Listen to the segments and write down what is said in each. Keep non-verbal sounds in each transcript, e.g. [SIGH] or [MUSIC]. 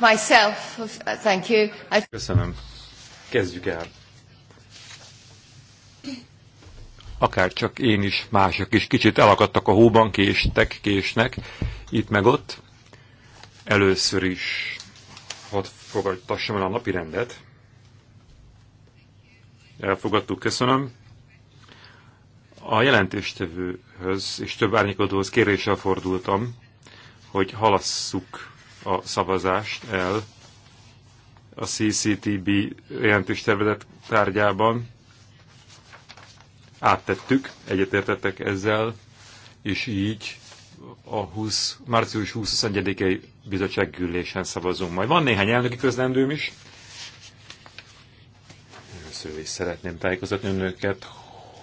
myself. Thank you. I... Köszönöm. Kezdjük el. Akár csak én is, mások is kicsit elakadtak a hóban, késtek, késnek, itt meg ott. Először is hadd fogadtassam el a napi rendet. Elfogadtuk, köszönöm. A jelentéstevőhöz és több árnyékodóhoz kéréssel fordultam, hogy halasszuk a szavazást el a CCTB jelentős tervezet tárgyában. Áttettük, egyetértettek ezzel, és így a 20, március 21-i bizottsággyűlésen szavazunk majd. Van néhány elnöki közlendőm is. Először is szeretném tájékoztatni önöket,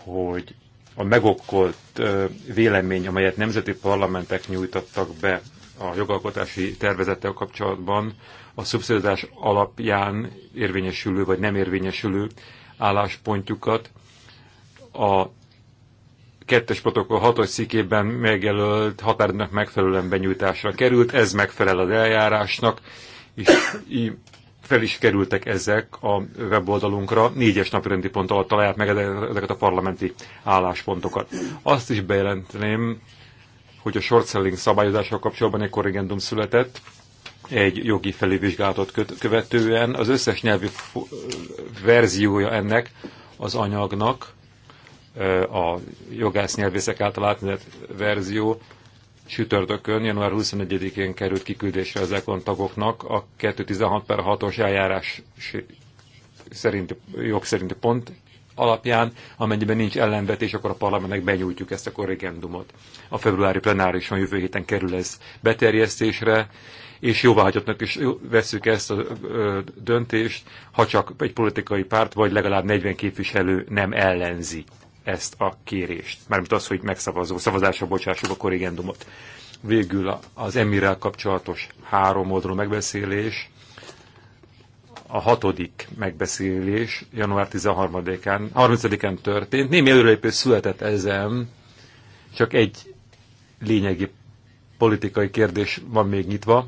hogy a megokkolt vélemény, amelyet nemzeti parlamentek nyújtottak be a jogalkotási tervezettel kapcsolatban a szubszidizás alapján érvényesülő vagy nem érvényesülő álláspontjukat a kettes protokoll hatos szikében megjelölt határnak megfelelően benyújtásra került, ez megfelel az eljárásnak, és fel is kerültek ezek a weboldalunkra, négyes napirendi pont alatt találják meg ezeket a parlamenti álláspontokat. Azt is bejelentném, hogy a short selling szabályozással kapcsolatban egy korrigendum született, egy jogi felülvizsgálatot követően. Az összes nyelvi verziója ennek az anyagnak, a jogász nyelvészek által átmenett verzió sütördökön, január 21-én került kiküldésre az EKON tagoknak a 216 per 6-os eljárás szerint, jog szerinti pont alapján, amennyiben nincs ellenvetés, akkor a parlamentnek benyújtjuk ezt a korrigendumot. A februári plenárison jövő héten kerül ez beterjesztésre, és jóváhagyottnak is veszük ezt a döntést, ha csak egy politikai párt, vagy legalább 40 képviselő nem ellenzi ezt a kérést. Mármint az, hogy megszavazó, szavazásra bocsássuk a korrigendumot. Végül az emirrel kapcsolatos három oldalú megbeszélés a hatodik megbeszélés január 13-án, 30-án történt. Némi előrelépés született ezen, csak egy lényegi politikai kérdés van még nyitva.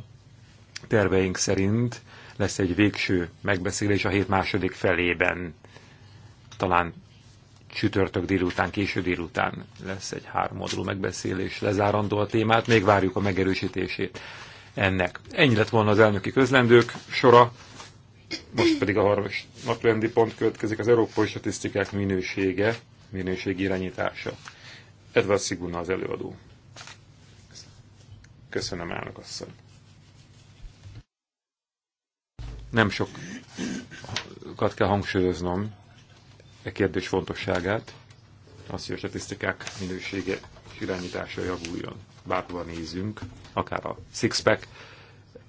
Terveink szerint lesz egy végső megbeszélés a hét második felében. Talán csütörtök délután, késő délután lesz egy háromodul megbeszélés, lezárandó a témát, még várjuk a megerősítését ennek. Ennyi lett volna az elnöki közlendők sora. Most pedig a harmadik naprendi pont következik, az európai statisztikák minősége, minőség irányítása. Edward Siguna az előadó. Köszönöm, elnök asszony. Nem sokat kell hangsúlyoznom e kérdés fontosságát, az, hogy a statisztikák minősége és irányítása javuljon. Bárhova nézünk, akár a Sixpack,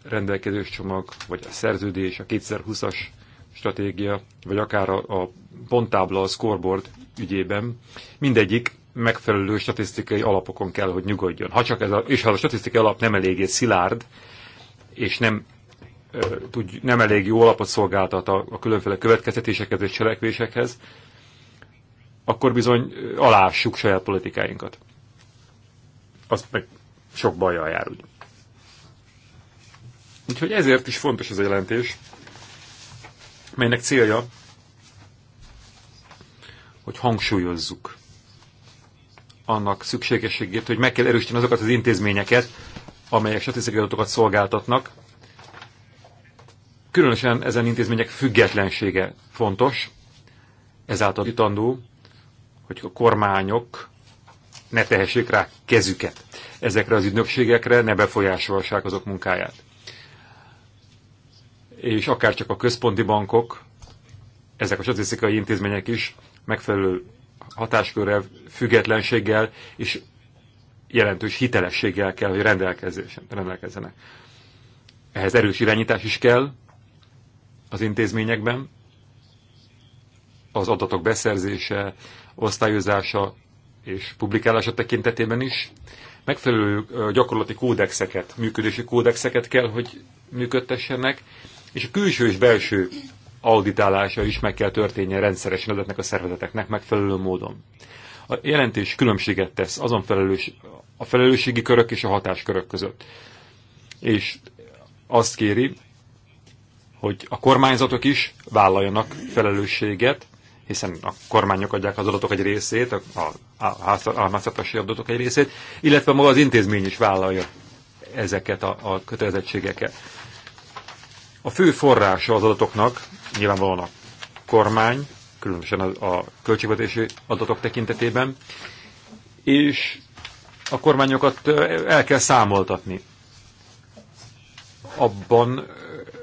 rendelkezős csomag, vagy a szerződés, a 2020-as stratégia, vagy akár a, a ponttábla, a scoreboard ügyében, mindegyik megfelelő statisztikai alapokon kell, hogy nyugodjon. Ha csak ez a, és ha a statisztikai alap nem eléggé szilárd, és nem, e, tud, nem elég jó alapot szolgáltat a, a különféle következtetésekhez és cselekvésekhez, akkor bizony alássuk saját politikáinkat. Az meg sok bajjal jár, úgy. Úgyhogy ezért is fontos ez a jelentés, melynek célja, hogy hangsúlyozzuk annak szükségességét, hogy meg kell erősíteni azokat az intézményeket, amelyek statisztikai adatokat szolgáltatnak. Különösen ezen intézmények függetlensége fontos, ezáltal jutandó, hogy a kormányok ne tehessék rá kezüket ezekre az ügynökségekre, ne befolyásolhassák azok munkáját és akár csak a központi bankok, ezek a statisztikai intézmények is megfelelő hatáskörrel, függetlenséggel és jelentős hitelességgel kell, hogy rendelkezzenek. Ehhez erős irányítás is kell az intézményekben, az adatok beszerzése, osztályozása és publikálása tekintetében is. Megfelelő gyakorlati kódexeket, működési kódexeket kell, hogy működtessenek, és a külső és belső auditálása is meg kell történjen rendszeresen ezeknek a szervezeteknek megfelelő módon. A jelentés különbséget tesz azon felelős, a felelősségi körök és a hatáskörök között. És azt kéri, hogy a kormányzatok is vállaljanak felelősséget, hiszen a kormányok adják az adatok egy részét, a, a, adatok egy részét, illetve maga az intézmény is vállalja ezeket a, a kötelezettségeket. A fő forrása az adatoknak nyilvánvalóan a kormány, különösen a, a költségvetési adatok tekintetében, és a kormányokat el kell számoltatni abban,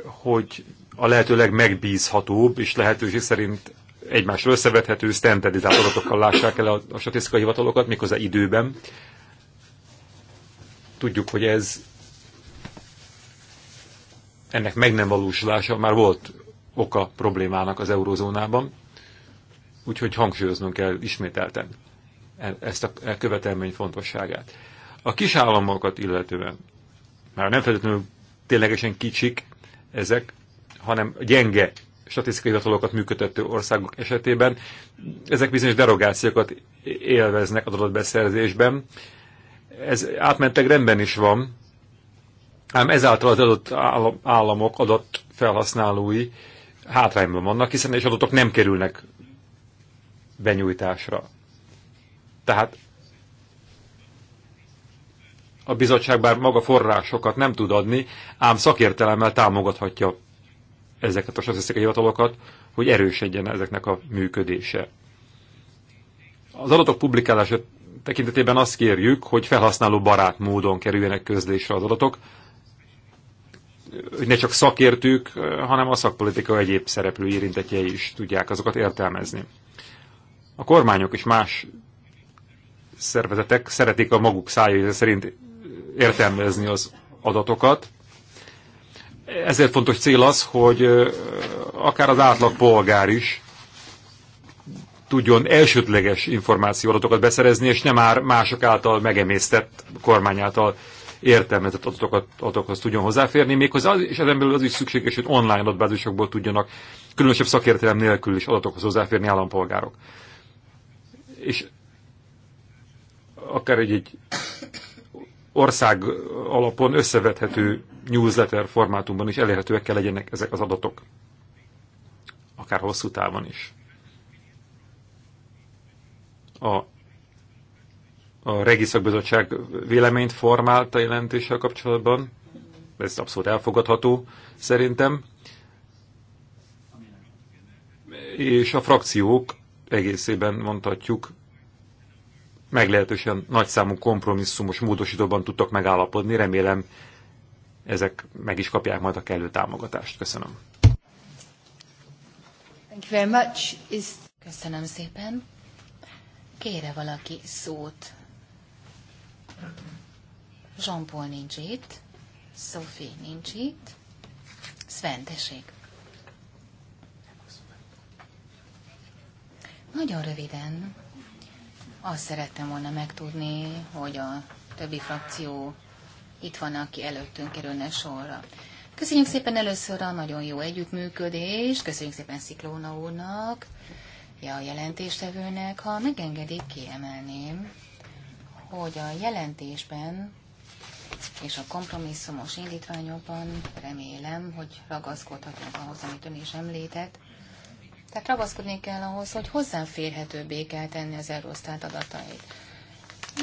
hogy a lehető legmegbízhatóbb és lehetőség szerint egymásra összevethető, standardizált adatokkal lássák el a, a statisztikai hivatalokat, méghozzá időben. Tudjuk, hogy ez ennek meg nem valósulása már volt oka problémának az eurozónában, úgyhogy hangsúlyoznunk kell ismételten e- ezt a e- követelmény fontosságát. A kis államokat illetően, már nem feltétlenül ténylegesen kicsik ezek, hanem gyenge statisztikai hivatalokat működtető országok esetében, ezek bizonyos derogációkat élveznek az adatbeszerzésben. Ez átmentek rendben is van, ám ezáltal az adott államok, adott felhasználói hátrányban vannak, hiszen és adatok nem kerülnek benyújtásra. Tehát a bizottság bár maga forrásokat nem tud adni, ám szakértelemmel támogathatja ezeket a statisztikai hivatalokat, hogy erősedjen ezeknek a működése. Az adatok publikálása tekintetében azt kérjük, hogy felhasználó barát módon kerüljenek közlésre az adatok, hogy ne csak szakértők, hanem a szakpolitika egyéb szereplő érintetjei is tudják azokat értelmezni. A kormányok és más szervezetek szeretik a maguk szájai szerint értelmezni az adatokat. Ezért fontos cél az, hogy akár az átlag polgár is tudjon elsődleges információ adatokat beszerezni, és nem már mások által megemésztett kormány által értelmezett adatokat, adatokhoz tudjon hozzáférni, méghozzá az, és ezen belül az is szükséges, hogy online adatbázisokból tudjanak különösebb szakértelem nélkül is adatokhoz hozzáférni állampolgárok. És akár egy, egy ország alapon összevethető newsletter formátumban is elérhetőek kell legyenek ezek az adatok. Akár hosszú távon is. A a Regiszakbizottság véleményt formált a jelentéssel kapcsolatban. Ez abszolút elfogadható szerintem. És a frakciók egészében mondhatjuk, meglehetősen nagyszámú kompromisszumos módosítóban tudtak megállapodni. Remélem ezek meg is kapják majd a kellő támogatást. Köszönöm. Thank you very much. Is... Köszönöm szépen. Kére valaki szót Jean-Paul nincs itt, Sophie nincs itt, Sven, tessék. Nagyon röviden azt szerettem volna megtudni, hogy a többi frakció itt van, aki előttünk kerülne sorra. Köszönjük szépen először a nagyon jó együttműködést, köszönjük szépen Sziklóna úrnak, ja, a jelentéstevőnek, ha megengedik, kiemelném hogy a jelentésben és a kompromisszumos indítványokban remélem, hogy ragaszkodhatunk ahhoz, amit ön is említett. Tehát ragaszkodni kell ahhoz, hogy hozzáférhetőbbé kell tenni az Eurostat adatait.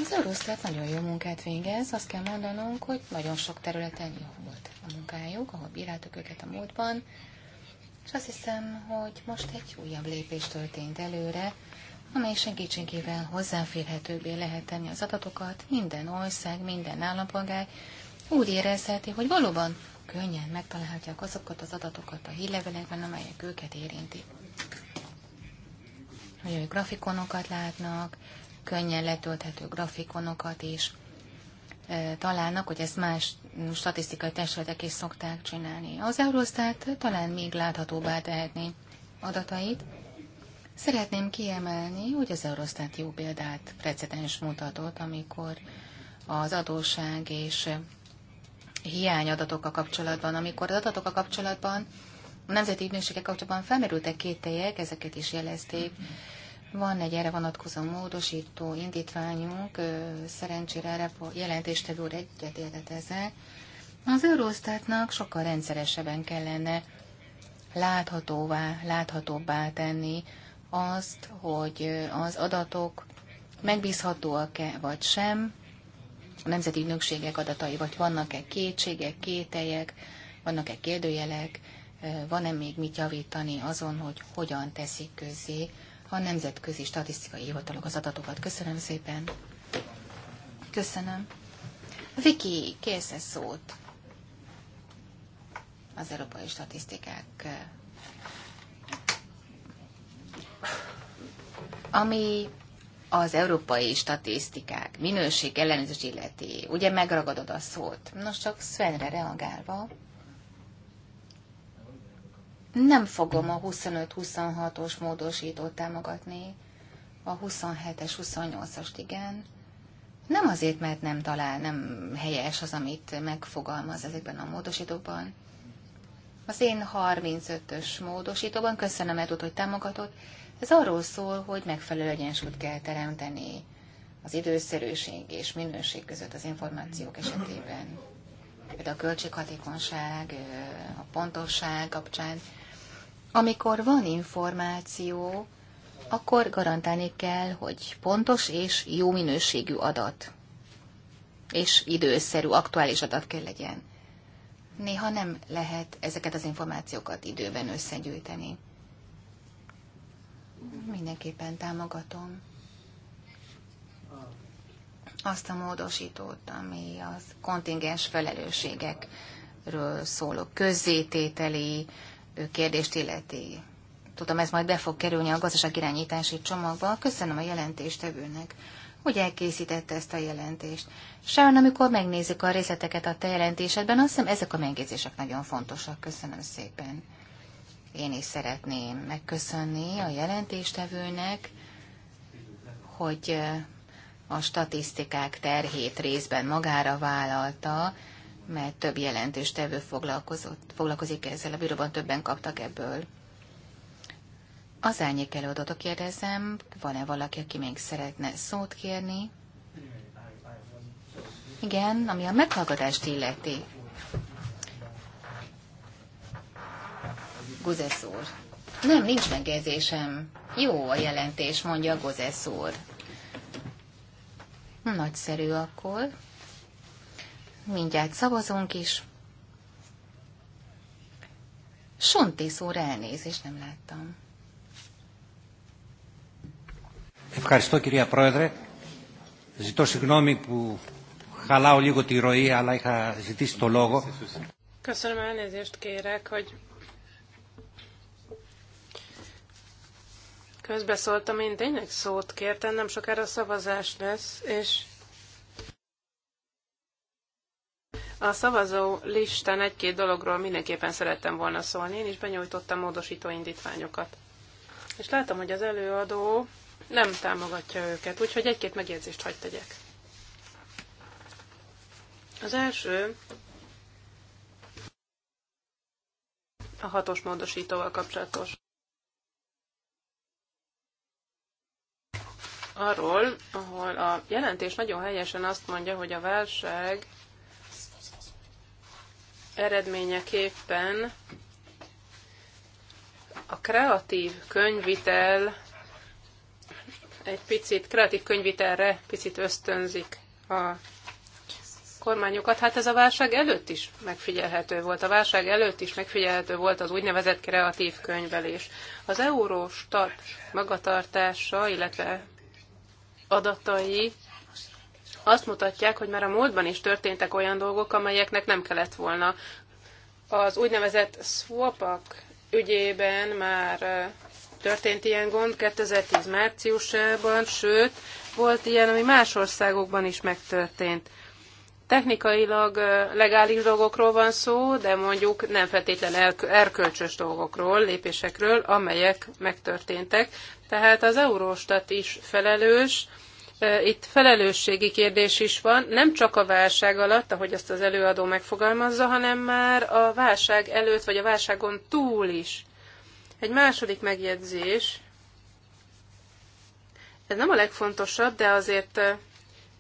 Az Eurostat nagyon jó munkát végez, azt kell mondanunk, hogy nagyon sok területen jó volt a munkájuk, ahol bíráltuk őket a múltban, és azt hiszem, hogy most egy újabb lépés történt előre, amely segítségével hozzáférhetőbbé lehet tenni az adatokat, minden ország, minden állampolgár úgy érezheti, hogy valóban könnyen megtalálhatják azokat az adatokat a hírlevelekben, amelyek őket érinti. Hogy grafikonokat látnak, könnyen letölthető grafikonokat is e, találnak, hogy ezt más statisztikai testületek is szokták csinálni. Az Eurostat talán még láthatóbbá tehetni adatait, Szeretném kiemelni, hogy az Eurostat jó példát, precedens mutatott, amikor az adóság és a kapcsolatban, amikor az adatokkal kapcsolatban, a nemzeti ügynökségek kapcsolatban felmerültek kételjek, ezeket is jelezték. Van egy erre vonatkozó módosító indítványunk, szerencsére erre jelentéstevő úr egyetértett ezzel. Az Eurostatnak sokkal rendszeresebben kellene láthatóvá, láthatóbbá tenni azt, hogy az adatok megbízhatóak-e vagy sem, a nemzeti ügynökségek adatai, vagy vannak-e kétségek, kételjek, vannak-e kérdőjelek, van-e még mit javítani azon, hogy hogyan teszik közzé a nemzetközi statisztikai hivatalok az adatokat. Köszönöm szépen. Köszönöm. Viki, kész szót az európai statisztikák ami az európai statisztikák minőség ellenőrzés illeti, ugye megragadod a szót. Nos, csak Svenre reagálva, nem fogom a 25-26-os módosítót támogatni, a 27-es, 28-ast igen. Nem azért, mert nem talál, nem helyes az, amit megfogalmaz ezekben a módosítóban. Az én 35-ös módosítóban, köszönöm Edut, hogy támogatott, ez arról szól, hogy megfelelő egyensúlyt kell teremteni az időszerűség és minőség között az információk esetében. Például a költséghatékonyság, a pontosság kapcsán. Amikor van információ, akkor garantálni kell, hogy pontos és jó minőségű adat, és időszerű, aktuális adat kell legyen. Néha nem lehet ezeket az információkat időben összegyűjteni. Mindenképpen támogatom azt a módosítót, ami az kontingens felelősségekről szóló közzétételi kérdést illeti. Tudom, ez majd be fog kerülni a gazdaságirányítási csomagba. Köszönöm a jelentéstevőnek hogy elkészítette ezt a jelentést. Sharon, amikor megnézzük a részleteket a te jelentésedben, azt hiszem ezek a megjegyzések nagyon fontosak. Köszönöm szépen. Én is szeretném megköszönni a jelentéstevőnek, hogy a statisztikák terhét részben magára vállalta, mert több jelentéstevő foglalkozott, foglalkozik ezzel, a bíróban többen kaptak ebből. Az elnyék előadatot kérdezem, van-e valaki, aki még szeretne szót kérni? Igen, ami a meghallgatást illeti. Gozesz úr. Nem, nincs megjegyzésem. Jó a jelentés, mondja Gozesz úr. Nagyszerű akkor. Mindjárt szavazunk is. Sonti szóra elnézést nem láttam. Ευχαριστώ κυρία Πρόεδρε. Ζητώ συγγνώμη που χαλάω λίγο τη ροή, αλλά είχα ζητήσει το λόγο. Köszönöm, elnézést kérek, hogy közbeszóltam, én tényleg szót kértem, nem sokára szavazás lesz, és a szavazó listán egy-két dologról mindenképpen szerettem volna szólni, én is benyújtottam módosító indítványokat. És látom, hogy az előadó nem támogatja őket, úgyhogy egy-két megjegyzést hagyd tegyek. Az első a hatos módosítóval kapcsolatos. arról, ahol a jelentés nagyon helyesen azt mondja, hogy a válság eredményeképpen a kreatív könyvitel egy picit, kreatív könyvitelre picit ösztönzik a kormányokat. Hát ez a válság előtt is megfigyelhető volt. A válság előtt is megfigyelhető volt az úgynevezett kreatív könyvelés. Az Eurostat magatartása, illetve adatai azt mutatják, hogy már a múltban is történtek olyan dolgok, amelyeknek nem kellett volna. Az úgynevezett swapak ügyében már történt ilyen gond 2010 márciusában, sőt, volt ilyen, ami más országokban is megtörtént. Technikailag legális dolgokról van szó, de mondjuk nem feltétlenül erkölcsös dolgokról, lépésekről, amelyek megtörténtek. Tehát az Euróstat is felelős, e, itt felelősségi kérdés is van, nem csak a válság alatt, ahogy azt az előadó megfogalmazza, hanem már a válság előtt, vagy a válságon túl is. Egy második megjegyzés, ez nem a legfontosabb, de azért e,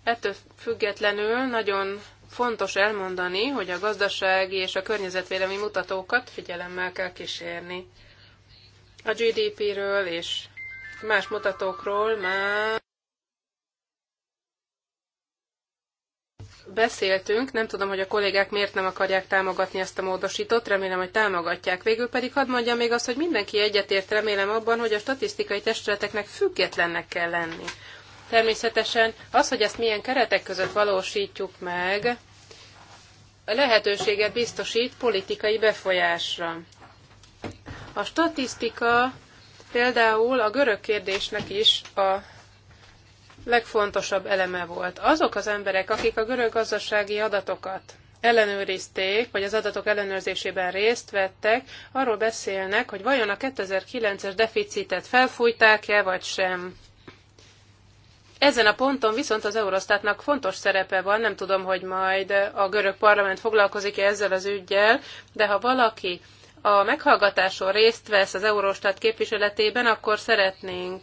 ettől függetlenül nagyon fontos elmondani, hogy a gazdasági és a környezetvédelmi mutatókat figyelemmel kell kísérni. A GDP-ről és más mutatókról már beszéltünk, nem tudom, hogy a kollégák miért nem akarják támogatni ezt a módosítót, remélem, hogy támogatják. Végül pedig hadd mondjam még azt, hogy mindenki egyetért remélem abban, hogy a statisztikai testületeknek függetlennek kell lenni. Természetesen az, hogy ezt milyen keretek között valósítjuk meg, a lehetőséget biztosít politikai befolyásra. A statisztika például a görög kérdésnek is a legfontosabb eleme volt. Azok az emberek, akik a görög gazdasági adatokat ellenőrizték, vagy az adatok ellenőrzésében részt vettek, arról beszélnek, hogy vajon a 2009-es deficitet felfújták-e, vagy sem. Ezen a ponton viszont az Eurostatnak fontos szerepe van, nem tudom, hogy majd a görög parlament foglalkozik-e ezzel az ügyjel, de ha valaki a meghallgatáson részt vesz az Euróstat képviseletében, akkor szeretnénk,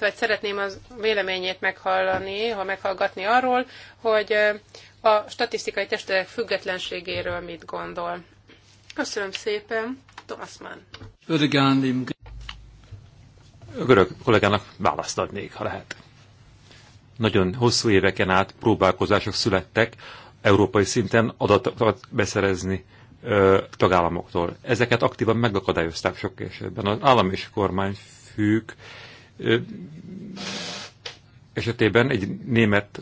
vagy szeretném az véleményét meghallani, ha meghallgatni arról, hogy a statisztikai testek függetlenségéről mit gondol. Köszönöm szépen, Thomas Mann. Görög kollégának választ adnék, ha lehet. Nagyon hosszú éveken át próbálkozások születtek európai szinten adatokat beszerezni ö, tagállamoktól. Ezeket aktívan megakadályozták sok esetben. Az állam és kormányfők esetében egy német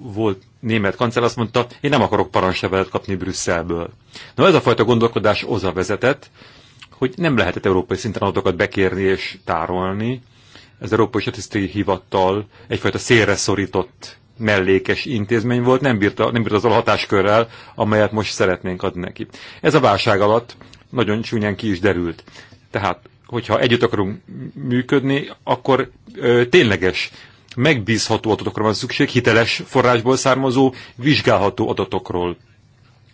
volt német kancell azt mondta, én nem akarok parancslevelet kapni Brüsszelből. Na ez a fajta gondolkodás oza vezetett, hogy nem lehetett európai szinten adatokat bekérni és tárolni. Ez Európai Statisztikai Hivattal egyfajta szélre szorított mellékes intézmény volt, nem bírta, nem bírta az a hatáskörrel, amelyet most szeretnénk adni neki. Ez a válság alatt nagyon csúnyán ki is derült. Tehát, hogyha együtt akarunk működni, akkor ö, tényleges, megbízható adatokra van szükség, hiteles forrásból származó, vizsgálható adatokról.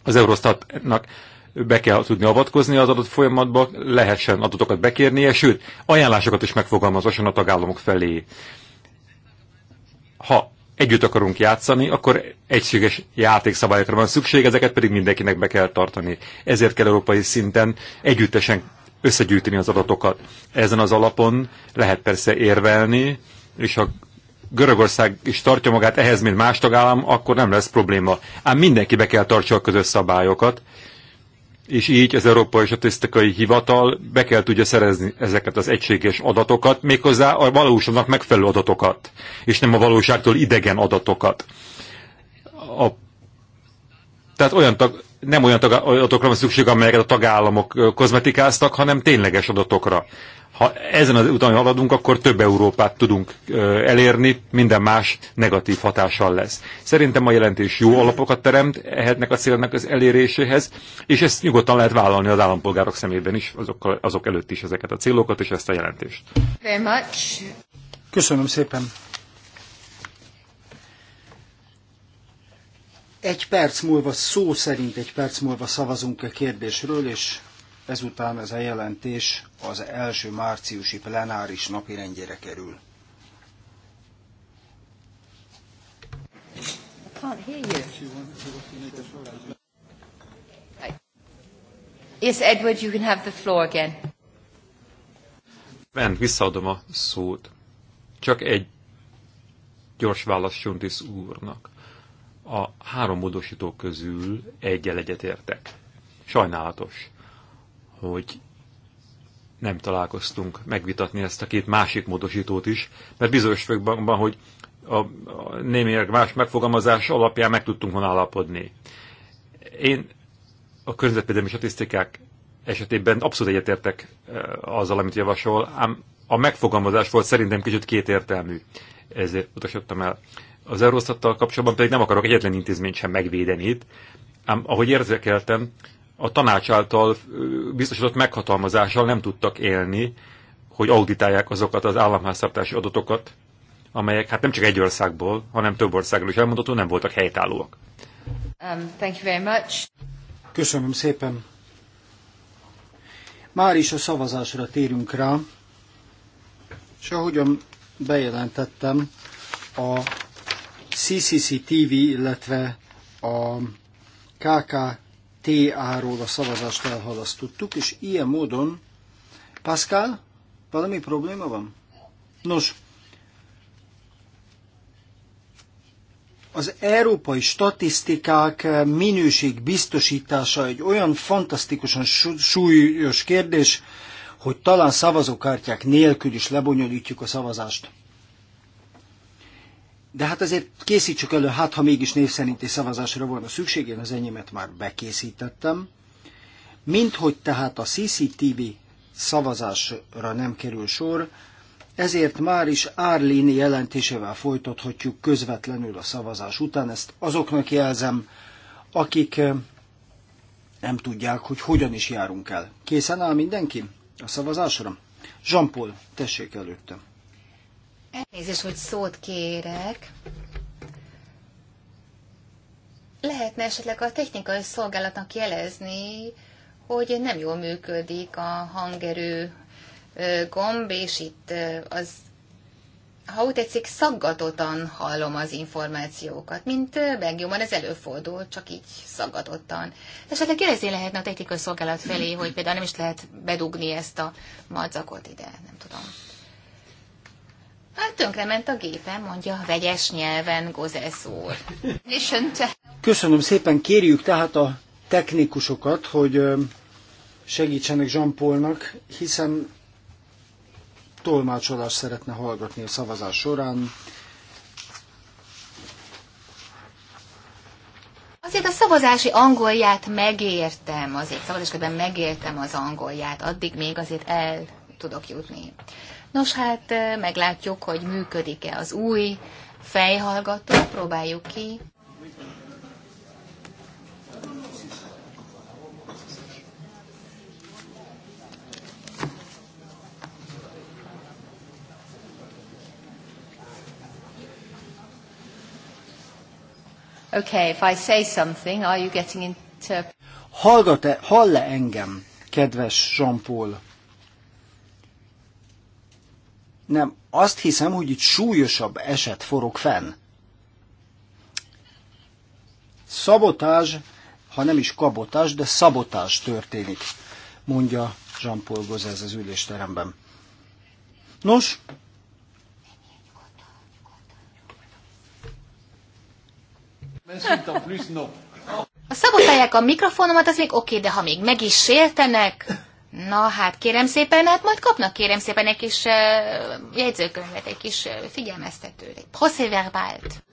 Az Eurostatnak be kell tudni avatkozni az adott folyamatba, lehessen adatokat bekérnie, sőt, ajánlásokat is megfogalmazhasson a tagállamok felé. Ha együtt akarunk játszani, akkor egységes játékszabályokra van szükség, ezeket pedig mindenkinek be kell tartani. Ezért kell európai szinten együttesen összegyűjteni az adatokat. Ezen az alapon lehet persze érvelni, és ha Görögország is tartja magát ehhez, mint más tagállam, akkor nem lesz probléma. Ám mindenki be kell tartsa a közös szabályokat, és így az Európai Statisztikai Hivatal be kell tudja szerezni ezeket az egységes adatokat, méghozzá a valóságnak megfelelő adatokat, és nem a valóságtól idegen adatokat. A, tehát olyan tag, nem olyan tag, adatokra van szükség, amelyeket a tagállamok kozmetikáztak, hanem tényleges adatokra, ha ezen az úton haladunk, akkor több Európát tudunk elérni, minden más negatív hatással lesz. Szerintem a jelentés jó alapokat teremt ehetnek a célnak az eléréséhez, és ezt nyugodtan lehet vállalni az állampolgárok szemében is, azokkal, azok előtt is ezeket a célokat és ezt a jelentést. Very much. Köszönöm szépen. Egy perc múlva, szó szerint egy perc múlva szavazunk a kérdésről, és ezután ez a jelentés az első márciusi plenáris napirendjére kerül. Yes, Edward, you can have the floor again. Ben, visszaadom a szót. Csak egy gyors válasz Suntis úrnak. A három módosító közül egyel egyetértek. Sajnálatos hogy nem találkoztunk megvitatni ezt a két másik módosítót is, mert bizonyos főkben, hogy a, a némileg más megfogalmazás alapján meg tudtunk volna állapodni. Én a környezetvédelmi statisztikák esetében abszolút egyetértek eh, azzal, amit javasol, ám a megfogalmazás volt szerintem kicsit kétértelmű, ezért utasodtam el. Az Eurostattal kapcsolatban pedig nem akarok egyetlen intézményt sem megvédeni itt, ám ahogy érzekeltem, a tanács által biztosított meghatalmazással nem tudtak élni, hogy auditálják azokat az államháztartási adatokat, amelyek hát nem csak egy országból, hanem több országból is elmondható, nem voltak helytállóak. Um, thank you very much. Köszönöm szépen. Már is a szavazásra térünk rá, és ahogyan bejelentettem, a CCCTV, illetve a KK TA-ról a szavazást elhalasztottuk, és ilyen módon, Pascal, valami probléma van? Nos, az európai statisztikák minőség biztosítása egy olyan fantasztikusan súlyos kérdés, hogy talán szavazókártyák nélkül is lebonyolítjuk a szavazást. De hát azért készítsük elő, hát ha mégis név szerinti szavazásra volna szükség, én az enyémet már bekészítettem. Mint hogy tehát a CCTV szavazásra nem kerül sor, ezért már is Árlini jelentésével folytathatjuk közvetlenül a szavazás után. Ezt azoknak jelzem, akik eh, nem tudják, hogy hogyan is járunk el. Készen áll mindenki a szavazásra? Jean-Paul, tessék előttem. Elnézést, hogy szót kérek. Lehetne esetleg a technikai szolgálatnak jelezni, hogy nem jól működik a hangerő gomb, és itt az, ha úgy tetszik, szaggatottan hallom az információkat, mint Belgiumban ez előfordul, csak így szaggatottan. Esetleg jelezni lehetne a technikai szolgálat felé, hogy például nem is lehet bedugni ezt a madzakot ide, nem tudom. Hát ment a gépen, mondja vegyes nyelven Gozesz úr. Köszönöm szépen, kérjük tehát a technikusokat, hogy segítsenek jean hiszen tolmácsolást szeretne hallgatni a szavazás során. Azért a szavazási angolját megértem, azért szavazás közben megértem az angolját, addig még azért el tudok jutni. Nos hát meglátjuk, hogy működik-e az új fejhallgató, próbáljuk ki. Okay, if I say something, are you getting into... Hallgat-e, hall-e engem, kedves Jean-Paul? Nem, azt hiszem, hogy itt súlyosabb eset forog fenn. Szabotás, ha nem is kabotás, de szabotás történik, mondja Jean-Paul Gozez az ülésteremben. Nos, Ha szabotálják a mikrofonomat, az még oké, de ha még meg is sértenek, Na hát kérem szépen, hát majd kapnak kérem szépen egy kis uh, jegyzőkönyvet, egy kis uh, figyelmeztetőt, egy passé verbált.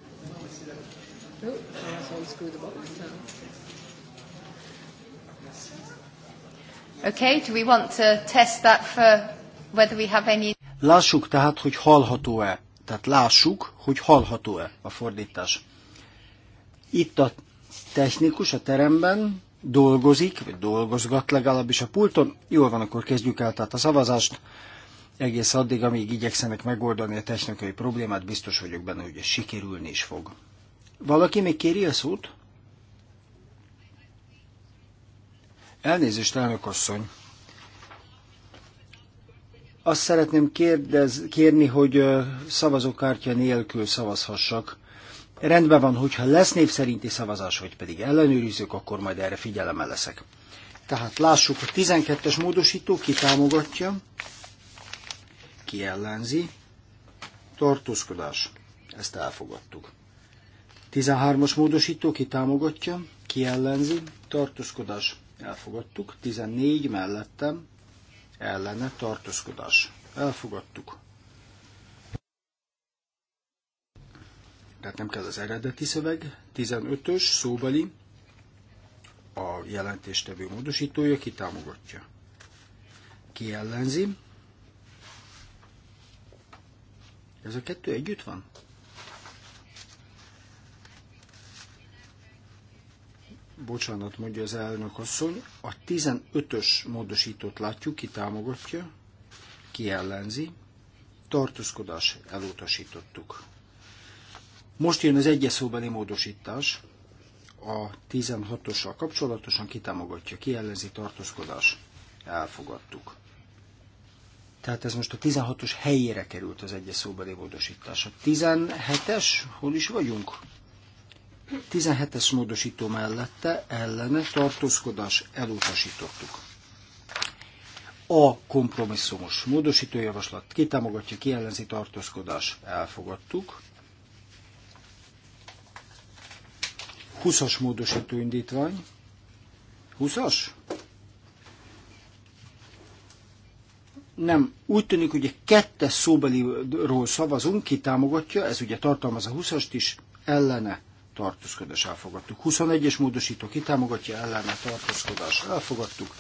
Okay, do we want to test that for whether we have any... Lássuk tehát, hogy hallható-e. Tehát lássuk, hogy hallható-e a fordítás. Itt a technikus a teremben, dolgozik, vagy dolgozgat legalábbis a pulton. Jól van, akkor kezdjük el tehát a szavazást. Egész addig, amíg igyekszenek megoldani a technikai problémát, biztos vagyok benne, hogy ez sikerülni is fog. Valaki még kéri a szót? Elnézést, elnök asszony. Azt szeretném kérdez, kérni, hogy szavazókártya nélkül szavazhassak. Rendben van, hogyha lesz név szerinti szavazás, vagy pedig ellenőrizzük, akkor majd erre figyelemmel leszek. Tehát lássuk, a 12-es módosító ki támogatja, ki ellenzi. Tartózkodás. Ezt elfogadtuk. 13-as módosító ki támogatja, ki ellenzi. Tartózkodás. Elfogadtuk. 14 mellettem ellene tartózkodás. Elfogadtuk. tehát nem kell az eredeti szöveg, 15-ös szóbeli, a jelentéstevő módosítója, ki támogatja. Ki ellenzi? Ez a kettő együtt van? Bocsánat, mondja az elnök asszony, a 15-ös módosítót látjuk, ki támogatja, ki ellenzi. Tartózkodás elutasítottuk. Most jön az egyes szóbeli módosítás, a 16-ossal kapcsolatosan kitámogatja, kiellenzi tartózkodás. Elfogadtuk. Tehát ez most a 16-os helyére került az egyes szóbeli módosítás. A 17-es, hol is vagyunk? 17-es módosító mellette ellene tartózkodás elutasítottuk. A kompromisszumos módosítójavaslat kitámogatja, kiellenzi tartózkodás elfogadtuk. 20-as módosító indítvány. 20-as? Nem, úgy tűnik, hogy egy kettes szóbeliról szavazunk, ki támogatja, ez ugye tartalmaz a 20-ast is, ellene tartózkodás elfogadtuk. 21-es módosító kitámogatja, ellene tartózkodás elfogadtuk.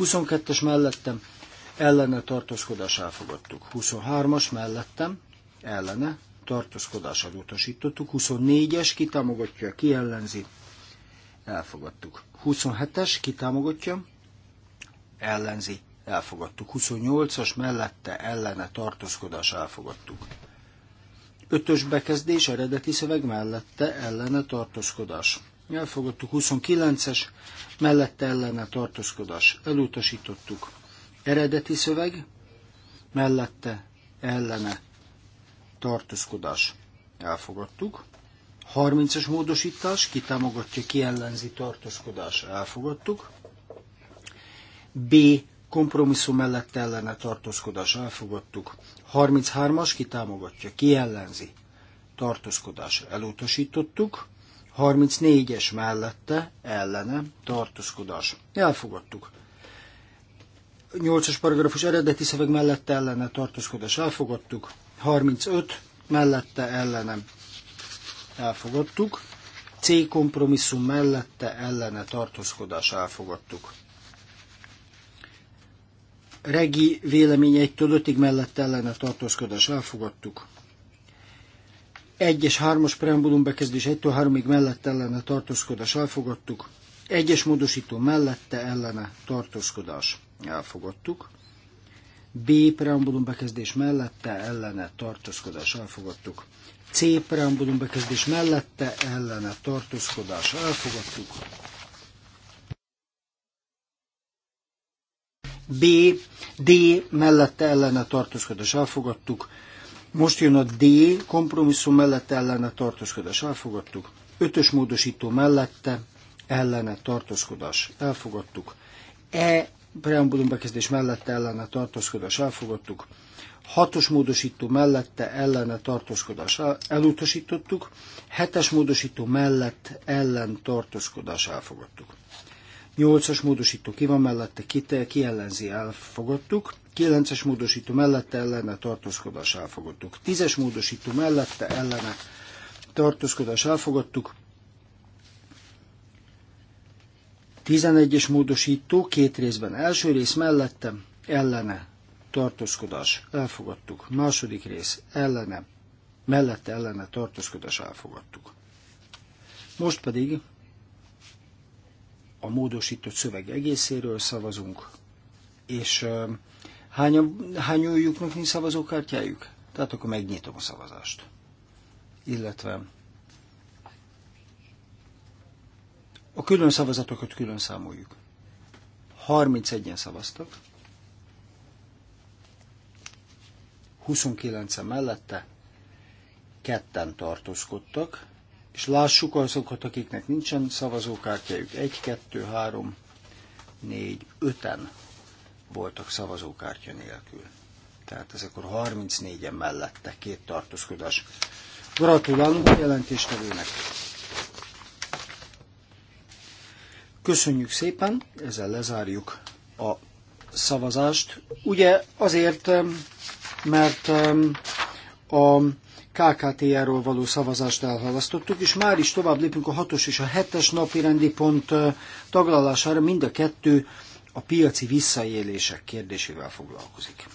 22-es mellettem, ellene tartózkodás elfogadtuk. 23-as mellettem, ellene tartózkodás utasítottuk. 24-es kitámogatja, ki ellenzi, elfogadtuk. 27-es kitámogatja, ellenzi, elfogadtuk. 28-as mellette ellene tartózkodás elfogadtuk. 5-ös bekezdés eredeti szöveg mellette ellene tartózkodás. Elfogadtuk 29-es, mellette ellene tartózkodás. Elutasítottuk. Eredeti szöveg, mellette ellene tartózkodás elfogadtuk. 30-as módosítás, ki támogatja, ki ellenzi tartózkodás elfogadtuk. B. Kompromisszum mellett ellene tartózkodás elfogadtuk. 33-as, ki támogatja, ki ellenzi tartózkodás elutasítottuk. 34-es mellette ellene tartózkodás elfogadtuk. 8-as paragrafus eredeti szöveg mellette ellene tartózkodás elfogadtuk. 35 mellette ellenem elfogadtuk. C kompromisszum mellette ellene tartózkodás elfogadtuk. Regi vélemény 1 5-ig mellette ellene tartózkodás elfogadtuk. 1 és 3-as preambulum bekezdés 1-től 3-ig mellette ellene tartózkodás elfogadtuk. 1-es módosító mellette ellene tartózkodás elfogadtuk. B preambulum bekezdés mellette ellene tartózkodás elfogadtuk. C preambulum bekezdés mellette ellene tartózkodás elfogadtuk. B, D mellette ellene tartózkodás elfogadtuk. Most jön a D kompromisszum mellette ellene tartózkodás elfogadtuk. Ötös módosító mellette ellene tartózkodás elfogadtuk. E preambulum bekezdés mellette ellene tartózkodás elfogadtuk, hatos módosító mellette ellene tartózkodás elutasítottuk, hetes módosító mellett ellen tartózkodás elfogadtuk. Nyolcas módosító ki van mellette, ki, te, ki ellenzi, elfogadtuk. Kilences módosító mellette ellene tartózkodás elfogadtuk. Tízes módosító mellette ellene tartózkodás elfogadtuk. 11-es módosító két részben. Első rész mellettem, ellene, tartózkodás, elfogadtuk. Második rész, ellene, mellette ellene tartózkodás elfogadtuk. Most pedig a módosított szöveg egészéről szavazunk, és hány, hányójuknak nincs szavazókártyájuk? Tehát akkor megnyitom a szavazást. Illetve A külön szavazatokat külön számoljuk. 31-en szavaztak. 29 -e mellette, ketten tartózkodtak, és lássuk azokat, akiknek nincsen szavazókártyájuk, 1, 2, 3, 4, 5-en voltak szavazókártya nélkül. Tehát ez akkor 34-en mellette két tartózkodás. Gratulálunk a jelentéstevőnek! Köszönjük szépen, ezzel lezárjuk a szavazást. Ugye azért, mert a KKTR-ról való szavazást elhalasztottuk, és már is tovább lépünk a 6-os és a 7-es napi rendi pont taglalására, mind a kettő a piaci visszaélések kérdésével foglalkozik.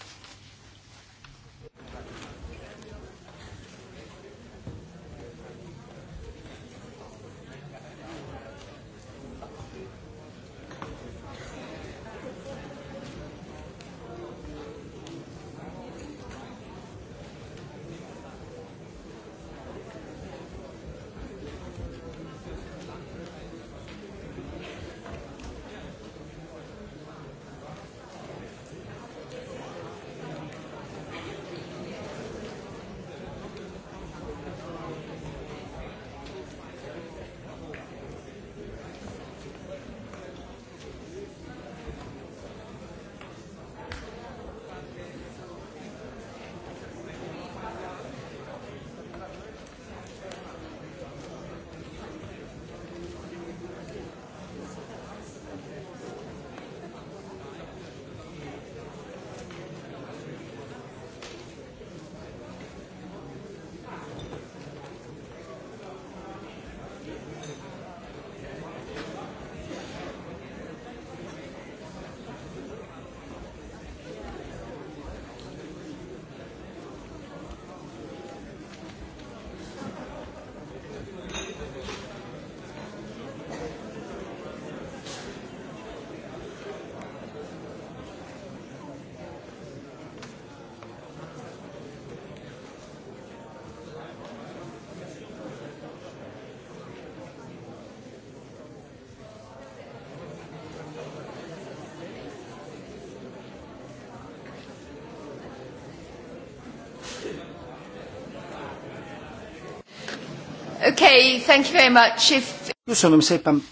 Okay, thank you very much. If... Köszönöm szépen.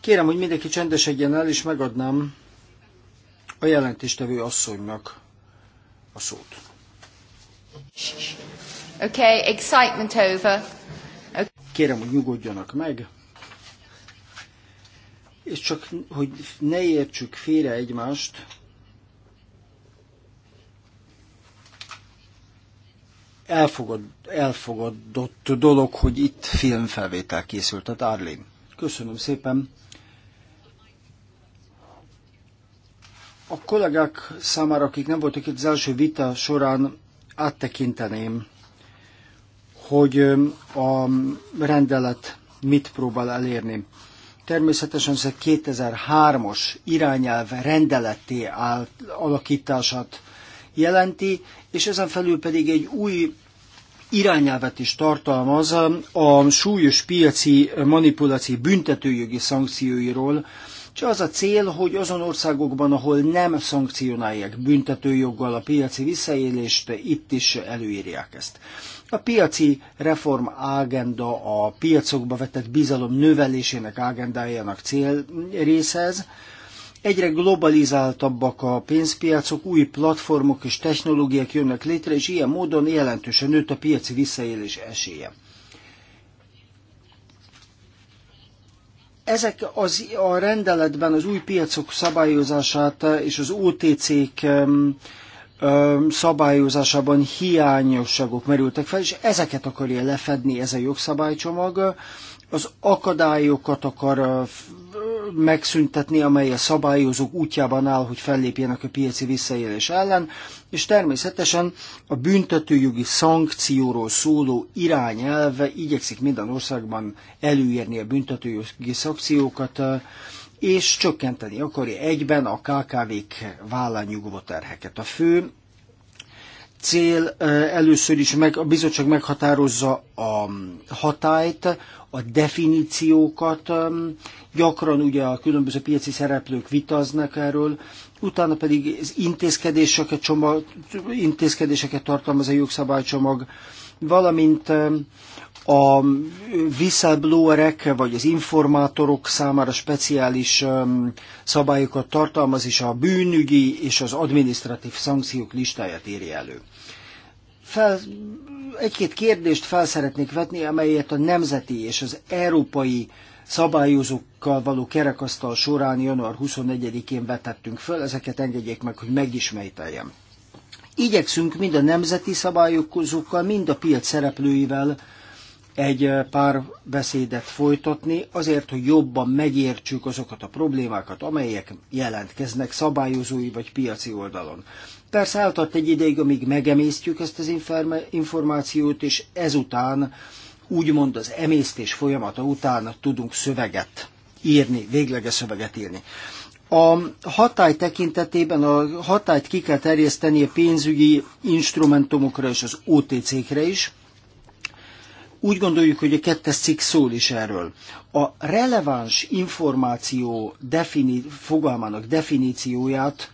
Kérem, hogy mindenki csendesedjen el, és megadnám a jelentéstevő asszonynak a szót. Okay, excitement over. Okay. Kérem, hogy nyugodjanak meg. És csak, hogy ne értsük félre egymást, elfogad, elfogadott dolog, hogy itt filmfelvétel készült. a Darlene. köszönöm szépen. A kollégák számára, akik nem voltak itt az első vita során, áttekinteném, hogy a rendelet mit próbál elérni. Természetesen ez a 2003-as irányelv rendeleté alakítását jelenti, és ezen felül pedig egy új irányelvet is tartalmaz a súlyos piaci manipuláció büntetőjogi szankcióiról, csak az a cél, hogy azon országokban, ahol nem szankcionálják büntetőjoggal a piaci visszaélést, itt is előírják ezt. A piaci reform ágenda a piacokba vetett bizalom növelésének ágendájának cél része ez, Egyre globalizáltabbak a pénzpiacok, új platformok és technológiák jönnek létre, és ilyen módon jelentősen nőtt a piaci visszaélés esélye. Ezek az, a rendeletben az új piacok szabályozását és az OTC-k szabályozásában hiányosságok merültek fel, és ezeket akarja lefedni ez a jogszabálycsomag, az akadályokat akar megszüntetni, amely a szabályozók útjában áll, hogy fellépjenek a piaci visszaélés ellen, és természetesen a büntetőjogi szankcióról szóló irányelve igyekszik minden országban előírni a büntetőjogi szankciókat, és csökkenteni akarja egyben a KKV-k vállalnyugvó terheket. A fő cél először is meg, a bizottság meghatározza a hatályt, a definíciókat, gyakran ugye a különböző piaci szereplők vitaznak erről, utána pedig az intézkedéseket, csomag, intézkedéseket tartalmaz a jogszabálycsomag, valamint a whistleblowerek vagy az informátorok számára speciális um, szabályokat tartalmaz, és a bűnügyi és az administratív szankciók listáját írja elő. Fel, egy-két kérdést fel szeretnék vetni, amelyet a nemzeti és az európai szabályozókkal való kerekasztal során január 24-én vetettünk föl, ezeket engedjék meg, hogy megismételjem. Igyekszünk mind a nemzeti szabályozókkal, mind a piac szereplőivel egy pár beszédet folytatni, azért, hogy jobban megértsük azokat a problémákat, amelyek jelentkeznek szabályozói vagy piaci oldalon. Persze eltart egy ideig, amíg megemésztjük ezt az információt, és ezután, úgymond az emésztés folyamata után tudunk szöveget írni, végleges szöveget írni. A hatály tekintetében a hatályt ki kell terjeszteni a pénzügyi instrumentumokra és az OTC-kre is, úgy gondoljuk, hogy a kettes cikk szól is erről. A releváns információ defini- fogalmának definícióját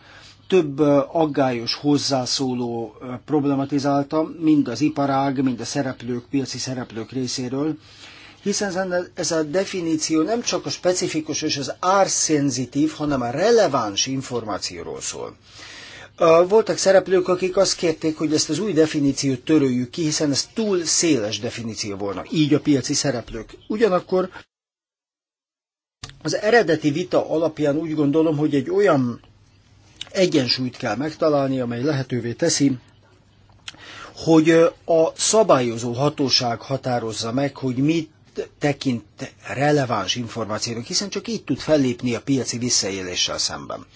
több aggályos hozzászóló problematizálta, mind az iparág, mind a szereplők, piaci szereplők részéről, hiszen ez a definíció nem csak a specifikus és az árszenzitív, hanem a releváns információról szól. Voltak szereplők, akik azt kérték, hogy ezt az új definíciót töröljük ki, hiszen ez túl széles definíció volna, így a piaci szereplők. Ugyanakkor az eredeti vita alapján úgy gondolom, hogy egy olyan egyensúlyt kell megtalálni, amely lehetővé teszi, hogy a szabályozó hatóság határozza meg, hogy mit tekint releváns információnak, hiszen csak így tud fellépni a piaci visszaéléssel szemben.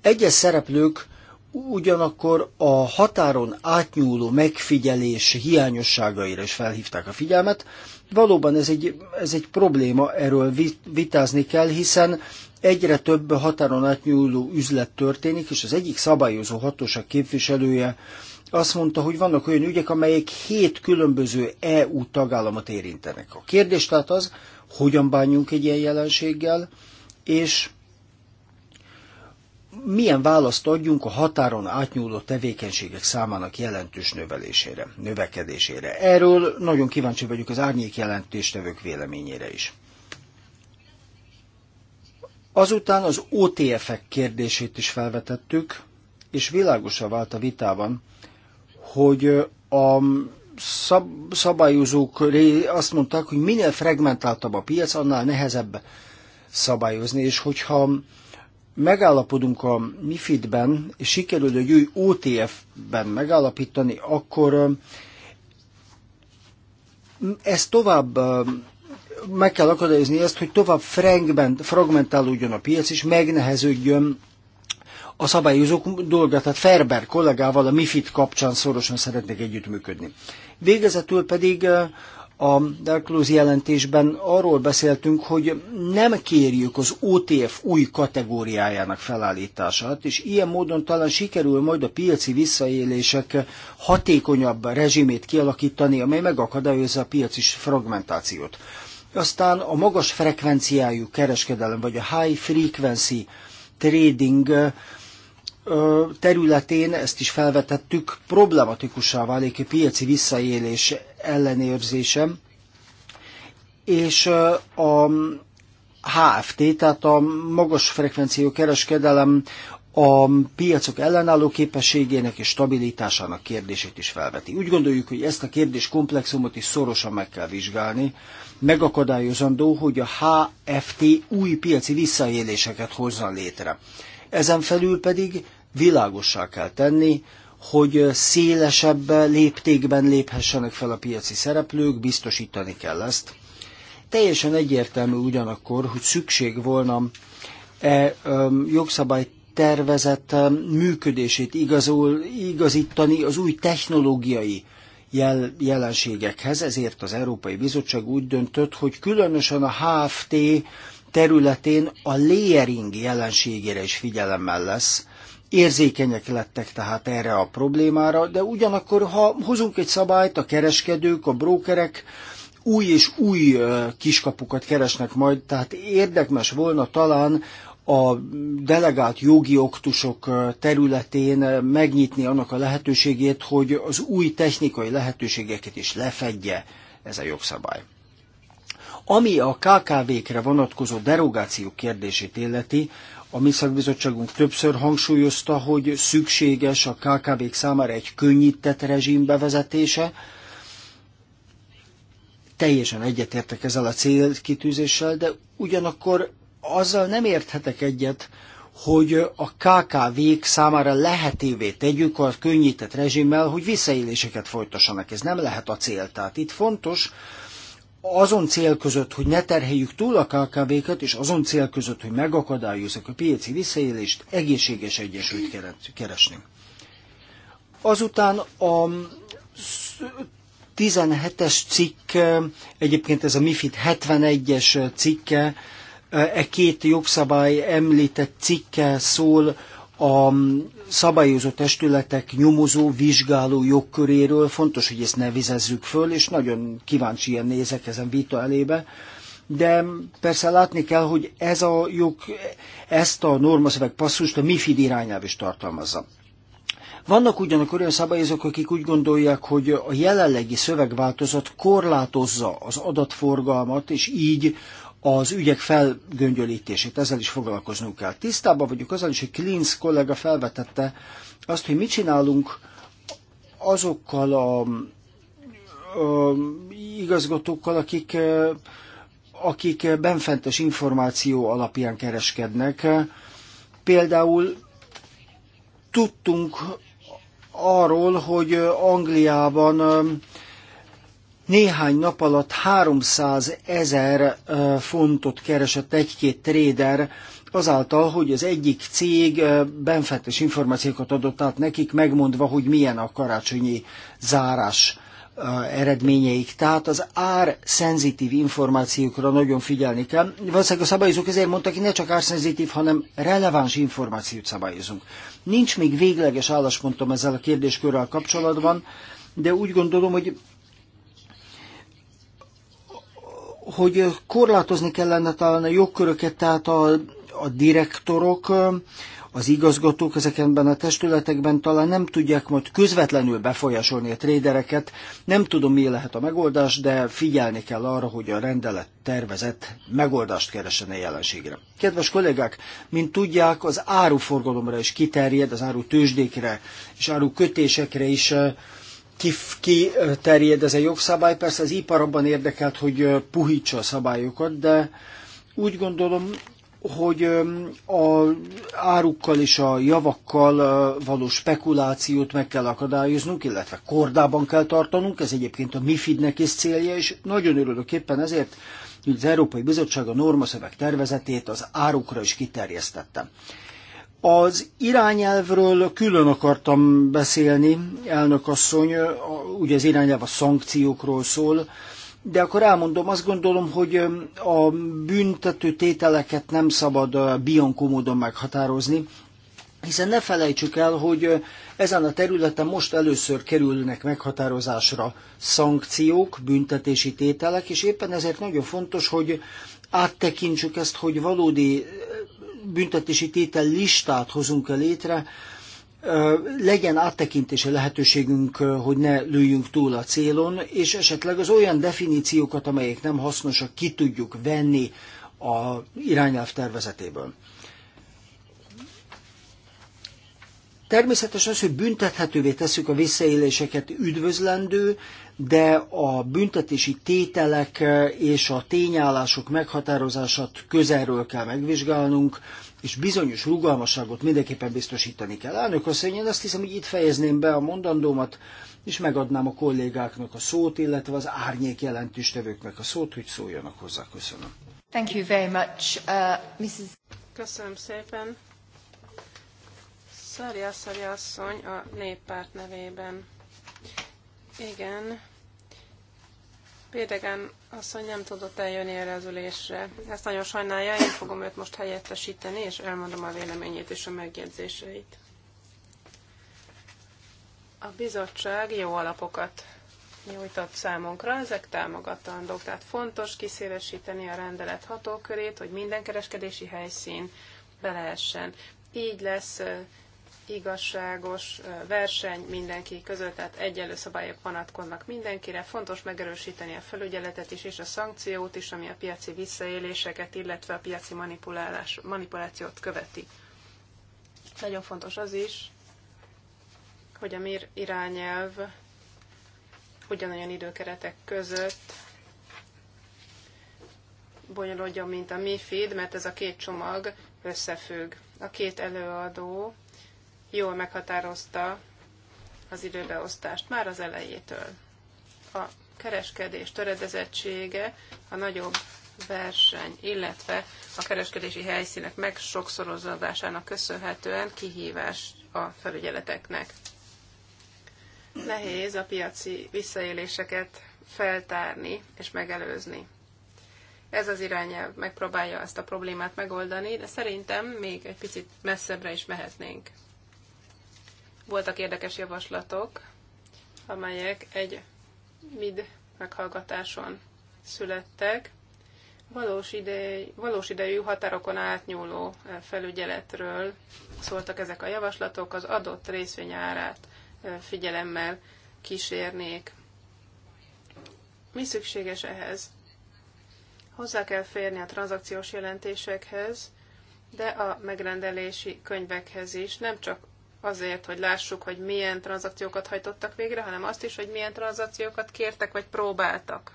Egyes szereplők ugyanakkor a határon átnyúló megfigyelés hiányosságaira is felhívták a figyelmet. Valóban ez egy, ez egy probléma, erről vitázni kell, hiszen egyre több határon átnyúló üzlet történik, és az egyik szabályozó hatóság képviselője azt mondta, hogy vannak olyan ügyek, amelyek hét különböző EU tagállamot érintenek. A kérdés tehát az, hogyan bánjunk egy ilyen jelenséggel, és milyen választ adjunk a határon átnyúló tevékenységek számának jelentős növelésére, növekedésére. Erről nagyon kíváncsi vagyok az árnyék jelentéstevők véleményére is. Azután az OTF-ek kérdését is felvetettük, és világosra vált a vitában, hogy a szab- szabályozók azt mondták, hogy minél fragmentáltabb a piac, annál nehezebb szabályozni, és hogyha megállapodunk a MIFID-ben, és sikerül egy új OTF-ben megállapítani, akkor ezt tovább meg kell akadályozni ezt, hogy tovább fragmentálódjon a piac, és megneheződjön a szabályozók dolga, tehát Ferber kollégával a MIFID kapcsán szorosan szeretnék együttműködni. Végezetül pedig a Delclose jelentésben arról beszéltünk, hogy nem kérjük az OTF új kategóriájának felállítását, és ilyen módon talán sikerül majd a piaci visszaélések hatékonyabb rezsimét kialakítani, amely megakadályozza a piaci fragmentációt. Aztán a magas frekvenciájú kereskedelem, vagy a high frequency trading területén, ezt is felvetettük, problematikussá válik a piaci visszaélés ellenőrzésem, és a HFT, tehát a magas frekvenciú kereskedelem a piacok ellenálló képességének és stabilitásának kérdését is felveti. Úgy gondoljuk, hogy ezt a kérdés komplexumot is szorosan meg kell vizsgálni, megakadályozandó, hogy a HFT új piaci visszaéléseket hozzon létre. Ezen felül pedig világossá kell tenni, hogy szélesebb léptékben léphessenek fel a piaci szereplők, biztosítani kell ezt. Teljesen egyértelmű ugyanakkor, hogy szükség volna e jogszabály tervezett működését igazol, igazítani az új technológiai jel, jelenségekhez, ezért az Európai Bizottság úgy döntött, hogy különösen a HFT területén a layering jelenségére is figyelemmel lesz, Érzékenyek lettek tehát erre a problémára, de ugyanakkor, ha hozunk egy szabályt, a kereskedők, a brókerek új és új kiskapukat keresnek majd, tehát érdekes volna talán a delegált jogi oktusok területén megnyitni annak a lehetőségét, hogy az új technikai lehetőségeket is lefedje ez a jogszabály. Ami a KKV-kre vonatkozó derogáció kérdését illeti, a mi szakbizottságunk többször hangsúlyozta, hogy szükséges a KKV-k számára egy könnyített rezsim bevezetése. Teljesen egyetértek ezzel a célkitűzéssel, de ugyanakkor azzal nem érthetek egyet, hogy a KKV-k számára lehetévé tegyük a könnyített rezsimmel, hogy visszaéléseket folytassanak. Ez nem lehet a cél. Tehát itt fontos, azon cél között, hogy ne terheljük túl a KKV-kat, és azon cél között, hogy megakadályozzuk a piaci visszaélést, egészséges egyesült keresni. Azután a 17-es cikk, egyébként ez a MIFID 71-es cikke, e két jogszabály említett cikke szól a szabályozó testületek nyomozó, vizsgáló jogköréről, fontos, hogy ezt ne vizezzük föl, és nagyon kíváncsi ilyen nézek ezen vita elébe, de persze látni kell, hogy ez a jog, ezt a normaszöveg passzust a MIFID irányába is tartalmazza. Vannak ugyanakkor olyan szabályozók, akik úgy gondolják, hogy a jelenlegi szövegváltozat korlátozza az adatforgalmat, és így az ügyek felgöngyölítését, ezzel is foglalkoznunk kell. Tisztában vagyunk azzal is, hogy Klinz kollega felvetette azt, hogy mit csinálunk azokkal a, a igazgatókkal, akik, akik benfentes információ alapján kereskednek. Például tudtunk arról, hogy Angliában néhány nap alatt 300 ezer fontot keresett egy-két tréder, azáltal, hogy az egyik cég benfettes információkat adott át nekik, megmondva, hogy milyen a karácsonyi zárás eredményeik. Tehát az ár szenzitív információkra nagyon figyelni kell. Valószínűleg a szabályozók ezért mondtak, hogy ne csak árszenzitív, hanem releváns információt szabályozunk. Nincs még végleges álláspontom ezzel a kérdéskörrel kapcsolatban, de úgy gondolom, hogy hogy korlátozni kellene talán a jogköröket, tehát a, a direktorok, az igazgatók ezekben a testületekben talán nem tudják majd közvetlenül befolyásolni a trédereket. Nem tudom, mi lehet a megoldás, de figyelni kell arra, hogy a rendelet tervezett megoldást keresen a jelenségre. Kedves kollégák, mint tudják, az áruforgalomra is kiterjed, az áru tőzsdékre és áru kötésekre is kiterjed ki ez a jogszabály. Persze az ipar abban érdekelt, hogy puhítsa a szabályokat, de úgy gondolom, hogy a árukkal és a javakkal való spekulációt meg kell akadályoznunk, illetve kordában kell tartanunk, ez egyébként a MIFID-nek is célja, és nagyon örülök éppen ezért, hogy az Európai Bizottság a normaszöveg tervezetét az árukra is kiterjesztette. Az irányelvről külön akartam beszélni, elnök asszony, ugye az irányelv a szankciókról szól, de akkor elmondom, azt gondolom, hogy a büntető tételeket nem szabad biankó módon meghatározni, hiszen ne felejtsük el, hogy ezen a területen most először kerülnek meghatározásra szankciók, büntetési tételek, és éppen ezért nagyon fontos, hogy áttekintsük ezt, hogy valódi büntetési tétel listát hozunk el létre, legyen áttekintési lehetőségünk, hogy ne lőjünk túl a célon, és esetleg az olyan definíciókat, amelyek nem hasznosak, ki tudjuk venni a irányelv tervezetéből. Természetesen az, hogy büntethetővé tesszük a visszaéléseket üdvözlendő, de a büntetési tételek eh, és a tényállások meghatározását közelről kell megvizsgálnunk, és bizonyos rugalmasságot mindenképpen biztosítani kell. Elnök asszony, én azt hiszem, hogy itt fejezném be a mondandómat, és megadnám a kollégáknak a szót, illetve az árnyék jelentőstevőknek a szót, hogy szóljanak hozzá. Köszönöm. Thank you very much, uh, Mrs. Köszönöm szépen. Szarja Szarja asszony a néppárt nevében. Igen. Pérdegen asszony nem tudott eljönni erre az ülésre. Ezt nagyon sajnálja, én fogom őt most helyettesíteni, és elmondom a véleményét és a megjegyzéseit. A bizottság jó alapokat nyújtott számunkra, ezek támogatandók, tehát fontos kiszélesíteni a rendelet hatókörét, hogy minden kereskedési helyszín belehessen. Így lesz igazságos verseny mindenki között, tehát egyenlő szabályok vonatkoznak mindenkire. Fontos megerősíteni a felügyeletet is, és a szankciót is, ami a piaci visszaéléseket, illetve a piaci manipulálás, manipulációt követi. Nagyon fontos az is, hogy a MIR irányelv ugyanolyan időkeretek között bonyolodjon, mint a MIFID, mert ez a két csomag összefügg. A két előadó jól meghatározta az időbeosztást már az elejétől. A kereskedés töredezettsége a nagyobb verseny, illetve a kereskedési helyszínek megsokszorozódásának köszönhetően kihívás a felügyeleteknek. Nehéz a piaci visszaéléseket feltárni és megelőzni. Ez az irányelv megpróbálja ezt a problémát megoldani, de szerintem még egy picit messzebbre is mehetnénk voltak érdekes javaslatok, amelyek egy MID meghallgatáson születtek. Valós, idej, valós idejű határokon átnyúló felügyeletről szóltak ezek a javaslatok, az adott részvény árát figyelemmel kísérnék. Mi szükséges ehhez? Hozzá kell férni a tranzakciós jelentésekhez, de a megrendelési könyvekhez is, nem csak azért, hogy lássuk, hogy milyen tranzakciókat hajtottak végre, hanem azt is, hogy milyen tranzakciókat kértek vagy próbáltak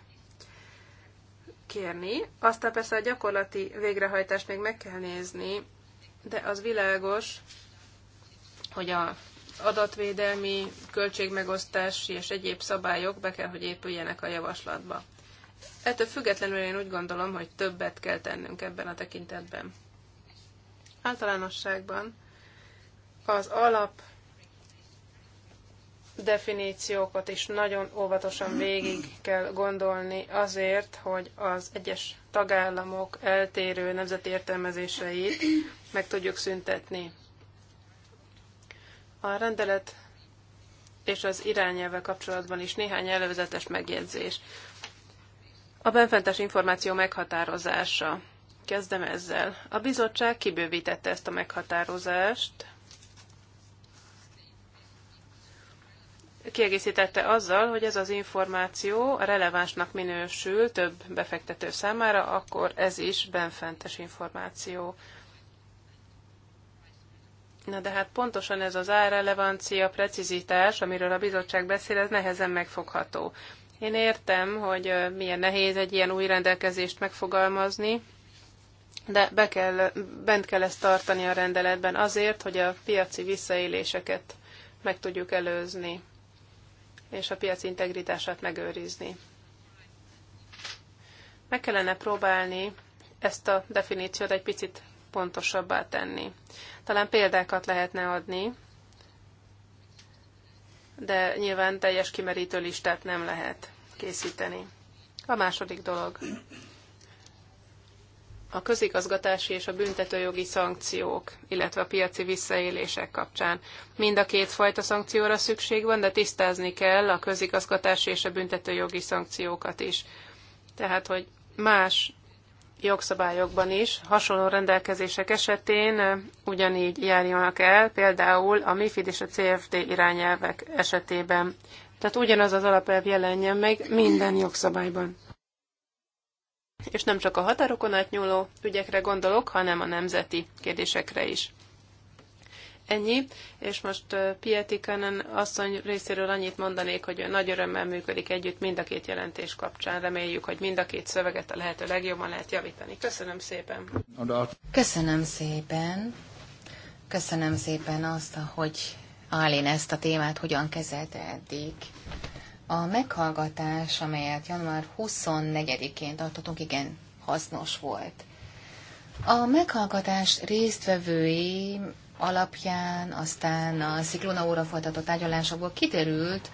kérni. Aztán persze a gyakorlati végrehajtást még meg kell nézni, de az világos, hogy a adatvédelmi, költségmegosztási és egyéb szabályok be kell, hogy épüljenek a javaslatba. Ettől függetlenül én úgy gondolom, hogy többet kell tennünk ebben a tekintetben. Általánosságban az alap definíciókat is nagyon óvatosan végig kell gondolni azért, hogy az egyes tagállamok eltérő nemzeti értelmezéseit meg tudjuk szüntetni. A rendelet és az irányelve kapcsolatban is néhány előzetes megjegyzés. A benfentes információ meghatározása. Kezdem ezzel. A bizottság kibővítette ezt a meghatározást kiegészítette azzal, hogy ez az információ relevánsnak minősül több befektető számára, akkor ez is benfentes információ. Na de hát pontosan ez az árrelevancia, precizitás, amiről a bizottság beszél, ez nehezen megfogható. Én értem, hogy milyen nehéz egy ilyen új rendelkezést megfogalmazni, de be kell, bent kell ezt tartani a rendeletben azért, hogy a piaci visszaéléseket meg tudjuk előzni és a piac integritását megőrizni. Meg kellene próbálni ezt a definíciót egy picit pontosabbá tenni. Talán példákat lehetne adni, de nyilván teljes kimerítő listát nem lehet készíteni. A második dolog a közigazgatási és a büntetőjogi szankciók, illetve a piaci visszaélések kapcsán. Mind a két fajta szankcióra szükség van, de tisztázni kell a közigazgatási és a büntetőjogi szankciókat is. Tehát, hogy más jogszabályokban is hasonló rendelkezések esetén ugyanígy járjanak el, például a MIFID és a CFD irányelvek esetében. Tehát ugyanaz az alapelv jelenjen meg minden jogszabályban és nem csak a határokon átnyúló ügyekre gondolok, hanem a nemzeti kérdésekre is. Ennyi, és most Pietikanen asszony részéről annyit mondanék, hogy ő nagy örömmel működik együtt mind a két jelentés kapcsán. Reméljük, hogy mind a két szöveget a lehető legjobban lehet javítani. Köszönöm szépen! Köszönöm szépen! Köszönöm szépen azt, hogy Alin ezt a témát hogyan kezelte eddig. A meghallgatás, amelyet január 24-én tartottunk, igen, hasznos volt. A meghallgatás résztvevői alapján, aztán a Sziklóna óra folytatott tárgyalásokból kiderült,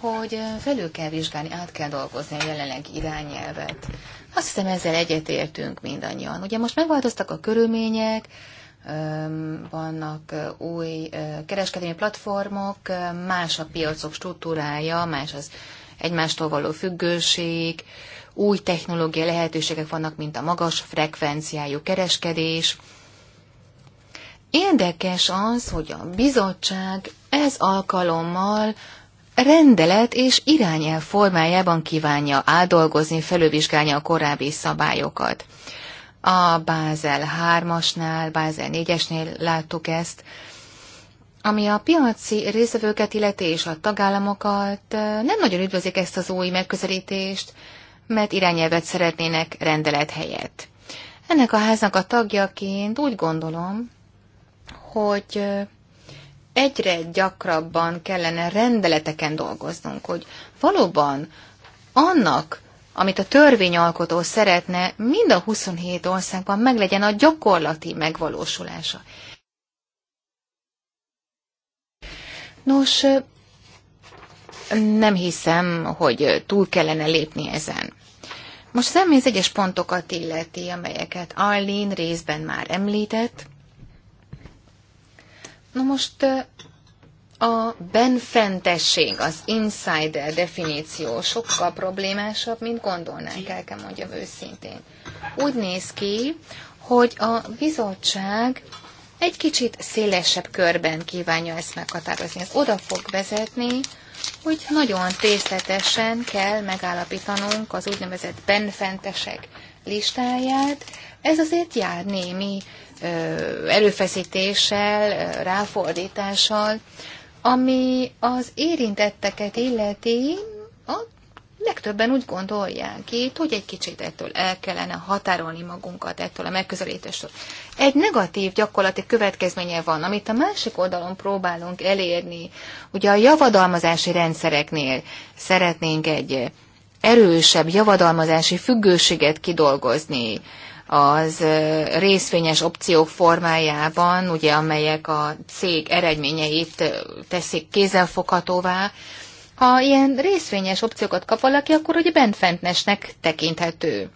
hogy felül kell vizsgálni, át kell dolgozni a jelenlegi irányelvet. Azt hiszem ezzel egyetértünk mindannyian. Ugye most megváltoztak a körülmények, vannak új kereskedelmi platformok, más a piacok struktúrája, más az egymástól való függőség, új technológiai lehetőségek vannak, mint a magas frekvenciájú kereskedés. Érdekes az, hogy a bizottság ez alkalommal rendelet és irányelv formájában kívánja átdolgozni, felülvizsgálni a korábbi szabályokat. A Bázel 3-asnál, Bázel 4-esnél láttuk ezt, ami a piaci részvevőket illeti és a tagállamokat, nem nagyon üdvözik ezt az új megközelítést, mert irányelvet szeretnének rendelet helyett. Ennek a háznak a tagjaként úgy gondolom, hogy egyre gyakrabban kellene rendeleteken dolgoznunk, hogy valóban annak amit a törvényalkotó szeretne, mind a 27 országban meglegyen a gyakorlati megvalósulása. Nos, nem hiszem, hogy túl kellene lépni ezen. Most személy az egyes pontokat illeti, amelyeket Arlene részben már említett. Na most a benfentesség, az insider definíció sokkal problémásabb, mint gondolnánk, el kell mondjam őszintén. Úgy néz ki, hogy a bizottság egy kicsit szélesebb körben kívánja ezt meghatározni. Ez oda fog vezetni, hogy nagyon részletesen kell megállapítanunk az úgynevezett benfentesek listáját. Ez azért jár némi ö, erőfeszítéssel, ráfordítással. Ami az érintetteket illeti, a legtöbben úgy gondolják itt, hogy egy kicsit ettől el kellene határolni magunkat ettől a megközelítéstől. Egy negatív gyakorlati következménye van, amit a másik oldalon próbálunk elérni. Ugye a javadalmazási rendszereknél szeretnénk egy erősebb javadalmazási függőséget kidolgozni az részvényes opciók formájában, ugye, amelyek a cég eredményeit teszik kézzelfoghatóvá, ha ilyen részvényes opciókat kap valaki, akkor ugye bentfentnesnek tekinthető.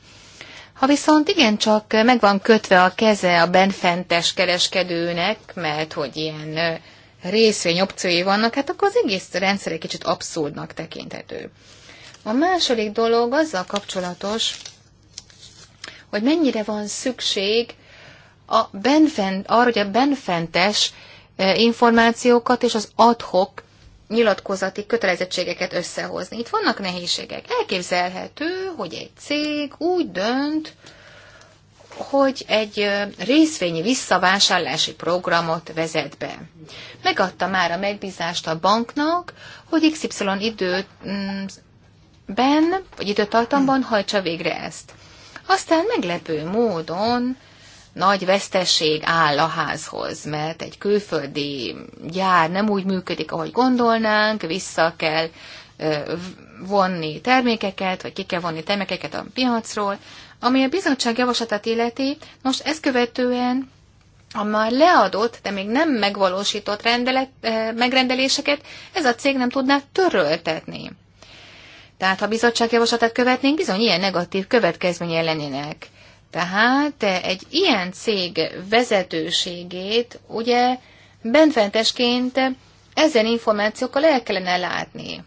Ha viszont igencsak meg van kötve a keze a benfentes kereskedőnek, mert hogy ilyen részvény opciói vannak, hát akkor az egész rendszer egy kicsit abszurdnak tekinthető. A második dolog azzal kapcsolatos, hogy mennyire van szükség a benfent, arra, hogy a benfentes e, információkat és az adhok nyilatkozati kötelezettségeket összehozni. Itt vannak nehézségek. Elképzelhető, hogy egy cég úgy dönt, hogy egy e, részvényi visszavásárlási programot vezet be. Megadta már a megbízást a banknak, hogy XY időben, mm, vagy időtartamban hajtsa végre ezt. Aztán meglepő módon nagy veszteség áll a házhoz, mert egy külföldi gyár nem úgy működik, ahogy gondolnánk, vissza kell vonni termékeket, vagy ki kell vonni termékeket a piacról. Ami a bizottság javaslatát illeti, most ezt követően a már leadott, de még nem megvalósított rendelet, megrendeléseket ez a cég nem tudná töröltetni. Tehát ha bizottság javaslatát követnénk, bizony ilyen negatív következménye lennének. Tehát eh, egy ilyen cég vezetőségét ugye bentfentesként eh, ezen információkkal el kellene látni.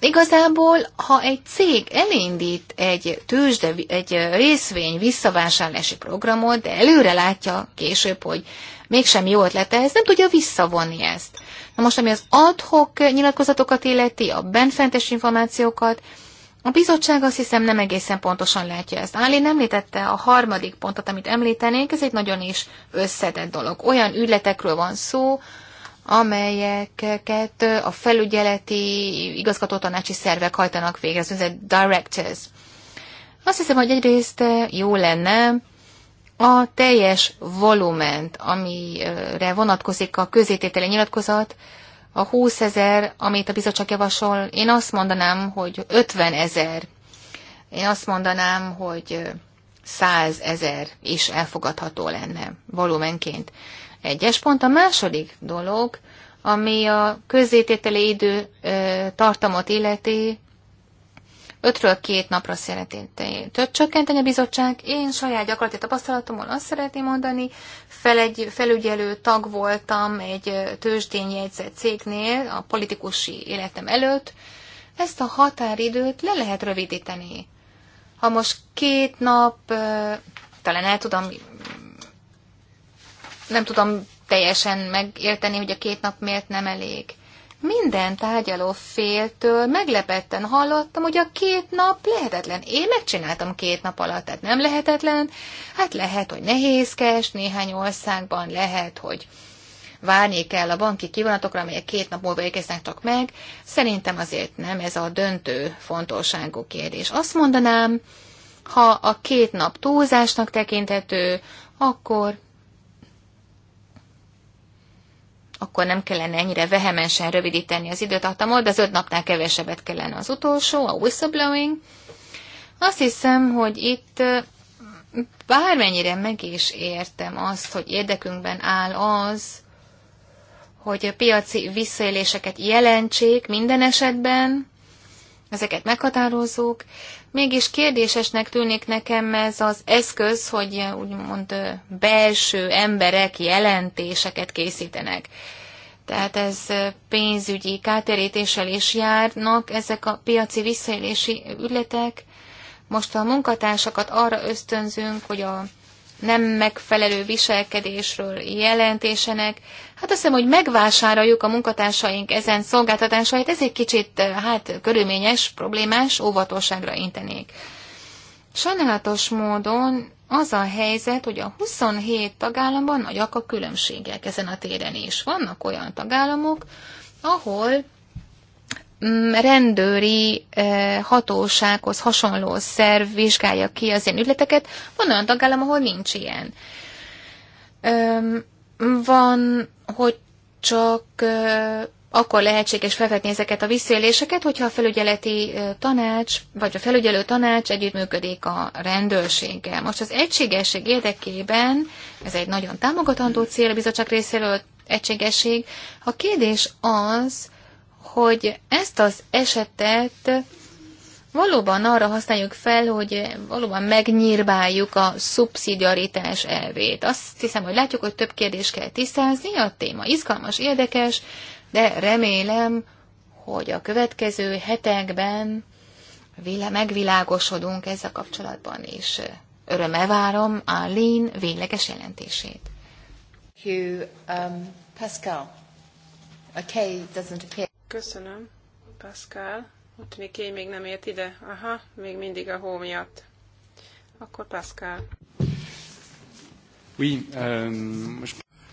Igazából, ha egy cég elindít egy tőzsde, egy részvény visszavásárlási programot, de előre látja később, hogy mégsem jó ötlete, ez nem tudja visszavonni ezt. Na most, ami az adhok nyilatkozatokat illeti, a benfentes információkat, a bizottság azt hiszem nem egészen pontosan látja ezt. nem említette a harmadik pontot, amit említenénk, ez egy nagyon is összetett dolog. Olyan ügyletekről van szó, amelyeket a felügyeleti igazgatótanácsi szervek hajtanak végre, ez a directors. Azt hiszem, hogy egyrészt jó lenne a teljes volument, amire vonatkozik a közétételi nyilatkozat, a 20 ezer, amit a bizottság javasol, én azt mondanám, hogy 50 ezer. Én azt mondanám, hogy 100 ezer is elfogadható lenne volumenként. Egyes pont. A második dolog, ami a közzétételi idő tartamot illeti, ötről két napra több csökkenteni a bizottság. Én saját gyakorlati tapasztalatomon azt szeretném mondani, fel egy felügyelő tag voltam egy tőzsdén jegyzett cégnél a politikusi életem előtt. Ezt a határidőt le lehet rövidíteni. Ha most két nap, talán el tudom, nem tudom teljesen megérteni, hogy a két nap miért nem elég minden tárgyaló féltől meglepetten hallottam, hogy a két nap lehetetlen. Én megcsináltam két nap alatt, tehát nem lehetetlen. Hát lehet, hogy nehézkes, néhány országban lehet, hogy várni kell a banki kivonatokra, amelyek két nap múlva érkeznek csak meg. Szerintem azért nem ez a döntő fontosságú kérdés. Azt mondanám, ha a két nap túlzásnak tekintető, akkor akkor nem kellene ennyire vehemensen rövidíteni az időtartamot, de az öt napnál kevesebbet kellene az utolsó, a whistleblowing. Azt hiszem, hogy itt bármennyire meg is értem azt, hogy érdekünkben áll az, hogy a piaci visszaéléseket jelentsék minden esetben, ezeket meghatározzuk, Mégis kérdésesnek tűnik nekem ez az eszköz, hogy úgymond belső emberek jelentéseket készítenek. Tehát ez pénzügyi kátérítéssel is járnak ezek a piaci visszaélési ügyletek. Most a munkatársakat arra ösztönzünk, hogy a nem megfelelő viselkedésről jelentésenek. Hát azt hiszem, hogy megvásároljuk a munkatársaink ezen szolgáltatásait, ez egy kicsit hát körülményes, problémás, óvatosságra intenék. Sajnálatos módon az a helyzet, hogy a 27 tagállamban nagyak a különbségek ezen a téren is. Vannak olyan tagállamok, ahol Mm, rendőri eh, hatósághoz hasonló szerv vizsgálja ki az ilyen ügyleteket. Van olyan tagállam, ahol nincs ilyen. Van, hogy csak eh, akkor lehetséges felvetni ezeket a visszéléseket, hogyha a felügyeleti eh, tanács, vagy a felügyelő tanács együttműködik a rendőrséggel. Most az egységesség érdekében, ez egy nagyon támogatandó cél a bizottság részéről, egységesség, a kérdés az, hogy ezt az esetet valóban arra használjuk fel, hogy valóban megnyírbáljuk a szubszidiaritás elvét. Azt hiszem, hogy látjuk, hogy több kérdést kell tisztázni, a téma izgalmas, érdekes, de remélem, hogy a következő hetekben megvilágosodunk ezzel kapcsolatban, és örömmel várom a Lean végleges jelentését. Hugh you, um, Pascal. Okay, doesn't appear. Köszönöm, Pascal. Úgy tűnik, én még nem ért ide. Aha, még mindig a hó miatt. Akkor Pascal. Oui, um...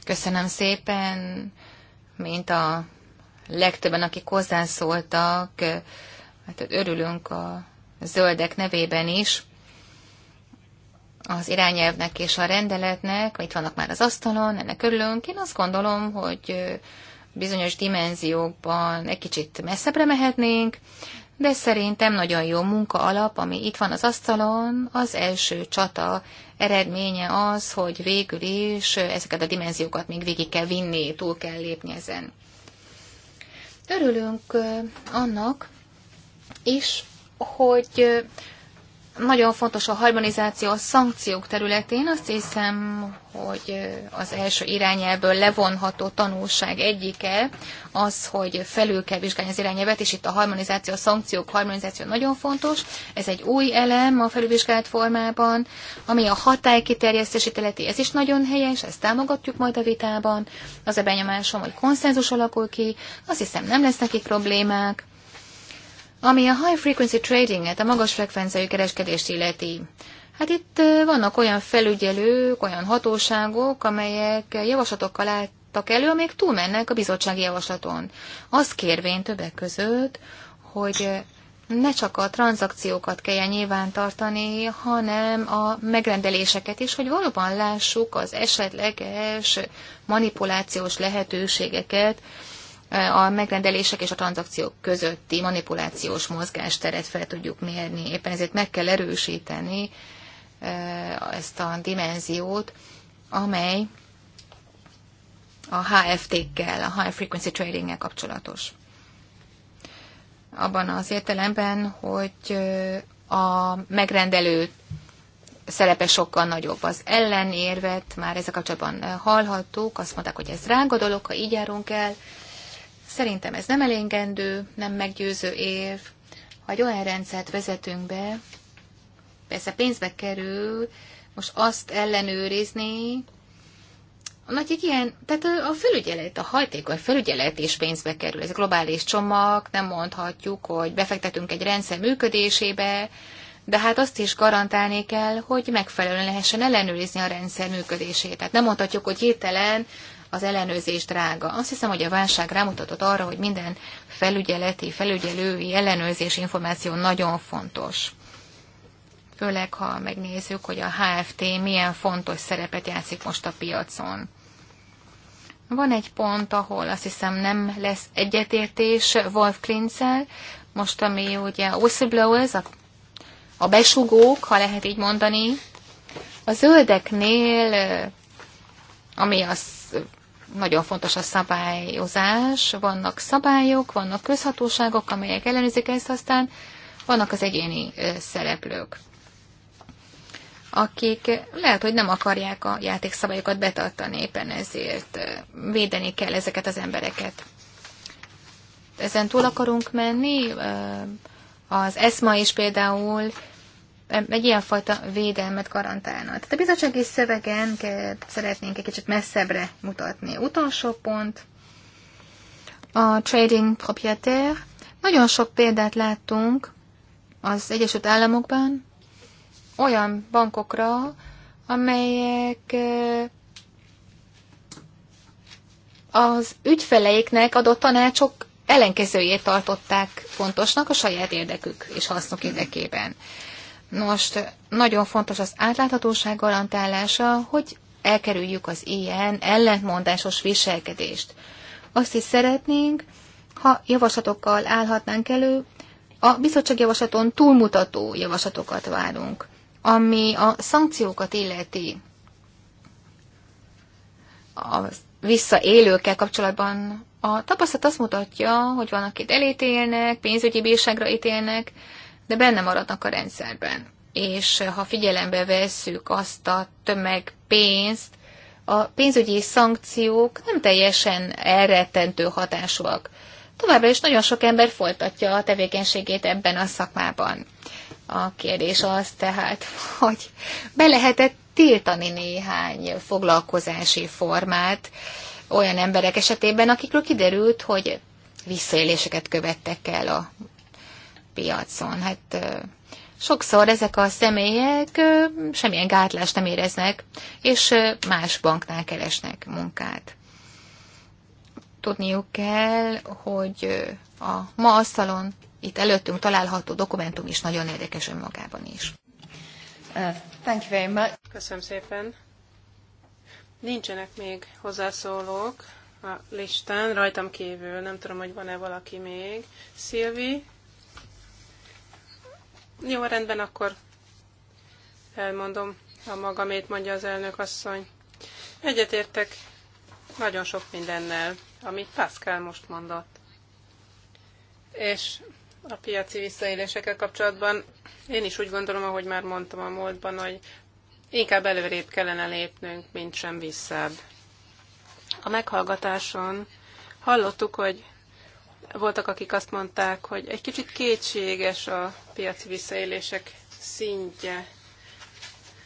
Köszönöm szépen, mint a legtöbben, akik hozzászóltak, hát örülünk a zöldek nevében is, az irányelvnek és a rendeletnek, itt vannak már az asztalon, ennek örülünk. Én azt gondolom, hogy bizonyos dimenziókban egy kicsit messzebbre mehetnénk, de szerintem nagyon jó munka alap, ami itt van az asztalon, az első csata eredménye az, hogy végül is ezeket a dimenziókat még végig kell vinni, túl kell lépni ezen. Örülünk annak is, hogy nagyon fontos a harmonizáció a szankciók területén. Azt hiszem, hogy az első irányelből levonható tanulság egyike az, hogy felül kell vizsgálni az irányelvet, és itt a harmonizáció, a szankciók harmonizáció nagyon fontos. Ez egy új elem a felülvizsgált formában, ami a hatálykiterjesztési területi, Ez is nagyon helyes, ezt támogatjuk majd a vitában. Az a benyomásom, hogy konszenzus alakul ki, azt hiszem nem lesz itt problémák ami a high frequency tradinget, a magas frekvenciájú kereskedést illeti, hát itt vannak olyan felügyelők, olyan hatóságok, amelyek javaslatokkal álltak elő, amelyek túlmennek a bizottsági javaslaton. Az kérvén többek között, hogy ne csak a tranzakciókat kelljen nyilván tartani, hanem a megrendeléseket is, hogy valóban lássuk az esetleges manipulációs lehetőségeket, a megrendelések és a tranzakciók közötti manipulációs mozgásteret fel tudjuk mérni. Éppen ezért meg kell erősíteni ezt a dimenziót, amely a HFT-kkel, a High Frequency Trading-el kapcsolatos. Abban az értelemben, hogy a megrendelő szerepe sokkal nagyobb. Az ellenérvet már ezzel kapcsolatban hallhattuk, azt mondták, hogy ez drága dolog, ha így járunk el, Szerintem ez nem elégendő, nem meggyőző év. ha egy olyan rendszert vezetünk be, persze pénzbe kerül, most azt ellenőrizni, nagy egy ilyen, tehát a felügyelet, a hajtékony felügyelet is pénzbe kerül. Ez globális csomag, nem mondhatjuk, hogy befektetünk egy rendszer működésébe, de hát azt is garantálni kell, hogy megfelelően lehessen ellenőrizni a rendszer működését. Tehát nem mondhatjuk, hogy hirtelen az ellenőrzés drága. Azt hiszem, hogy a válság rámutatott arra, hogy minden felügyeleti, felügyelői ellenőrzés információ nagyon fontos. Főleg, ha megnézzük, hogy a HFT milyen fontos szerepet játszik most a piacon. Van egy pont, ahol azt hiszem nem lesz egyetértés Wolf Klinzel, most ami ugye whistleblowers, a, a besugók, ha lehet így mondani. A zöldeknél, ami az nagyon fontos a szabályozás, vannak szabályok, vannak közhatóságok, amelyek ellenőrzik ezt, aztán vannak az egyéni szereplők, akik lehet, hogy nem akarják a játékszabályokat betartani, éppen ezért védeni kell ezeket az embereket. Ezen túl akarunk menni, az ESMA is például egy ilyenfajta védelmet garantálna. Tehát a bizottsági szövegen szeretnénk egy kicsit messzebbre mutatni. Utolsó pont, a trading proprietaire. Nagyon sok példát láttunk az Egyesült Államokban olyan bankokra, amelyek az ügyfeleiknek adott tanácsok ellenkezőjét tartották fontosnak a saját érdekük és hasznuk érdekében. Most nagyon fontos az átláthatóság garantálása, hogy elkerüljük az ilyen ellentmondásos viselkedést. Azt is szeretnénk, ha javaslatokkal állhatnánk elő, a bizottság javaslaton túlmutató javaslatokat várunk, ami a szankciókat illeti. A visszaélőkkel kapcsolatban a tapasztalat azt mutatja, hogy van, akit elítélnek, pénzügyi bírságra ítélnek, de benne maradnak a rendszerben. És ha figyelembe vesszük azt a tömeg pénzt, a pénzügyi szankciók nem teljesen elrettentő hatásúak. Továbbra is nagyon sok ember folytatja a tevékenységét ebben a szakmában. A kérdés az tehát, [LAUGHS] hogy be lehetett tiltani néhány foglalkozási formát olyan emberek esetében, akikről kiderült, hogy visszaéléseket követtek el a piacon. Hát sokszor ezek a személyek semmilyen gátlást nem éreznek, és más banknál keresnek munkát. Tudniuk kell, hogy a ma asztalon itt előttünk található dokumentum is nagyon érdekes önmagában is. Uh, thank you very much. Köszönöm szépen. Nincsenek még hozzászólók a listán, rajtam kívül, nem tudom, hogy van-e valaki még. Szilvi, jó, rendben, akkor elmondom a magamét, mondja az elnök asszony. Egyetértek nagyon sok mindennel, amit Pascal most mondott. És a piaci visszaélésekkel kapcsolatban én is úgy gondolom, ahogy már mondtam a múltban, hogy inkább előrébb kellene lépnünk, mint sem visszább. A meghallgatáson hallottuk, hogy voltak, akik azt mondták, hogy egy kicsit kétséges a piaci visszaélések szintje.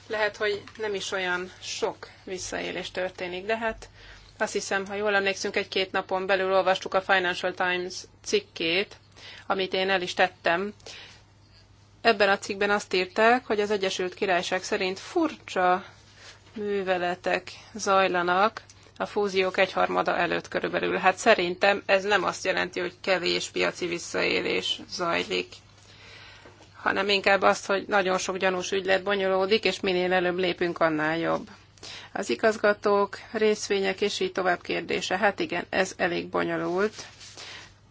Lehet, hogy nem is olyan sok visszaélés történik, de hát azt hiszem, ha jól emlékszünk, egy-két napon belül olvastuk a Financial Times cikkét, amit én el is tettem. Ebben a cikkben azt írták, hogy az Egyesült Királyság szerint furcsa műveletek zajlanak, a fúziók egyharmada előtt körülbelül. Hát szerintem ez nem azt jelenti, hogy kevés piaci visszaélés zajlik, hanem inkább azt, hogy nagyon sok gyanús ügylet bonyolódik, és minél előbb lépünk, annál jobb. Az igazgatók, részvények és így tovább kérdése. Hát igen, ez elég bonyolult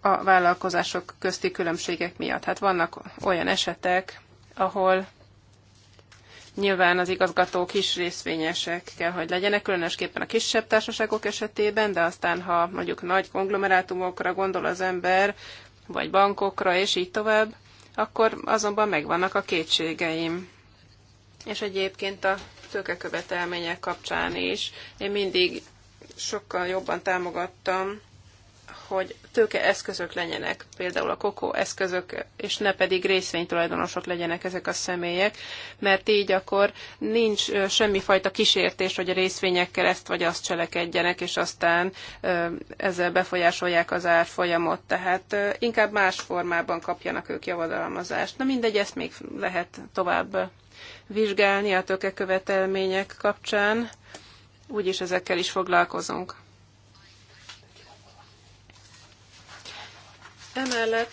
a vállalkozások közti különbségek miatt. Hát vannak olyan esetek, ahol Nyilván az igazgatók is részvényesek kell, hogy legyenek, különösképpen a kisebb társaságok esetében, de aztán, ha mondjuk nagy konglomerátumokra gondol az ember, vagy bankokra, és így tovább, akkor azonban megvannak a kétségeim. És egyébként a tőkekövetelmények kapcsán is én mindig sokkal jobban támogattam hogy tőke eszközök legyenek, például a kokó eszközök, és ne pedig részvénytulajdonosok legyenek ezek a személyek, mert így akkor nincs semmifajta kísértés, hogy a részvényekkel ezt vagy azt cselekedjenek, és aztán ezzel befolyásolják az árfolyamot, tehát inkább más formában kapjanak ők javadalmazást. Na mindegy, ezt még lehet tovább vizsgálni a követelmények kapcsán, úgyis ezekkel is foglalkozunk. Emellett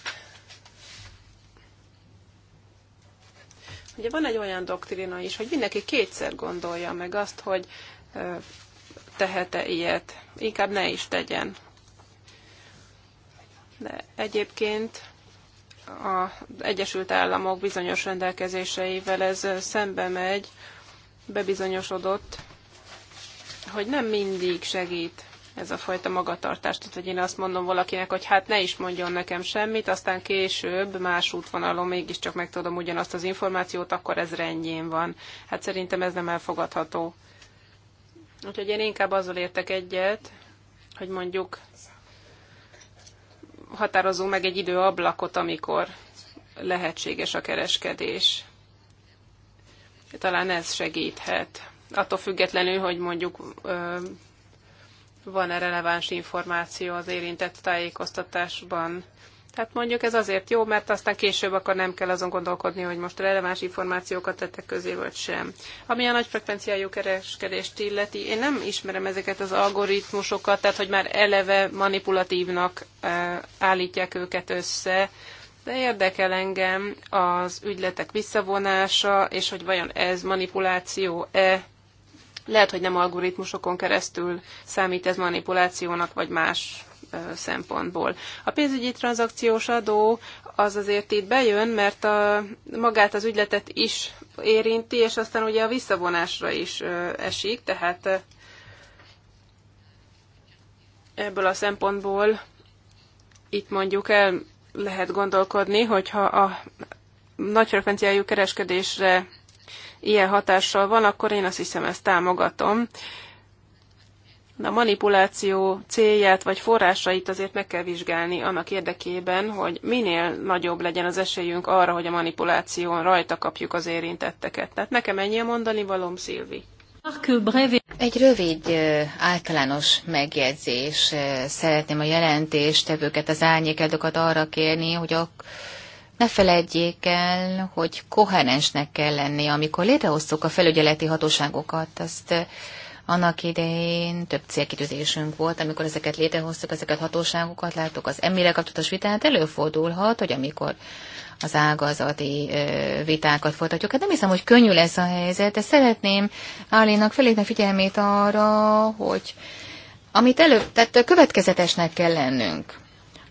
Ugye van egy olyan doktrina is, hogy mindenki kétszer gondolja meg azt, hogy tehet-e ilyet. Inkább ne is tegyen. De egyébként az Egyesült Államok bizonyos rendelkezéseivel ez szembe megy, bebizonyosodott, hogy nem mindig segít ez a fajta magatartást, Tehát, hogy én azt mondom valakinek, hogy hát ne is mondjon nekem semmit, aztán később más útvonalon mégiscsak megtudom ugyanazt az információt, akkor ez rendjén van. Hát szerintem ez nem elfogadható. Úgyhogy én inkább azzal értek egyet, hogy mondjuk határozunk meg egy időablakot, amikor lehetséges a kereskedés. Talán ez segíthet. Attól függetlenül, hogy mondjuk van-e releváns információ az érintett tájékoztatásban. Tehát mondjuk ez azért jó, mert aztán később akkor nem kell azon gondolkodni, hogy most releváns információkat tettek közé, vagy sem. Ami a nagy frekvenciájú kereskedést illeti, én nem ismerem ezeket az algoritmusokat, tehát hogy már eleve manipulatívnak e, állítják őket össze, de érdekel engem az ügyletek visszavonása, és hogy vajon ez manipuláció-e, lehet, hogy nem algoritmusokon keresztül számít ez manipulációnak, vagy más szempontból. A pénzügyi tranzakciós adó az azért itt bejön, mert a, magát az ügyletet is érinti, és aztán ugye a visszavonásra is esik, tehát ebből a szempontból itt mondjuk el lehet gondolkodni, hogyha a nagy frekvenciájú kereskedésre ilyen hatással van, akkor én azt hiszem ezt támogatom. De a manipuláció célját vagy forrásait azért meg kell vizsgálni annak érdekében, hogy minél nagyobb legyen az esélyünk arra, hogy a manipuláción rajta kapjuk az érintetteket. Tehát nekem ennyi a mondani valom, Szilvi. Egy rövid általános megjegyzés. Szeretném a jelentéstevőket, az árnyékedőket arra kérni, hogy a ne felejtjék el, hogy koherensnek kell lenni, amikor létrehoztuk a felügyeleti hatóságokat. Azt eh, annak idején több célkitűzésünk volt, amikor ezeket létrehoztuk, ezeket hatóságokat láttuk. Az emmire kapcsolatos vitát előfordulhat, hogy amikor az ágazati eh, vitákat folytatjuk. Hát nem hiszem, hogy könnyű lesz a helyzet, de szeretném Álénak felépni figyelmét arra, hogy amit előbb, tehát következetesnek kell lennünk.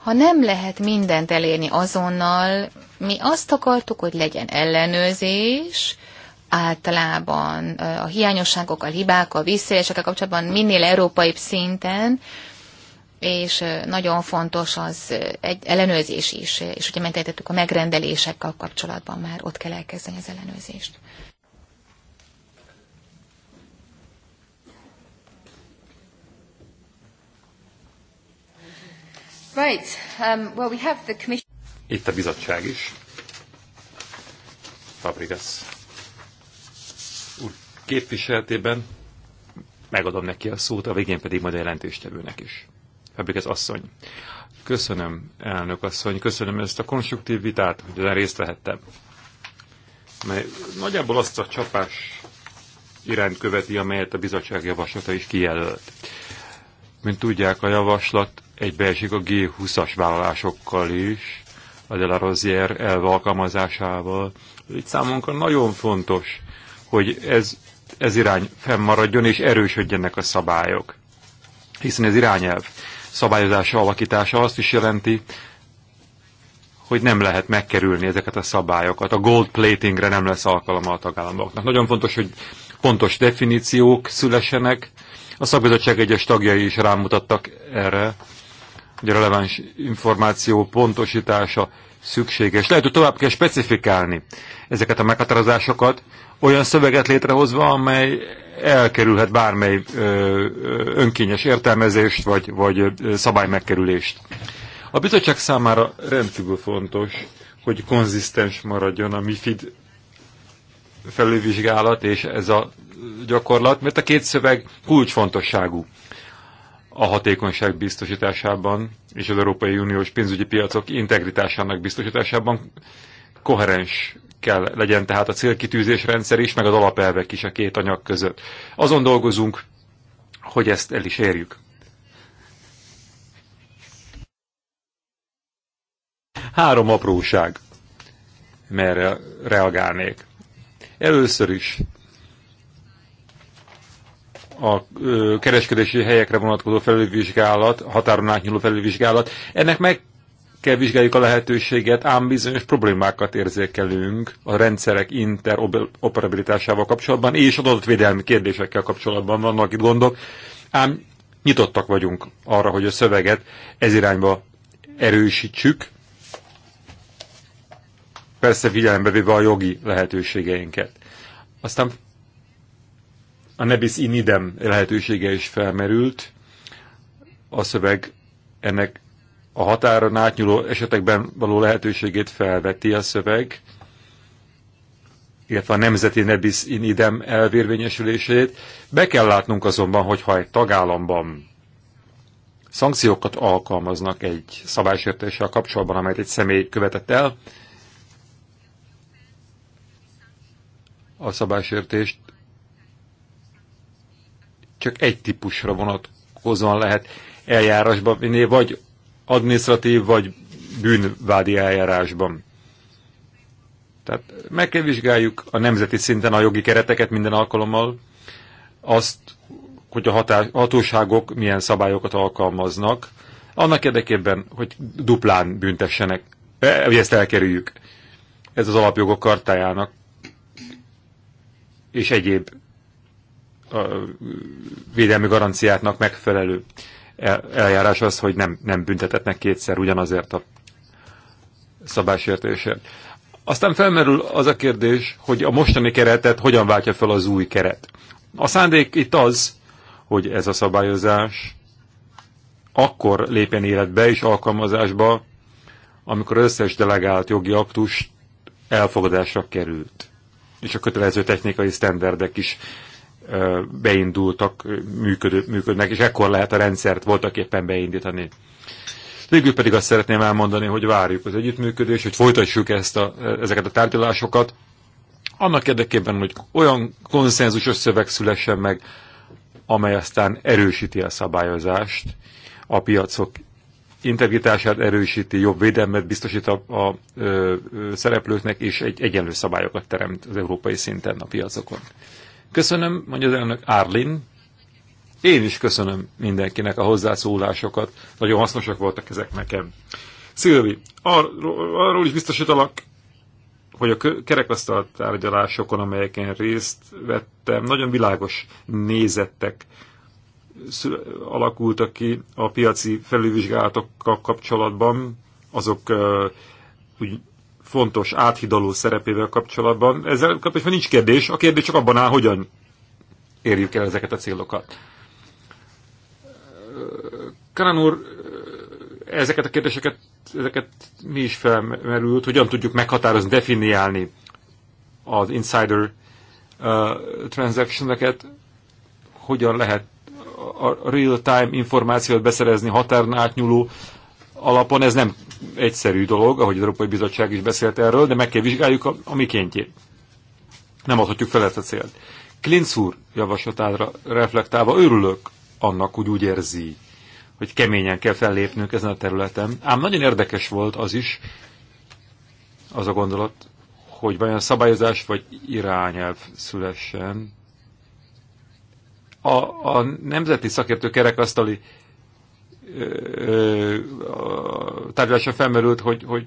Ha nem lehet mindent elérni azonnal, mi azt akartuk, hogy legyen ellenőrzés, általában a hiányosságok, a hibák, a visszaélésekkel kapcsolatban minél európai szinten, és nagyon fontos az egy ellenőrzés is, és ugye mentetettük a megrendelésekkel kapcsolatban már ott kell elkezdeni az ellenőrzést. Right. Um, well, we have the commission... Itt a bizottság is. Fabrikas úr képviseltében megadom neki a szót, a végén pedig majd a jelentéstevőnek is. Fabrigas, asszony. Köszönöm, elnök asszony, köszönöm ezt a konstruktív vitát, hogy ezen részt vehettem. Mely nagyjából azt a csapás irányt követi, amelyet a bizottság javaslata is kijelölt. Mint tudják, a javaslat egybeesik a G20-as vállalásokkal is, a de la Rozier elve alkalmazásával. Itt számunkra nagyon fontos, hogy ez, ez irány fennmaradjon és erősödjenek a szabályok. Hiszen ez irányelv szabályozása, alakítása azt is jelenti, hogy nem lehet megkerülni ezeket a szabályokat. A gold platingre nem lesz alkalma a tagállamoknak. Nagyon fontos, hogy pontos definíciók szülesenek, a szakbizottság egyes tagjai is rámutattak erre, hogy a releváns információ pontosítása szükséges. Lehet, hogy tovább kell specifikálni ezeket a meghatározásokat, olyan szöveget létrehozva, amely elkerülhet bármely önkényes értelmezést vagy, vagy szabály megkerülést. A bizottság számára rendkívül fontos, hogy konzisztens maradjon a MIFID felülvizsgálat és ez a gyakorlat, mert a két szöveg kulcsfontosságú a hatékonyság biztosításában és az Európai Uniós pénzügyi piacok integritásának biztosításában koherens kell legyen tehát a célkitűzés rendszer is, meg az alapelvek is a két anyag között. Azon dolgozunk, hogy ezt el is érjük. Három apróság, merre reagálnék. Először is a kereskedési helyekre vonatkozó felülvizsgálat, határon átnyúló felülvizsgálat. Ennek meg kell vizsgáljuk a lehetőséget, ám bizonyos problémákat érzékelünk a rendszerek interoperabilitásával kapcsolatban, és adatvédelmi kérdésekkel kapcsolatban vannak itt gondok, ám nyitottak vagyunk arra, hogy a szöveget ez irányba erősítsük, persze figyelembe véve a jogi lehetőségeinket. Aztán a nebis in idem lehetősége is felmerült. A szöveg ennek a határon átnyúló esetekben való lehetőségét felveti a szöveg, illetve a nemzeti nebis in idem elvérvényesülését. Be kell látnunk azonban, hogyha egy tagállamban szankciókat alkalmaznak egy szabálysértéssel kapcsolatban, amelyet egy személy követett el, a szabálysértést csak egy típusra vonatkozóan lehet eljárásba vinni, vagy administratív, vagy bűnvádi eljárásban. Tehát meg kell vizsgáljuk a nemzeti szinten a jogi kereteket minden alkalommal, azt, hogy a hatás, hatóságok milyen szabályokat alkalmaznak, annak érdekében, hogy duplán büntessenek, e, hogy ezt elkerüljük. Ez az alapjogok kartájának és egyéb a védelmi garanciátnak megfelelő eljárás az, hogy nem, nem büntetetnek kétszer ugyanazért a szabásértésért. Aztán felmerül az a kérdés, hogy a mostani keretet hogyan váltja fel az új keret. A szándék itt az, hogy ez a szabályozás akkor lépjen életbe és alkalmazásba, amikor összes delegált jogi aktus elfogadásra került, és a kötelező technikai sztenderdek is beindultak, működő, működnek, és ekkor lehet a rendszert voltak éppen beindítani. Végül pedig azt szeretném elmondani, hogy várjuk az együttműködést, hogy folytassuk ezt a, ezeket a tárgyalásokat, annak érdekében, hogy olyan konszenzusos szöveg szülessen meg, amely aztán erősíti a szabályozást, a piacok integritását erősíti, jobb védelmet biztosít a, a a szereplőknek, és egy egyenlő szabályokat teremt az európai szinten a piacokon. Köszönöm, mondja az elnök Árlin. Én is köszönöm mindenkinek a hozzászólásokat. Nagyon hasznosak voltak ezek nekem. Szilvi, arról, arról is biztosítalak, hogy a kerekasztal tárgyalásokon, amelyeken részt vettem, nagyon világos nézettek alakultak ki a piaci felülvizsgálatokkal kapcsolatban, azok úgy fontos áthidaló szerepével kapcsolatban. Ezzel kapcsolatban nincs kérdés, a kérdés csak abban áll, hogyan érjük el ezeket a célokat. Karan úr, ezeket a kérdéseket ezeket mi is felmerült, hogyan tudjuk meghatározni, definiálni az insider uh, transactioneket, hogyan lehet a real-time információt beszerezni határon átnyúló alapon, ez nem egyszerű dolog, ahogy az Európai Bizottság is beszélt erről, de meg kell vizsgáljuk a, a mikéntjét. Nem adhatjuk fel ezt a célt. Klinc úr javaslatára reflektálva örülök annak, hogy úgy érzi, hogy keményen kell fellépnünk ezen a területen. Ám nagyon érdekes volt az is, az a gondolat, hogy vajon szabályozás vagy irányelv szülessen. A, a nemzeti szakértő kerekasztali tárgyalásra felmerült, hogy, hogy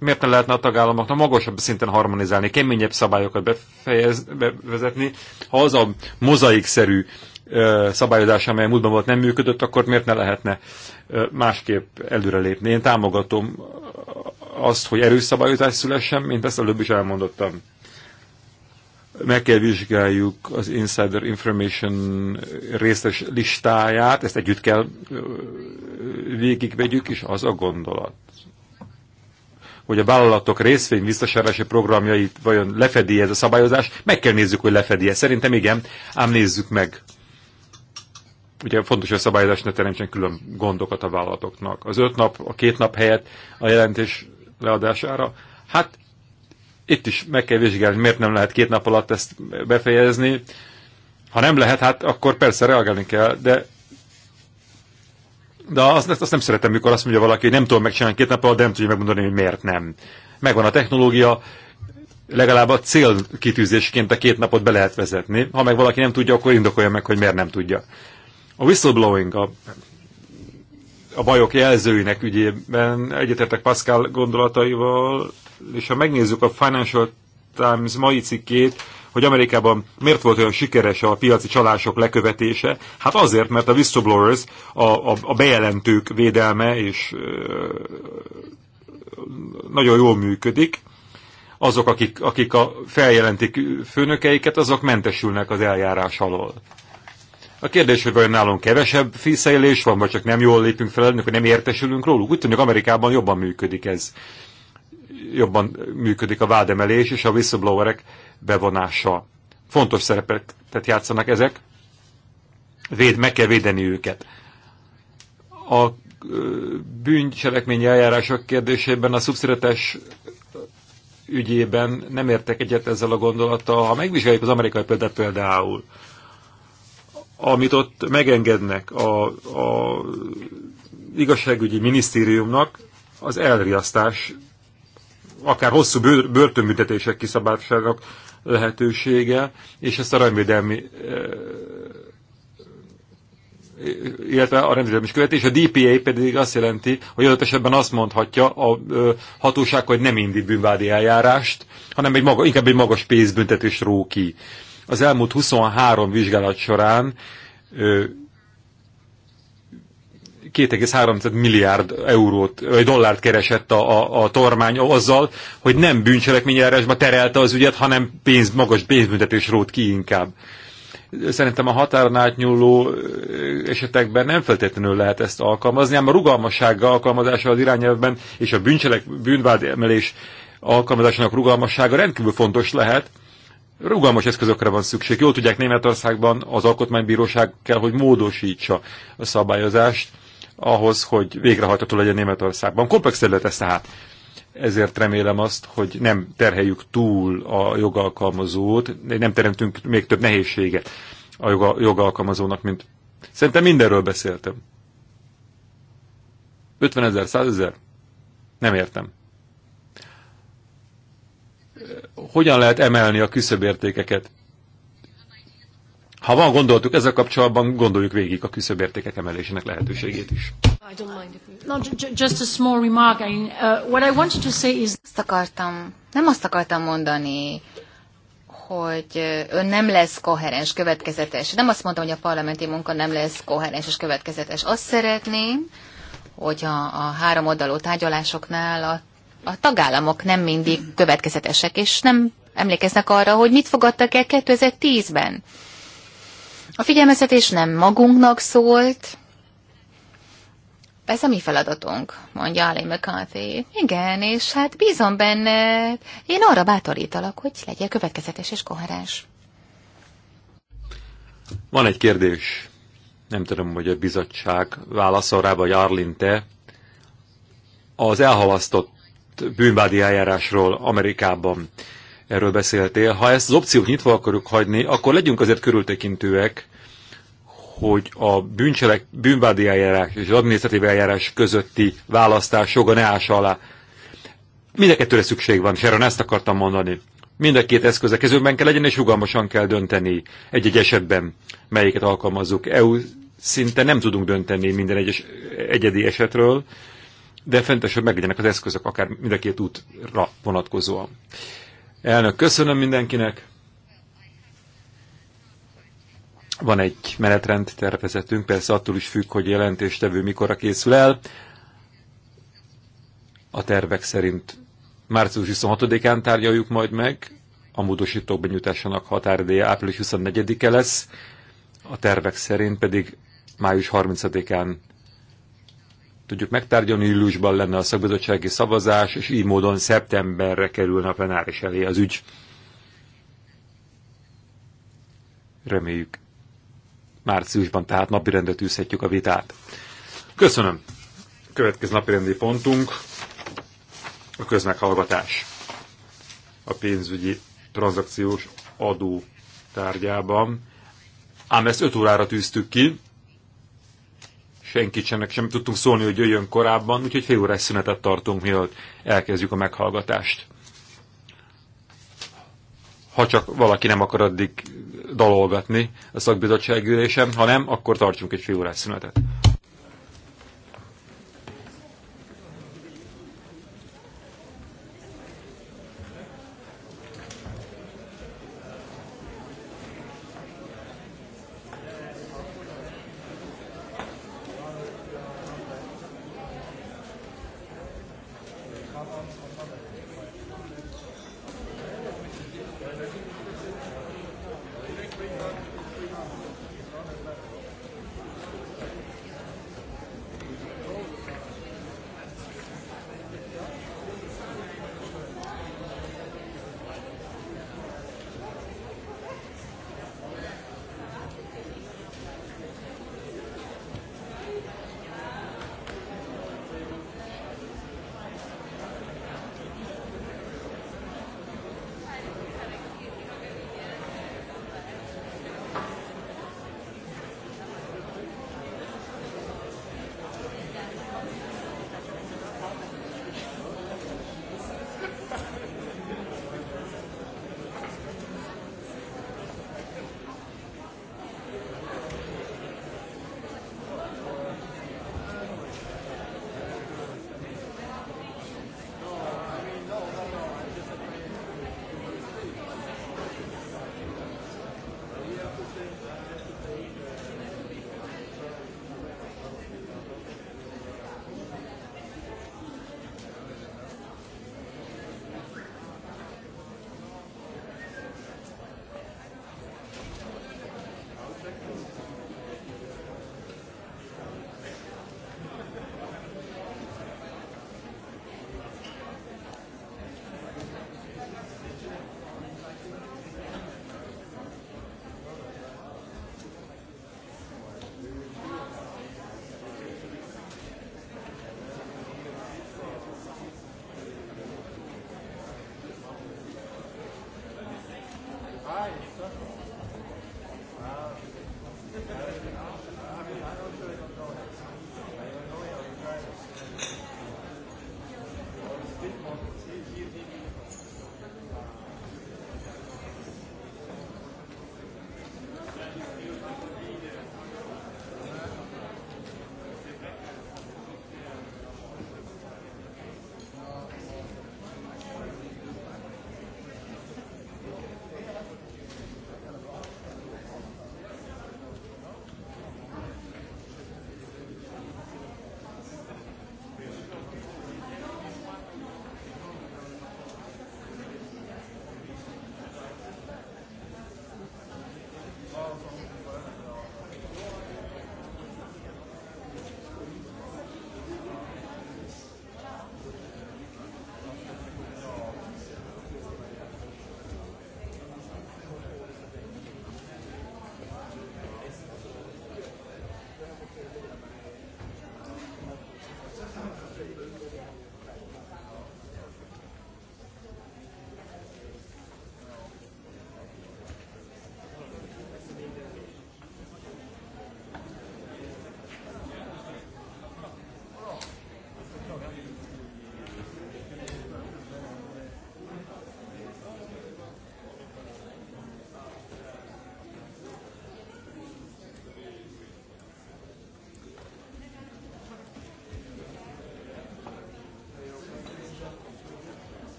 miért ne lehetne a tagállamoknak magasabb szinten harmonizálni, keményebb szabályokat befejez, bevezetni. Ha az a mozaikszerű szabályozás, amely múltban volt nem működött, akkor miért ne lehetne másképp előrelépni. Én támogatom azt, hogy erős szabályozás szülessen, mint ezt előbb is elmondottam meg kell vizsgáljuk az Insider Information részes listáját, ezt együtt kell végigvegyük, és az a gondolat, hogy a vállalatok részvény visszasárási programjait vajon lefedi ez a szabályozás, meg kell nézzük, hogy lefedi-e. Szerintem igen, ám nézzük meg. Ugye fontos, hogy a szabályozás ne teremtsen külön gondokat a vállalatoknak. Az öt nap, a két nap helyett a jelentés leadására, hát itt is meg kell vizsgálni, miért nem lehet két nap alatt ezt befejezni. Ha nem lehet, hát akkor persze reagálni kell, de de azt, azt nem szeretem, mikor azt mondja valaki, hogy nem tudom megcsinálni két nap alatt, de nem tudja megmondani, hogy miért nem. Megvan a technológia, legalább a cél kitűzésként a két napot be lehet vezetni. Ha meg valaki nem tudja, akkor indokolja meg, hogy miért nem tudja. A whistleblowing, a, a bajok jelzőinek ügyében egyetértek Pascal gondolataival, és ha megnézzük a Financial Times mai cikkét, hogy Amerikában miért volt olyan sikeres a piaci csalások lekövetése? Hát azért, mert a whistleblowers, a, a, a bejelentők védelme és ö, nagyon jól működik. Azok, akik, akik a, feljelentik főnökeiket, azok mentesülnek az eljárás alól. A kérdés, hogy vajon nálunk kevesebb fiszélés van, vagy csak nem jól lépünk fel, hogy nem értesülünk róluk. Úgy tűnik, Amerikában jobban működik ez jobban működik a vádemelés és a whistleblowerek bevonása. Fontos szerepet játszanak ezek, Véd, meg kell védeni őket. A bűncselekmény eljárások kérdésében a szubszidetes ügyében nem értek egyet ezzel a gondolattal. Ha megvizsgáljuk az amerikai példát például, amit ott megengednek a, a igazságügyi minisztériumnak, az elriasztás akár hosszú börtönbüntetések kiszabásának lehetősége, és ezt a rendvédelmi illetve a rendvédelmi is és a DPA pedig azt jelenti, hogy adott esetben azt mondhatja a hatóság, hogy nem indít bűnvádi eljárást, hanem egy maga, inkább egy magas pénzbüntetés ró ki. Az elmúlt 23 vizsgálat során 2,3 milliárd eurót, vagy dollárt keresett a, a, a tormány azzal, hogy nem bűncselekményjárásba terelte az ügyet, hanem pénz, magas pénzbüntetés rót ki inkább. Szerintem a határon átnyúló esetekben nem feltétlenül lehet ezt alkalmazni, ám a rugalmassága alkalmazása az irányelvben és a bűncselek, emelés alkalmazásának rugalmassága rendkívül fontos lehet, rugalmas eszközökre van szükség. Jól tudják, Németországban az alkotmánybíróság kell, hogy módosítsa a szabályozást, ahhoz, hogy végrehajtható legyen Németországban. Komplex terület ez tehát. Ezért remélem azt, hogy nem terheljük túl a jogalkalmazót, nem teremtünk még több nehézséget a joga, jogalkalmazónak, mint... Szerintem mindenről beszéltem. 50 ezer, 100 ezer? Nem értem. Hogyan lehet emelni a küszöbértékeket? Ha van gondoltuk ezzel kapcsolatban, gondoljuk végig a küszöbértékek emelésének lehetőségét is. Uh, azt akartam, nem azt akartam mondani, hogy ön nem lesz koherens, következetes. Nem azt mondom, hogy a parlamenti munka nem lesz koherens és következetes. Azt szeretném, hogy a, a három oldalú tárgyalásoknál a, a tagállamok nem mindig következetesek, és nem emlékeznek arra, hogy mit fogadtak el 2010-ben. A figyelmeztetés nem magunknak szólt, ez a mi feladatunk, mondja Ali McCarthy. Igen, és hát bízom benne. Én arra bátorítalak, hogy legyen következetes és koherens. Van egy kérdés. Nem tudom, hogy a bizottság válaszol rá, vagy Arlin te. Az elhalasztott bűnbádi eljárásról Amerikában erről beszéltél. Ha ezt az opciót nyitva akarjuk hagyni, akkor legyünk azért körültekintőek, hogy a bűncselek, bűnvádi eljárás és az adminisztratív eljárás közötti választás joga ne ássa alá. Mind a kettőre szükség van, és erről ezt akartam mondani. Mind a két eszköze kezőben kell legyen, és rugalmasan kell dönteni egy-egy esetben, melyiket alkalmazzuk. EU szinte nem tudunk dönteni minden egyes egyedi esetről, de fentes, hogy meglegyenek az eszközök, akár mind a két útra vonatkozóan. Elnök, köszönöm mindenkinek! Van egy menetrend tervezetünk, persze attól is függ, hogy jelentéstevő mikorra készül el. A tervek szerint március 26-án tárgyaljuk majd meg, a módosítók benyújtásának határideje április 24-e lesz, a tervek szerint pedig május 30-án tudjuk megtárgyalni, júliusban lenne a szakbizottsági szavazás, és így módon szeptemberre kerülne a plenáris elé az ügy. Reméljük márciusban, tehát napirendre tűzhetjük a vitát. Köszönöm. Következő napirendi pontunk a közmeghallgatás a pénzügyi tranzakciós adó tárgyában. Ám ezt 5 órára tűztük ki, senkit sem, sem tudtunk szólni, hogy jöjjön korábban, úgyhogy fél órás szünetet tartunk, mielőtt elkezdjük a meghallgatást. Ha csak valaki nem akar addig dalolgatni a szakbizottság ülésem, ha nem, akkor tartsunk egy fél órás szünetet.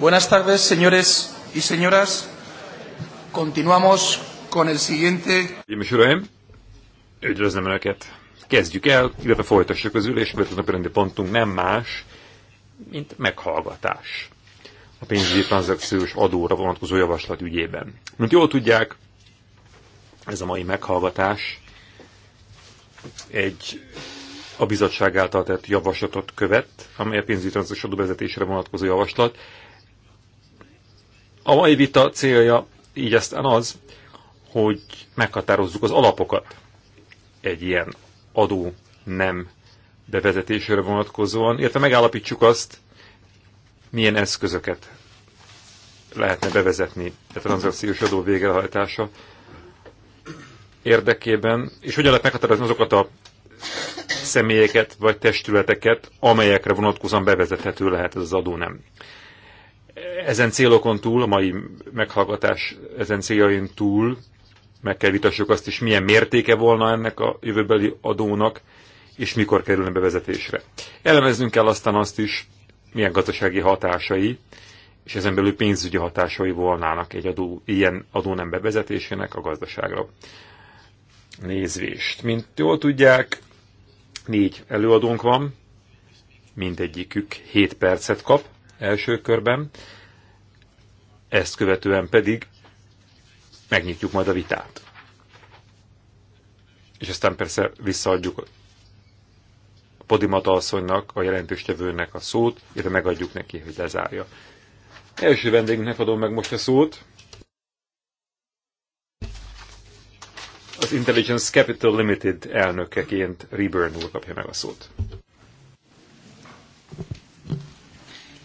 Buenas tardes, señores y señoras. Continuamos con el siguiente. És uraim, üdvözlöm Önöket. Kezdjük el, illetve folytassuk az ülés, mert a napirendi pontunk nem más, mint meghallgatás a pénzügyi tranzakciós adóra vonatkozó javaslat ügyében. Mint jól tudják, ez a mai meghallgatás egy a bizottság által tett javaslatot követ, amely a pénzügyi tranzakciós adó adóvezetésre vonatkozó javaslat, a mai vita célja így aztán az, hogy meghatározzuk az alapokat egy ilyen adó nem bevezetésére vonatkozóan, illetve megállapítsuk azt, milyen eszközöket lehetne bevezetni a tranzakciós adó végrehajtása érdekében, és hogyan lehet meghatározni azokat a személyeket vagy testületeket, amelyekre vonatkozóan bevezethető lehet ez az adó nem ezen célokon túl, a mai meghallgatás ezen céljain túl meg kell vitassuk azt is, milyen mértéke volna ennek a jövőbeli adónak, és mikor kerülne bevezetésre. Elemeznünk kell aztán azt is, milyen gazdasági hatásai, és ezen belül pénzügyi hatásai volnának egy adó, ilyen adó nem bevezetésének a gazdaságra nézvést. Mint jól tudják, négy előadónk van, mindegyikük 7 percet kap első körben. Ezt követően pedig megnyitjuk majd a vitát. És aztán persze visszaadjuk a Podimata asszonynak, a jelentőstevőnek a szót, illetve megadjuk neki, hogy lezárja. Első vendégünknek adom meg most a szót. Az Intelligence Capital Limited elnökeként Reburn úr kapja meg a szót.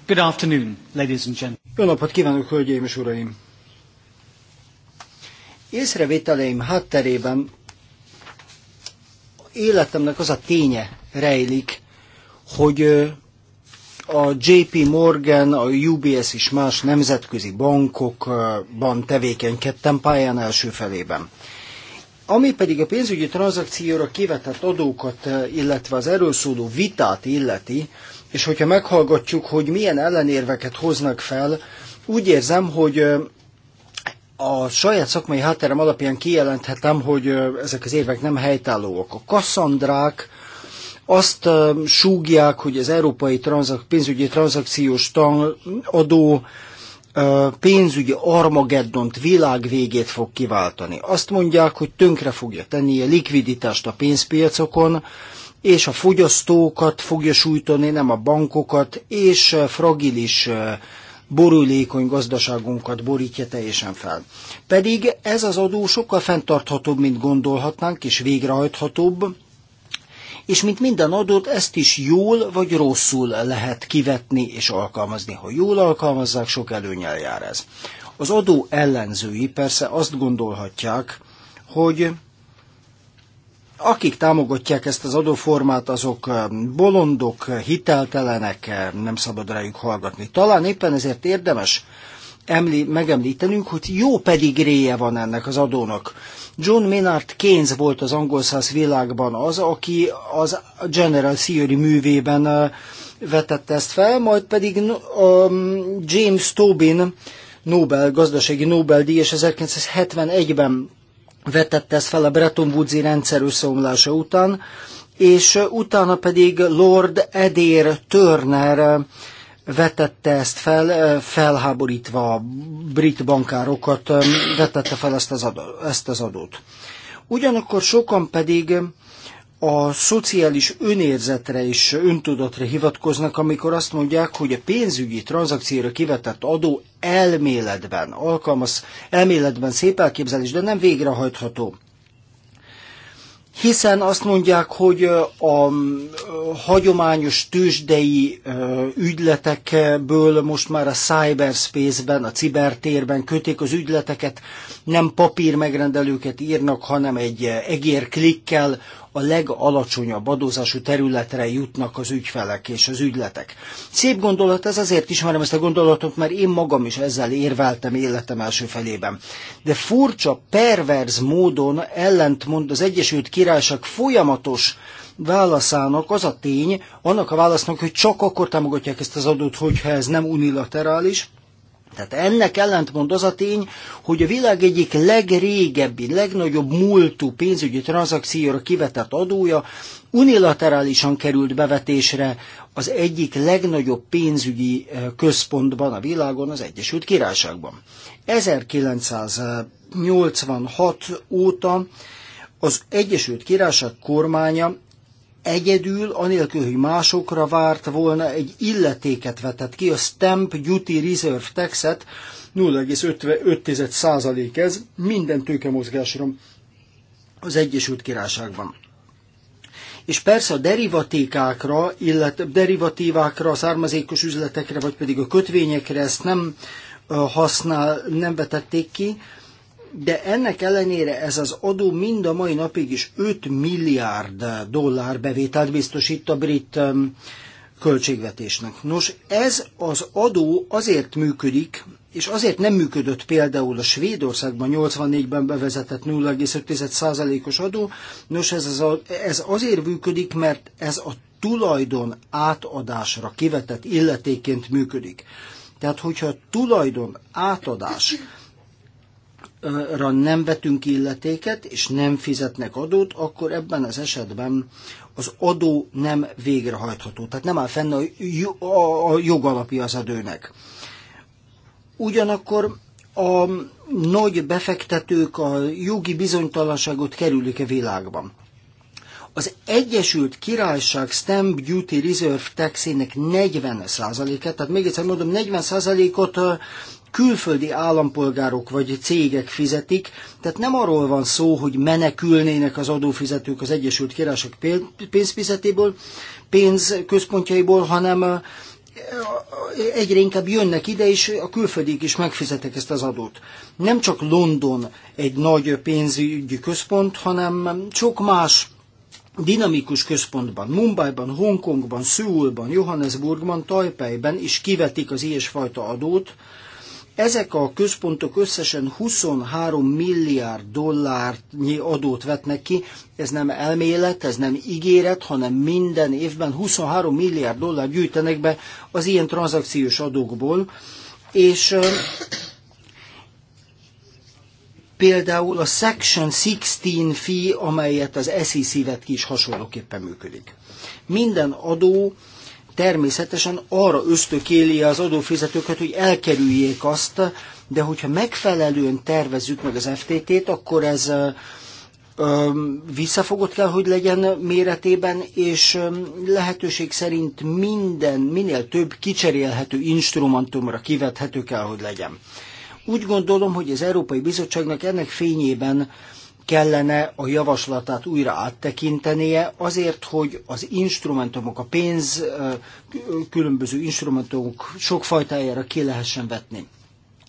Good afternoon, ladies and gentlemen. Jó napot kívánok, hölgyeim és uraim! Észrevételeim hátterében életemnek az a ténye rejlik, hogy a JP Morgan, a UBS és más nemzetközi bankokban tevékenykedtem pályán első felében. Ami pedig a pénzügyi tranzakcióra kivetett adókat, illetve az erről szóló vitát illeti, és hogyha meghallgatjuk, hogy milyen ellenérveket hoznak fel, úgy érzem, hogy a saját szakmai hátterem alapján kijelenthetem, hogy ezek az érvek nem helytállóak. A kasszandrák azt súgják, hogy az európai transzak, pénzügyi tranzakciós adó pénzügyi Armageddont világvégét fog kiváltani. Azt mondják, hogy tönkre fogja tenni a likviditást a pénzpiacokon, és a fogyasztókat fogja sújtani, nem a bankokat, és fragilis borulékony gazdaságunkat borítja teljesen fel. Pedig ez az adó sokkal fenntarthatóbb, mint gondolhatnánk, és végrehajthatóbb, és mint minden adót, ezt is jól vagy rosszul lehet kivetni és alkalmazni. Ha jól alkalmazzák, sok előnyel jár ez. Az adó ellenzői persze azt gondolhatják, hogy akik támogatják ezt az adóformát, azok bolondok, hiteltelenek, nem szabad rájuk hallgatni. Talán éppen ezért érdemes emli, megemlítenünk, hogy jó pedig réje van ennek az adónak. John Maynard Keynes volt az angol száz világban az, aki az General Theory művében vetette ezt fel, majd pedig um, James Tobin Nobel, gazdasági Nobel-díj, és 1971-ben vetette ezt fel a Bretton Woods-i rendszer összeomlása után, és utána pedig Lord Edér Turner vetette ezt fel, felháborítva a brit bankárokat, vetette fel ezt az, ezt az adót. Ugyanakkor sokan pedig a szociális önérzetre és öntudatra hivatkoznak, amikor azt mondják, hogy a pénzügyi tranzakcióra kivetett adó elméletben alkalmaz, elméletben szép elképzelés, de nem végrehajtható. Hiszen azt mondják, hogy a hagyományos tőzsdei ügyletekből most már a cyberspace-ben, a cibertérben kötik az ügyleteket, nem papír megrendelőket írnak, hanem egy egér klikkel a legalacsonyabb adózású területre jutnak az ügyfelek és az ügyletek. Szép gondolat, ez azért ismerem ezt a gondolatot, mert én magam is ezzel érveltem életem első felében. De furcsa, perverz módon ellentmond az Egyesült Királyság folyamatos válaszának az a tény, annak a válasznak, hogy csak akkor támogatják ezt az adót, hogyha ez nem unilaterális, tehát ennek ellentmond az a tény, hogy a világ egyik legrégebbi, legnagyobb múltú pénzügyi tranzakcióra kivetett adója unilaterálisan került bevetésre az egyik legnagyobb pénzügyi eh, központban a világon, az Egyesült Királyságban. 1986 óta az Egyesült Királyság kormánya egyedül, anélkül, hogy másokra várt volna, egy illetéket vetett ki, a Stamp Duty Reserve Taxet, 0,5% ez minden tőkemozgásra az Egyesült Királyságban. És persze a derivatékákra, illetve derivatívákra, a származékos üzletekre, vagy pedig a kötvényekre ezt nem használ, nem vetették ki, de ennek ellenére ez az adó mind a mai napig is 5 milliárd dollár bevételt biztosít a brit költségvetésnek. Nos, ez az adó azért működik, és azért nem működött például a Svédországban 84-ben bevezetett 0,5%-os adó, nos ez, az a, ez azért működik, mert ez a tulajdon átadásra kivetett illetéként működik. Tehát, hogyha a tulajdon átadás ra nem vetünk illetéket, és nem fizetnek adót, akkor ebben az esetben az adó nem végrehajtható. Tehát nem áll fenn a, a jogalapja az adőnek. Ugyanakkor a nagy befektetők a jogi bizonytalanságot kerülik a világban. Az Egyesült Királyság Stamp Duty Reserve taxének 40 et tehát még egyszer mondom, 40%-ot külföldi állampolgárok vagy cégek fizetik, tehát nem arról van szó, hogy menekülnének az adófizetők az Egyesült Királyság pénzfizetéből, pénzközpontjaiból, hanem egyre inkább jönnek ide, és a külföldiek is megfizetek ezt az adót. Nem csak London egy nagy pénzügyi központ, hanem sok más dinamikus központban, Mumbaiban, Hongkongban, Szőulban, Johannesburgban, Tajpejben is kivetik az ilyesfajta adót, ezek a központok összesen 23 milliárd dollárnyi adót vetnek ki. Ez nem elmélet, ez nem ígéret, hanem minden évben 23 milliárd dollár gyűjtenek be az ilyen tranzakciós adókból. És például a Section 16 fee, amelyet az SEC vet ki is hasonlóképpen működik. Minden adó természetesen arra ösztökéli az adófizetőket, hogy elkerüljék azt, de hogyha megfelelően tervezzük meg az FTT-t, akkor ez visszafogott kell, hogy legyen méretében, és lehetőség szerint minden, minél több kicserélhető instrumentumra kivethető kell, hogy legyen. Úgy gondolom, hogy az Európai Bizottságnak ennek fényében kellene a javaslatát újra áttekintenie, azért, hogy az instrumentumok, a pénz különböző instrumentumok fajtájára ki lehessen vetni.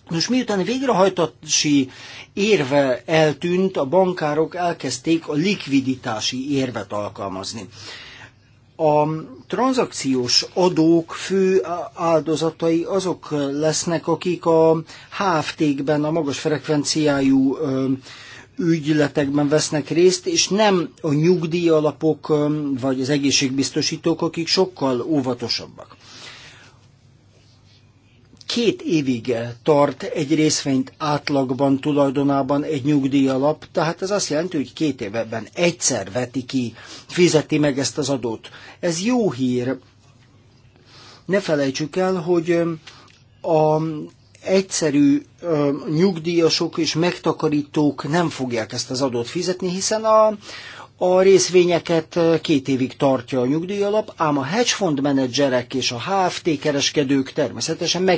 Most miután a végrehajtási érve eltűnt, a bankárok elkezdték a likviditási érvet alkalmazni. A tranzakciós adók fő áldozatai azok lesznek, akik a HFT-kben a magas frekvenciájú ügyletekben vesznek részt, és nem a nyugdíjalapok vagy az egészségbiztosítók, akik sokkal óvatosabbak. Két évig tart egy részvényt átlagban tulajdonában egy nyugdíjalap, tehát ez azt jelenti, hogy két évben egyszer veti ki, fizeti meg ezt az adót. Ez jó hír. Ne felejtsük el, hogy a egyszerű ö, nyugdíjasok és megtakarítók nem fogják ezt az adót fizetni, hiszen a, a részvényeket két évig tartja a nyugdíjalap, ám a hedge fund menedzserek és a HFT kereskedők természetesen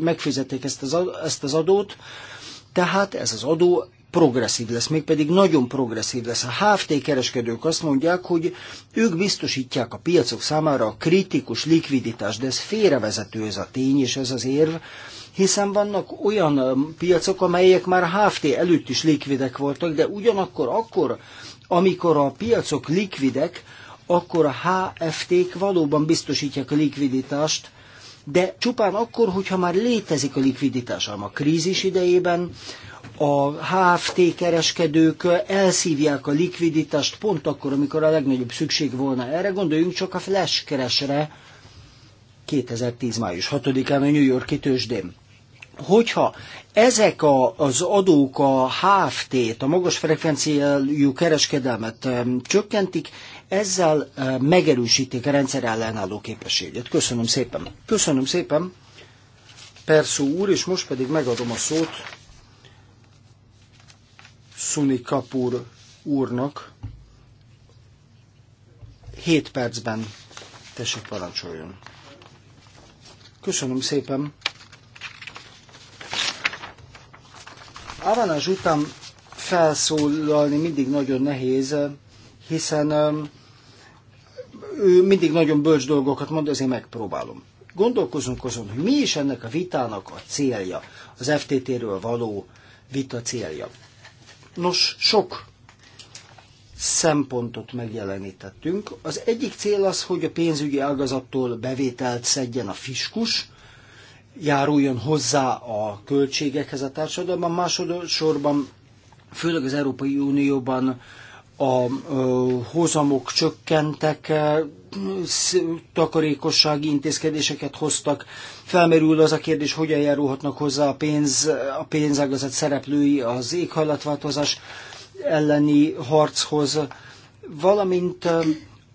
megfizetik ezt az, ezt az adót, tehát ez az adó progresszív lesz, mégpedig nagyon progresszív lesz. A HFT kereskedők azt mondják, hogy ők biztosítják a piacok számára a kritikus likviditást, de ez félrevezető ez a tény, és ez az érv, hiszen vannak olyan piacok, amelyek már HFT előtt is likvidek voltak, de ugyanakkor akkor, amikor a piacok likvidek, akkor a HFT-k valóban biztosítják a likviditást, de csupán akkor, hogyha már létezik a likviditás, a krízis idejében a HFT kereskedők elszívják a likviditást pont akkor, amikor a legnagyobb szükség volna erre. Gondoljunk csak a flash keresre 2010. május 6-án a New Yorki tőzsdén hogyha ezek a, az adók a HFT-t, a magas frekvenciájú kereskedelmet csökkentik, ezzel megerősítik a rendszer ellenálló képességet. Köszönöm szépen. Köszönöm szépen, Perszó úr, és most pedig megadom a szót Szuni Kapur úrnak. 7 percben tessék parancsoljon. Köszönöm szépen. Avanás után felszólalni mindig nagyon nehéz, hiszen um, ő mindig nagyon bölcs dolgokat mond, azért megpróbálom. Gondolkozunk azon, hogy mi is ennek a vitának a célja, az FTT-ről való vita célja. Nos, sok szempontot megjelenítettünk. Az egyik cél az, hogy a pénzügyi ágazattól bevételt szedjen a fiskus, járuljon hozzá a költségekhez a társadalomban, másodszorban főleg az Európai Unióban a hozamok csökkentek, takarékossági intézkedéseket hoztak. Felmerül az a kérdés, hogyan járulhatnak hozzá a pénz, a pénzágazat szereplői az éghajlatváltozás elleni harchoz, valamint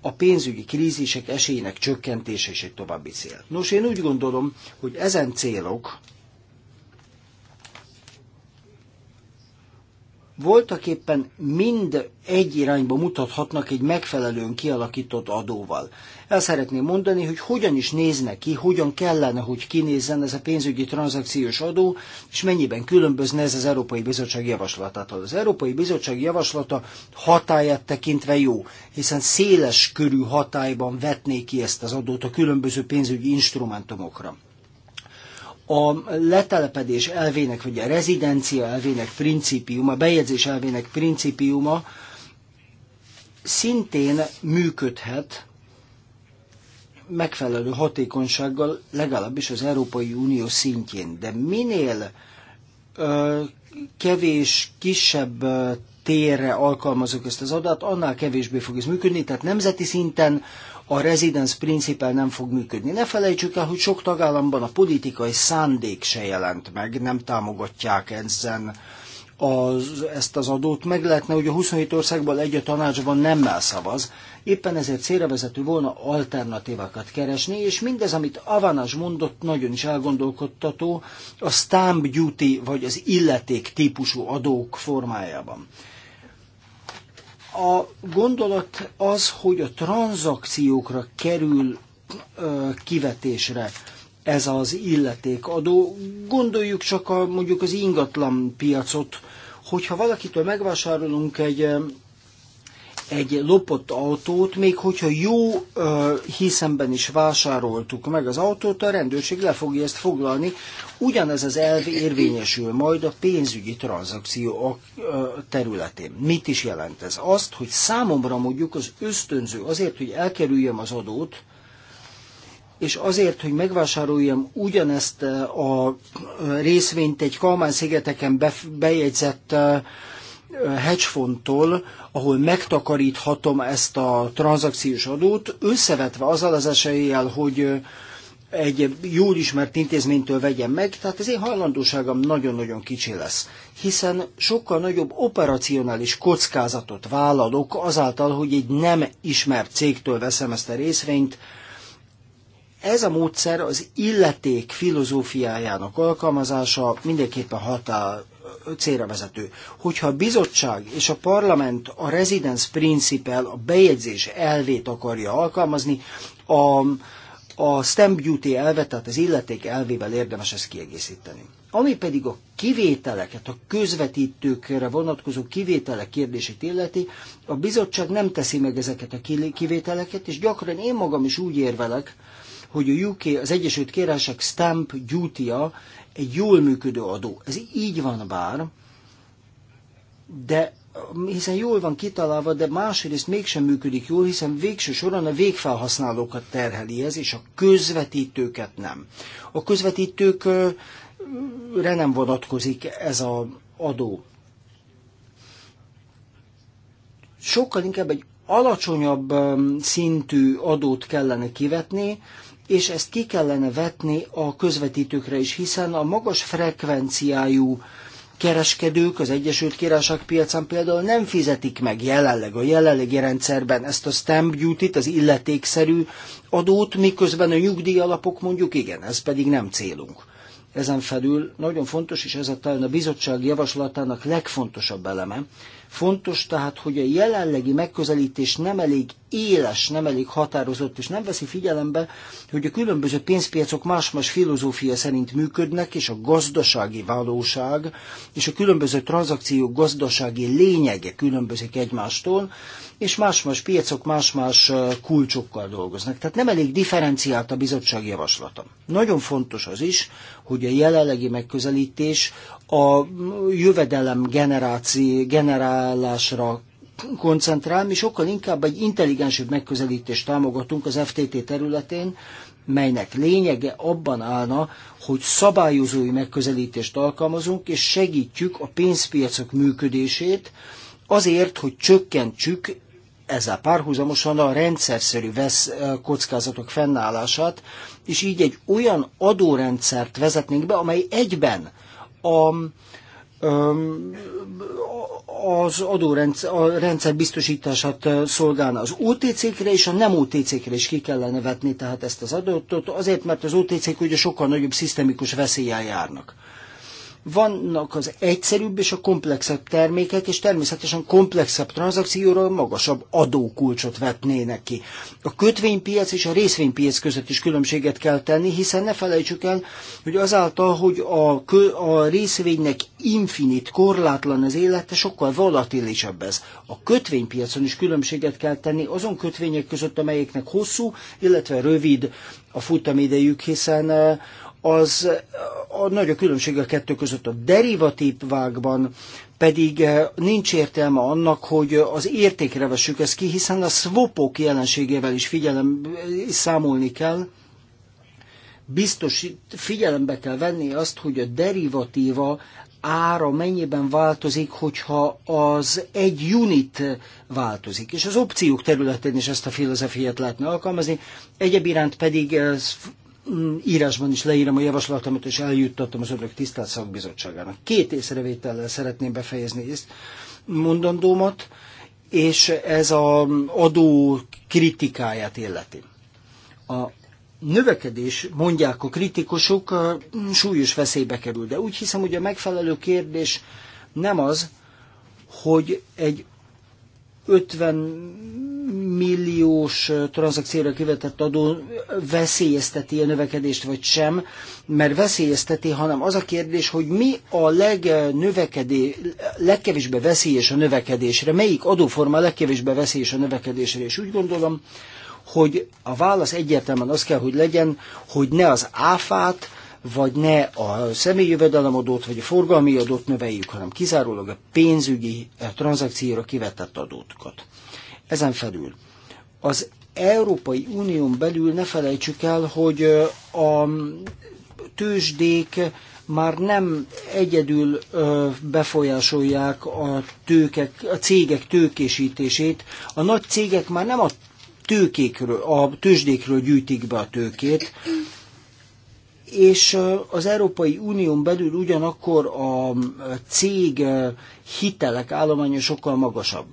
a pénzügyi krízisek esélyének csökkentése is egy további cél. Nos, én úgy gondolom, hogy ezen célok, voltak éppen mind egy irányba mutathatnak egy megfelelően kialakított adóval. El szeretném mondani, hogy hogyan is nézne ki, hogyan kellene, hogy kinézzen ez a pénzügyi tranzakciós adó, és mennyiben különbözne ez az Európai Bizottság javaslatától. Az Európai Bizottság javaslata hatáját tekintve jó, hiszen széles körű hatályban vetné ki ezt az adót a különböző pénzügyi instrumentumokra a letelepedés elvének, vagy a rezidencia elvének principiuma, a bejegyzés elvének principiuma szintén működhet megfelelő hatékonysággal, legalábbis az Európai Unió szintjén. De minél ö, kevés, kisebb ö, térre alkalmazok ezt az adat, annál kevésbé fog ez működni, tehát nemzeti szinten a residence principel nem fog működni. Ne felejtsük el, hogy sok tagállamban a politikai szándék se jelent meg, nem támogatják ezen az, ezt az adót. Meg lehetne, hogy a 27 országból egy a tanácsban nem elszavaz. Éppen ezért vezető volna alternatívákat keresni, és mindez, amit Avanas mondott, nagyon is elgondolkodtató, a stamp duty, vagy az illeték típusú adók formájában a gondolat az, hogy a tranzakciókra kerül kivetésre ez az illetékadó. Gondoljuk csak a, mondjuk az ingatlan piacot, hogyha valakitől megvásárolunk egy egy lopott autót, még hogyha jó uh, hiszemben is vásároltuk meg az autót, a rendőrség le fogja ezt foglalni. Ugyanez az elv érvényesül majd a pénzügyi tranzakció területén. Mit is jelent ez? Azt, hogy számomra mondjuk az ösztönző azért, hogy elkerüljem az adót, és azért, hogy megvásároljam ugyanezt a részvényt egy Kalmán-szigeteken bejegyzett hedgefondtól, ahol megtakaríthatom ezt a tranzakciós adót, összevetve azzal az eséllyel, hogy egy jól ismert intézménytől vegyem meg, tehát az én hajlandóságom nagyon-nagyon kicsi lesz, hiszen sokkal nagyobb operacionális kockázatot vállalok azáltal, hogy egy nem ismert cégtől veszem ezt a részvényt. Ez a módszer az illeték filozófiájának alkalmazása mindenképpen hatá, célra vezető. Hogyha a bizottság és a parlament a residence principle, a bejegyzés elvét akarja alkalmazni, a, a stamp duty elvet, tehát az illeték elvével érdemes ezt kiegészíteni. Ami pedig a kivételeket, a közvetítőkre vonatkozó kivételek kérdését illeti, a bizottság nem teszi meg ezeket a kivételeket, és gyakran én magam is úgy érvelek, hogy a UK, az Egyesült Királyság stamp duty -a egy jól működő adó. Ez így van bár, de hiszen jól van kitalálva, de másrészt mégsem működik jól, hiszen végső soron a végfelhasználókat terheli ez, és a közvetítőket nem. A közvetítőkre nem vonatkozik ez az adó. Sokkal inkább egy alacsonyabb szintű adót kellene kivetni, és ezt ki kellene vetni a közvetítőkre is, hiszen a magas frekvenciájú kereskedők az Egyesült Királyság piacán például nem fizetik meg jelenleg a jelenlegi rendszerben ezt a stamp duty-t, az illetékszerű adót, miközben a nyugdíjalapok mondjuk igen, ez pedig nem célunk. Ezen felül nagyon fontos, és ez a talán a bizottság javaslatának legfontosabb eleme, Fontos tehát, hogy a jelenlegi megközelítés nem elég éles, nem elég határozott, és nem veszi figyelembe, hogy a különböző pénzpiacok más-más filozófia szerint működnek, és a gazdasági valóság, és a különböző tranzakciók gazdasági lényege különbözik egymástól, és más-más piacok más-más kulcsokkal dolgoznak. Tehát nem elég differenciált a bizottság javaslata. Nagyon fontos az is, hogy a jelenlegi megközelítés a jövedelem generáció, generálásra koncentrál, mi sokkal inkább egy intelligensebb megközelítést támogatunk az FTT területén, melynek lényege abban állna, hogy szabályozói megközelítést alkalmazunk, és segítjük a pénzpiacok működését azért, hogy csökkentsük ezzel párhuzamosan a rendszerszerű vesz kockázatok fennállását, és így egy olyan adórendszert vezetnénk be, amely egyben a az adórendszer a rendszer biztosítását szolgálna az OTC-kre és a nem OTC-kre is ki kellene vetni tehát ezt az adót, azért mert az OTC-k ugye sokkal nagyobb szisztemikus veszéllyel járnak. Vannak az egyszerűbb és a komplexebb termékek, és természetesen komplexebb tranzakcióra magasabb adókulcsot vetnének ki. A kötvénypiac és a részvénypiac között is különbséget kell tenni, hiszen ne felejtsük el, hogy azáltal, hogy a, kö, a részvénynek infinit, korlátlan az élete, sokkal volatilisebb ez. A kötvénypiacon is különbséget kell tenni azon kötvények között, amelyeknek hosszú, illetve rövid a futamidejük, hiszen eh, az a nagy a különbség a kettő között. A derivatív vágban pedig eh, nincs értelme annak, hogy az értékre vessük ezt ki, hiszen a swapok jelenségével is figyelem eh, számolni kell. Biztos figyelembe kell venni azt, hogy a derivatíva ára mennyiben változik, hogyha az egy unit változik. És az opciók területén is ezt a filozófiát lehetne alkalmazni. Egyéb iránt pedig eh, Mm, írásban is leírom a javaslatomat, és eljuttattam az önök tisztelt szakbizottságának. Két észrevétellel szeretném befejezni ezt mondandómat, és ez az adó kritikáját illeti. A növekedés, mondják a kritikusok, súlyos veszélybe kerül, de úgy hiszem, hogy a megfelelő kérdés nem az, hogy egy 50 milliós tranzakcióra kivetett adó veszélyezteti a növekedést, vagy sem, mert veszélyezteti, hanem az a kérdés, hogy mi a legnövekedé, legkevésbé veszélyes a növekedésre, melyik adóforma a legkevésbé veszélyes a növekedésre, és úgy gondolom, hogy a válasz egyértelműen az kell, hogy legyen, hogy ne az áfát, vagy ne a személyi jövedelemadót, vagy a forgalmi adót növeljük, hanem kizárólag a pénzügyi eh, tranzakcióra kivetett adótokat. Ezen felül az Európai Unión belül ne felejtsük el, hogy eh, a tőzsdék már nem egyedül eh, befolyásolják a, tőkek, a cégek tőkésítését. A nagy cégek már nem a tőkékről, a tőzsdékről gyűjtik be a tőkét, és az Európai Unión belül ugyanakkor a cég hitelek állománya sokkal magasabb.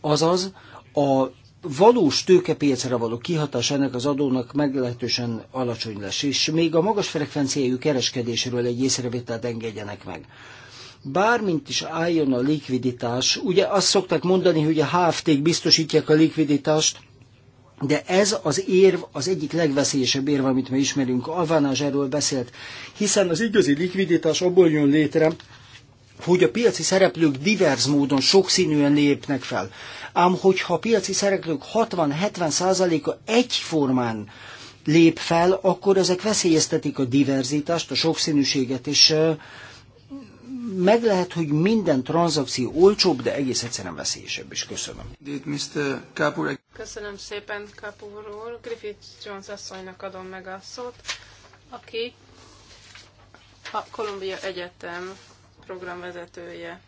Azaz a valós tőkepiacra való kihatás ennek az adónak meglehetősen alacsony lesz, és még a magas frekvenciájú kereskedésről egy észrevételt engedjenek meg. Bármint is álljon a likviditás, ugye azt szokták mondani, hogy a HFT-k biztosítják a likviditást, de ez az érv az egyik legveszélyesebb érv, amit mi ismerünk. Alvánás erről beszélt, hiszen az igazi likviditás abból jön létre, hogy a piaci szereplők divers módon, sokszínűen lépnek fel. Ám hogyha a piaci szereplők 60-70%-a egyformán lép fel, akkor ezek veszélyeztetik a diverzitást, a sokszínűséget, és meg lehet, hogy minden tranzakció olcsóbb, de egész egyszerűen veszélyesebb is. Köszönöm. Köszönöm szépen Kapur úr. Griffith Jones asszonynak adom meg a szót, aki a Kolumbia Egyetem programvezetője.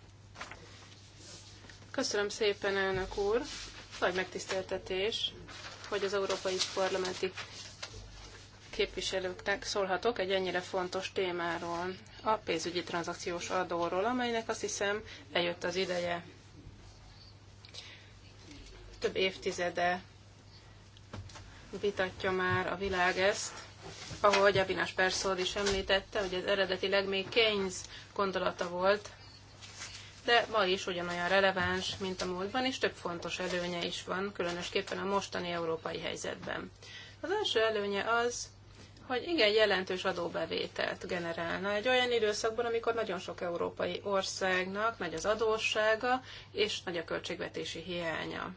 Köszönöm szépen, elnök úr. Nagy megtiszteltetés, hogy az Európai Parlamenti képviselőknek szólhatok egy ennyire fontos témáról a pénzügyi tranzakciós adóról, amelynek azt hiszem eljött az ideje. Több évtizede vitatja már a világ ezt, ahogy Abinás Perszold is említette, hogy ez eredetileg még Keynes gondolata volt, de ma is ugyanolyan releváns, mint a múltban, és több fontos előnye is van, különösképpen a mostani európai helyzetben. Az első előnye az, hogy igen jelentős adóbevételt generálna egy olyan időszakban, amikor nagyon sok európai országnak nagy az adóssága és nagy a költségvetési hiánya.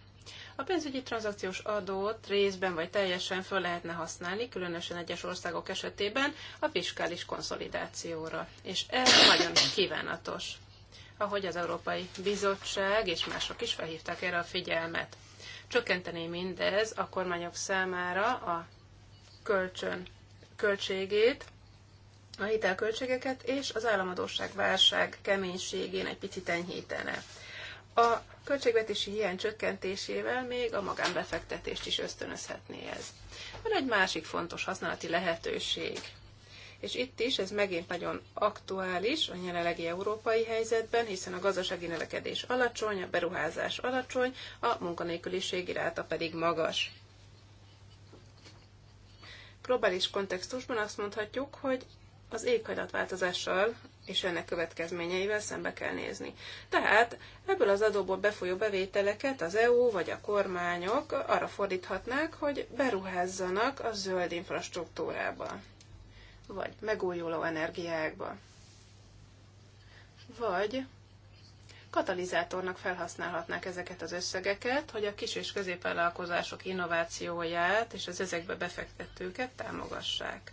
A pénzügyi tranzakciós adót részben vagy teljesen föl lehetne használni, különösen egyes országok esetében, a fiskális konszolidációra. És ez nagyon kívánatos, ahogy az Európai Bizottság és mások is felhívták erre a figyelmet. Csökkenteni mindez a kormányok számára a kölcsön költségét, a hitelköltségeket és az államadóság válság keménységén egy picit enyhítene. A költségvetési hiány csökkentésével még a magánbefektetést is ösztönözhetné ez. Van egy másik fontos használati lehetőség, és itt is ez megint nagyon aktuális a jelenlegi európai helyzetben, hiszen a gazdasági növekedés alacsony, a beruházás alacsony, a munkanélküliségi ráta pedig magas. Globális kontextusban azt mondhatjuk, hogy az éghajlatváltozással és ennek következményeivel szembe kell nézni. Tehát ebből az adóból befolyó bevételeket az EU vagy a kormányok arra fordíthatnák, hogy beruházzanak a zöld infrastruktúrába, vagy megújuló energiákba, vagy katalizátornak felhasználhatnák ezeket az összegeket, hogy a kis és középvállalkozások innovációját és az ezekbe befektetőket támogassák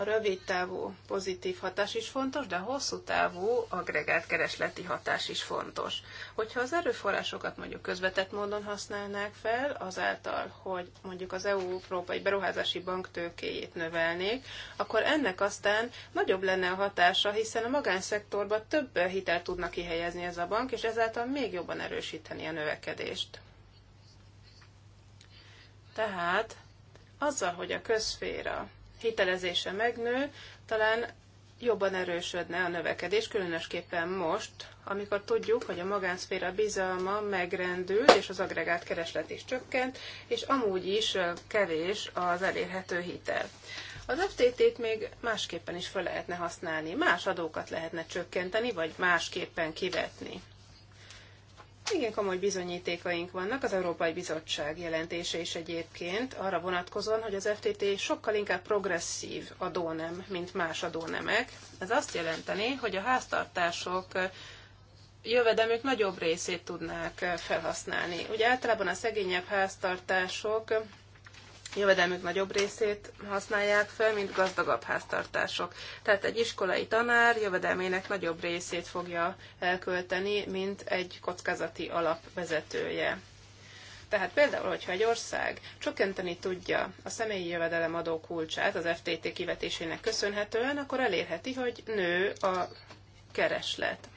a rövid távú pozitív hatás is fontos, de a hosszú távú agregált keresleti hatás is fontos. Hogyha az erőforrásokat mondjuk közvetett módon használnák fel, azáltal, hogy mondjuk az EU Európai Beruházási Bank tőkéjét növelnék, akkor ennek aztán nagyobb lenne a hatása, hiszen a magánszektorban több hitelt tudna kihelyezni ez a bank, és ezáltal még jobban erősíteni a növekedést. Tehát azzal, hogy a közféra hitelezése megnő, talán jobban erősödne a növekedés, különösképpen most, amikor tudjuk, hogy a magánszféra bizalma megrendült, és az agregát kereslet is csökkent, és amúgy is kevés az elérhető hitel. Az FTT-t még másképpen is fel lehetne használni, más adókat lehetne csökkenteni, vagy másképpen kivetni igen komoly bizonyítékaink vannak, az Európai Bizottság jelentése is egyébként arra vonatkozóan, hogy az FTT sokkal inkább progresszív adónem, mint más adónemek. Ez azt jelenteni, hogy a háztartások jövedelmük nagyobb részét tudnák felhasználni. Ugye általában a szegényebb háztartások jövedelmük nagyobb részét használják fel, mint gazdagabb háztartások. Tehát egy iskolai tanár jövedelmének nagyobb részét fogja elkölteni, mint egy kockázati alapvezetője. Tehát például, hogyha egy ország csökkenteni tudja a személyi jövedelem adó kulcsát az FTT kivetésének köszönhetően, akkor elérheti, hogy nő a kereslet.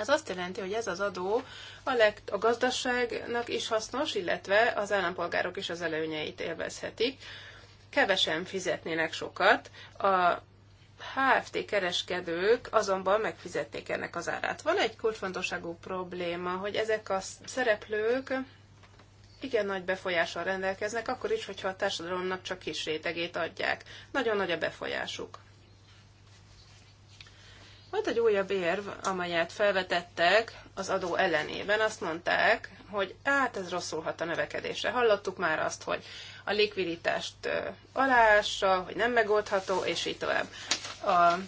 Ez azt jelenti, hogy ez az adó a, leg, a gazdaságnak is hasznos, illetve az állampolgárok is az előnyeit élvezhetik. Kevesen fizetnének sokat, a HFT kereskedők azonban megfizették ennek az árát. Van egy kulcsfontosságú probléma, hogy ezek a szereplők igen nagy befolyással rendelkeznek, akkor is, hogyha a társadalomnak csak kis rétegét adják. Nagyon nagy a befolyásuk. Volt egy újabb érv, amelyet felvetettek az adó ellenében. Azt mondták, hogy hát ez rosszul hat a növekedésre. Hallottuk már azt, hogy a likviditást alássa, hogy nem megoldható, és így tovább. A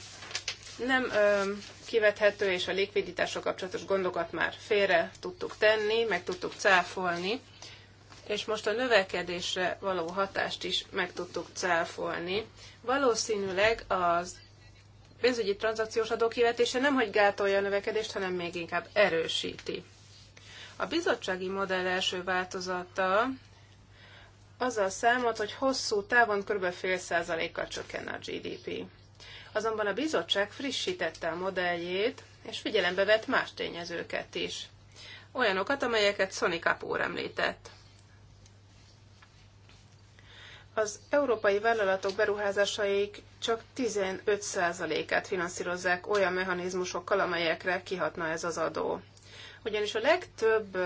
nem ö, kivethető és a likviditással kapcsolatos gondokat már félre tudtuk tenni, meg tudtuk cáfolni, és most a növekedésre való hatást is meg tudtuk cáfolni. Valószínűleg az pénzügyi tranzakciós adó kivetése nem hogy gátolja a növekedést, hanem még inkább erősíti. A bizottsági modell első változata azzal számolt, hogy hosszú távon kb. fél százalékkal csökken a GDP. Azonban a bizottság frissítette a modelljét, és figyelembe vett más tényezőket is. Olyanokat, amelyeket Sonic Apór említett az európai vállalatok beruházásaik csak 15%-át finanszírozzák olyan mechanizmusokkal, amelyekre kihatna ez az adó. Ugyanis a legtöbb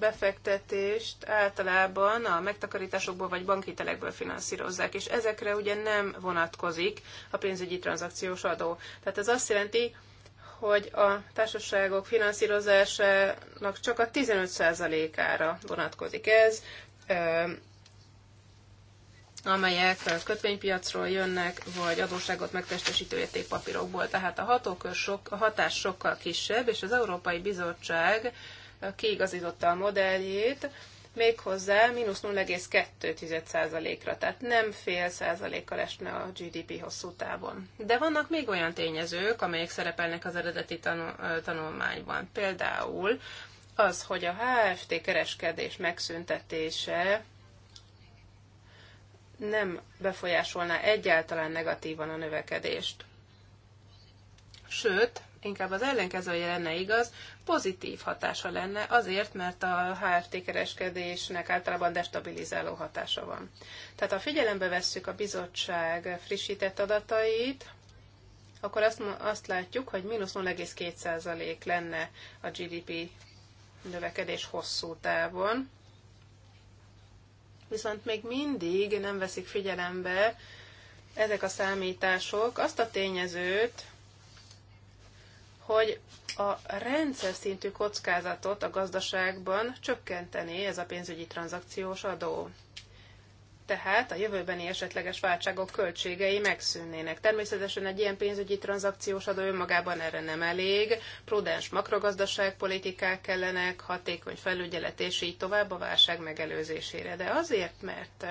befektetést általában a megtakarításokból vagy bankhitelekből finanszírozzák, és ezekre ugye nem vonatkozik a pénzügyi tranzakciós adó. Tehát ez azt jelenti, hogy a társaságok finanszírozásának csak a 15%-ára vonatkozik ez, amelyek kötvénypiacról jönnek, vagy adósságot megtestesítő értékpapírokból. Tehát a, hatókör sok, a hatás sokkal kisebb, és az Európai Bizottság kiigazította a modelljét, méghozzá mínusz 0,2%-ra, tehát nem fél százalékkal esne a GDP hosszú távon. De vannak még olyan tényezők, amelyek szerepelnek az eredeti tanul, tanulmányban. Például az, hogy a HFT kereskedés megszüntetése nem befolyásolná egyáltalán negatívan a növekedést. Sőt, inkább az ellenkezője lenne igaz, pozitív hatása lenne azért, mert a hrt kereskedésnek általában destabilizáló hatása van. Tehát ha figyelembe vesszük a bizottság frissített adatait, akkor azt, azt látjuk, hogy mínusz 0,2% lenne a GDP növekedés hosszú távon, viszont még mindig nem veszik figyelembe ezek a számítások azt a tényezőt, hogy a rendszer szintű kockázatot a gazdaságban csökkenteni ez a pénzügyi tranzakciós adó tehát a jövőbeni esetleges váltságok költségei megszűnnének. Természetesen egy ilyen pénzügyi tranzakciós adó önmagában erre nem elég, prudens makrogazdaságpolitikák kellenek, hatékony felügyelet és így tovább a válság megelőzésére. De azért, mert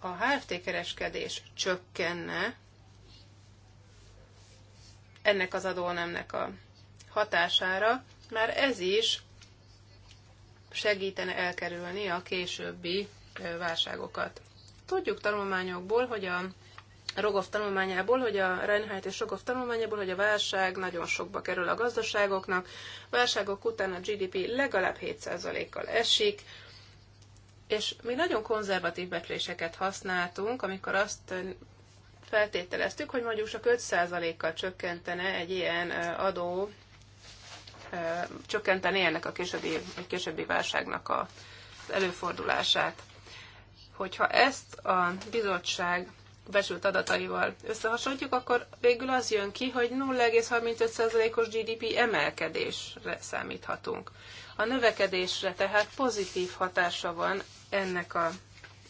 a HFT kereskedés csökkenne ennek az adónemnek a hatására, már ez is segítene elkerülni a későbbi válságokat. Tudjuk tanulmányokból, hogy a Rogov tanulmányából, hogy a Reinhardt és Rogov tanulmányából, hogy a válság nagyon sokba kerül a gazdaságoknak, válságok után a GDP legalább 7%-kal esik, és mi nagyon konzervatív becsléseket használtunk, amikor azt feltételeztük, hogy mondjuk csak 5%-kal csökkentene egy ilyen adó, csökkentené ennek a későbbi, későbbi válságnak a, az előfordulását hogyha ezt a bizottság besült adataival összehasonlítjuk, akkor végül az jön ki, hogy 0,35%-os GDP emelkedésre számíthatunk. A növekedésre tehát pozitív hatása van ennek a,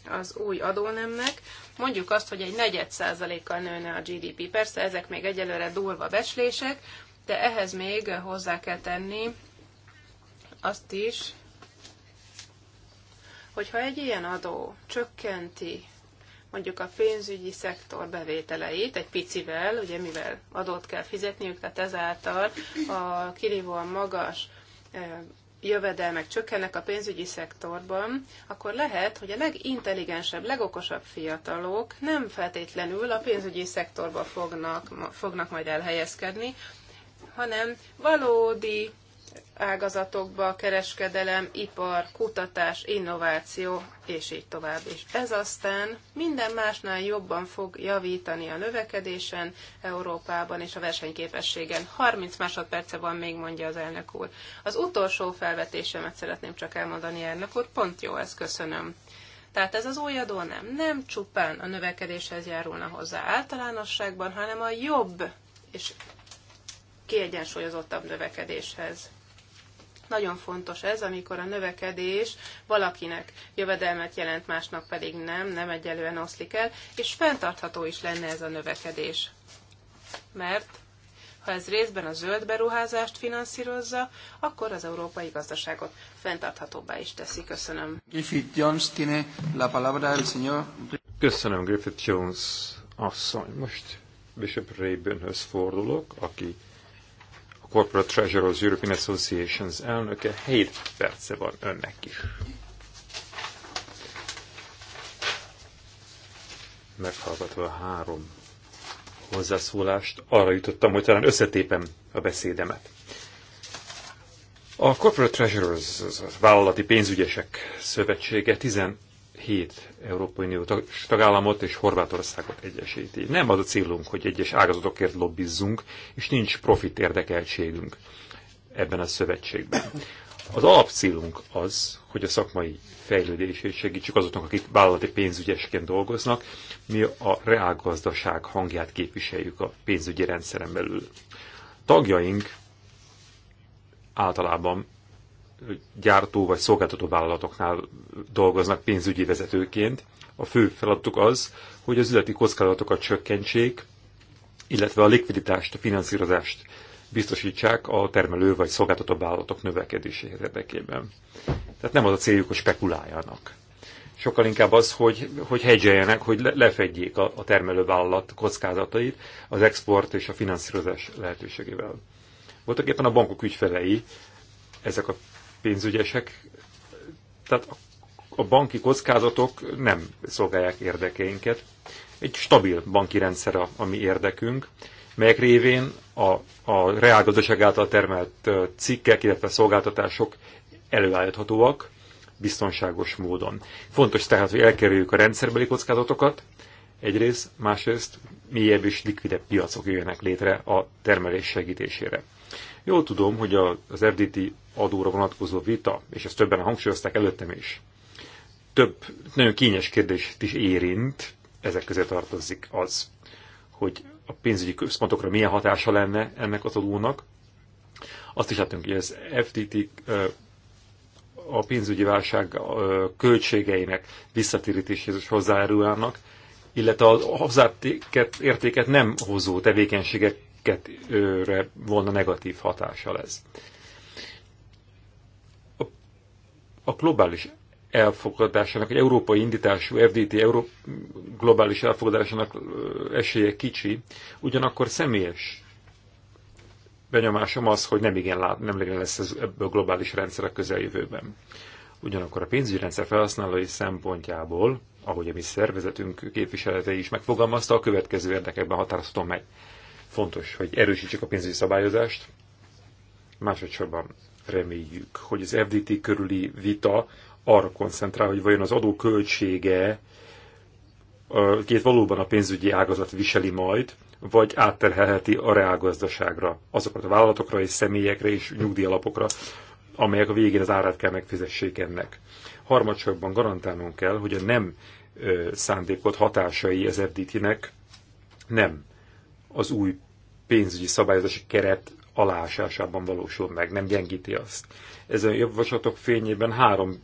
az új adónemnek. Mondjuk azt, hogy egy negyed százalékkal nőne a GDP. Persze ezek még egyelőre durva beslések, de ehhez még hozzá kell tenni azt is, hogyha egy ilyen adó csökkenti mondjuk a pénzügyi szektor bevételeit egy picivel, ugye mivel adót kell fizetniük, tehát ezáltal a kirívóan magas jövedelmek csökkennek a pénzügyi szektorban, akkor lehet, hogy a legintelligensebb, legokosabb fiatalok nem feltétlenül a pénzügyi szektorba fognak, fognak majd elhelyezkedni, hanem valódi ágazatokba, kereskedelem, ipar, kutatás, innováció, és így tovább. És ez aztán minden másnál jobban fog javítani a növekedésen Európában és a versenyképességen. 30 másodperce van még, mondja az elnök úr. Az utolsó felvetésemet szeretném csak elmondani, elnök úr, pont jó, ezt köszönöm. Tehát ez az új adó nem, nem csupán a növekedéshez járulna hozzá általánosságban, hanem a jobb és kiegyensúlyozottabb növekedéshez. Nagyon fontos ez, amikor a növekedés valakinek jövedelmet jelent, másnak pedig nem, nem egyelően oszlik el, és fenntartható is lenne ez a növekedés. Mert ha ez részben a zöld beruházást finanszírozza, akkor az európai gazdaságot fenntarthatóbbá is teszi. Köszönöm. Köszönöm, Griffith Jones asszony. Most Bishop Rabinhöz fordulok, aki Corporate Treasurers European Associations elnöke. 7 perce van önnek is. Meghallgatva a három hozzászólást, arra jutottam, hogy talán összetépem a beszédemet. A Corporate Treasurers, az Vállalati Pénzügyesek Szövetsége hét Európai Unió tagállamot és Horvátországot egyesíti. Nem az a célunk, hogy egyes ágazatokért lobbizzunk, és nincs profit érdekeltségünk ebben a szövetségben. Az alapcélunk az, hogy a szakmai fejlődését segítsük azoknak, akik vállalati pénzügyesként dolgoznak, mi a reálgazdaság hangját képviseljük a pénzügyi rendszeren belül. Tagjaink általában gyártó vagy szolgáltató vállalatoknál dolgoznak pénzügyi vezetőként. A fő feladatuk az, hogy az üzleti kockázatokat csökkentsék, illetve a likviditást, a finanszírozást biztosítsák a termelő vagy szolgáltató vállalatok növekedéséhez érdekében. Tehát nem az a céljuk, hogy spekuláljanak. Sokkal inkább az, hogy, hogy hedgeljenek, hogy lefedjék a, a vállalat kockázatait az export és a finanszírozás lehetőségével. Voltak éppen a bankok ügyfelei ezek a pénzügyesek, tehát a banki kockázatok nem szolgálják érdekeinket. Egy stabil banki rendszer a, a mi érdekünk, melyek révén a, a reálgazdaság által termelt cikkek, illetve szolgáltatások előállíthatóak biztonságos módon. Fontos tehát, hogy elkerüljük a rendszerbeli kockázatokat, egyrészt, másrészt mélyebb és likvidebb piacok jöjjenek létre a termelés segítésére. Jól tudom, hogy az FDT adóra vonatkozó vita, és ezt többen hangsúlyozták előttem is, több nagyon kényes kérdést is érint, ezek közé tartozik az, hogy a pénzügyi központokra milyen hatása lenne ennek az adónak. Azt is látunk, hogy az FTT a pénzügyi válság költségeinek visszatérítéséhez hozzájárulnak, illetve a hozzátéket, értéket nem hozó tevékenységekre volna negatív hatása lesz. a globális elfogadásának, egy európai indítású FDT Euró globális elfogadásának esélye kicsi, ugyanakkor személyes benyomásom az, hogy nem igen lát, nem igen lesz ez ebből globális rendszer a közeljövőben. Ugyanakkor a pénzügyi rendszer felhasználói szempontjából, ahogy a mi szervezetünk képviseletei is megfogalmazta, a következő érdekekben határozhatom meg. Fontos, hogy erősítsük a pénzügyi szabályozást, másodszorban Reméljük, hogy az FDT körüli vita arra koncentrál, hogy vajon az adó költsége két valóban a pénzügyi ágazat viseli majd, vagy átterhelheti a reálgazdaságra, azokat a vállalatokra és személyekre és nyugdíjalapokra, amelyek a végén az árát kell megfizessék ennek. Harmadsorban garantálnunk kell, hogy a nem szándékot hatásai az FDT-nek nem az új pénzügyi szabályozási keret alásásában valósul meg, nem gyengíti azt. Ezen javaslatok fényében három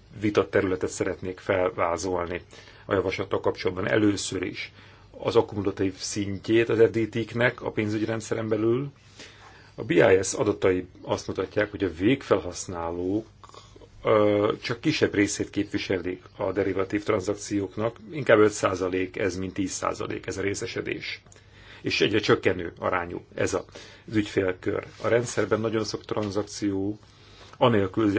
területet szeretnék felvázolni a javaslatok kapcsolatban. Először is az akkumulatív szintjét az FDT-knek a pénzügyi rendszeren belül. A BIS adatai azt mutatják, hogy a végfelhasználók csak kisebb részét képviselik a derivatív tranzakcióknak, inkább 5% ez, mint 10% ez a részesedés és egyre csökkenő arányú ez a, az ügyfélkör. A rendszerben nagyon sok tranzakció anélkül,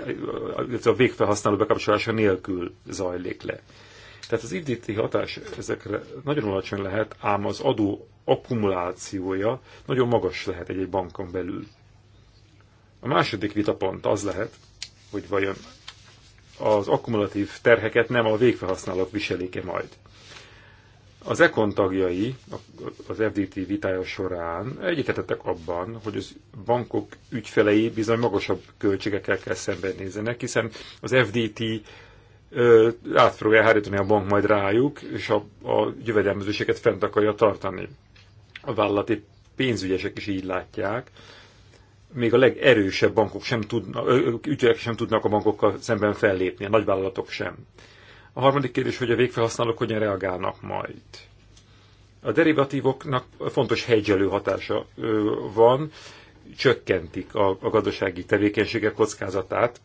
a végfelhasználó bekapcsolása nélkül zajlik le. Tehát az IDT hatás ezekre nagyon alacsony lehet, ám az adó akkumulációja nagyon magas lehet egy-egy bankon belül. A második vitapont az lehet, hogy vajon az akkumulatív terheket nem a végfelhasználók viselik-e majd. Az ECON tagjai az FDT vitája során egyetetettek abban, hogy az bankok ügyfelei bizony magasabb költségekkel kell szembenézzenek, hiszen az FDT át fogja hárítani a bank majd rájuk, és a, a jövedelmezőséget fent akarja tartani. A vállalati pénzügyesek is így látják. Még a legerősebb bankok sem tudnak, ügyfelek sem tudnak a bankokkal szemben fellépni, a nagyvállalatok sem. A harmadik kérdés, hogy a végfelhasználók hogyan reagálnak majd. A derivatívoknak fontos hegyelő hatása van, csökkentik a, a gazdasági tevékenységek kockázatát,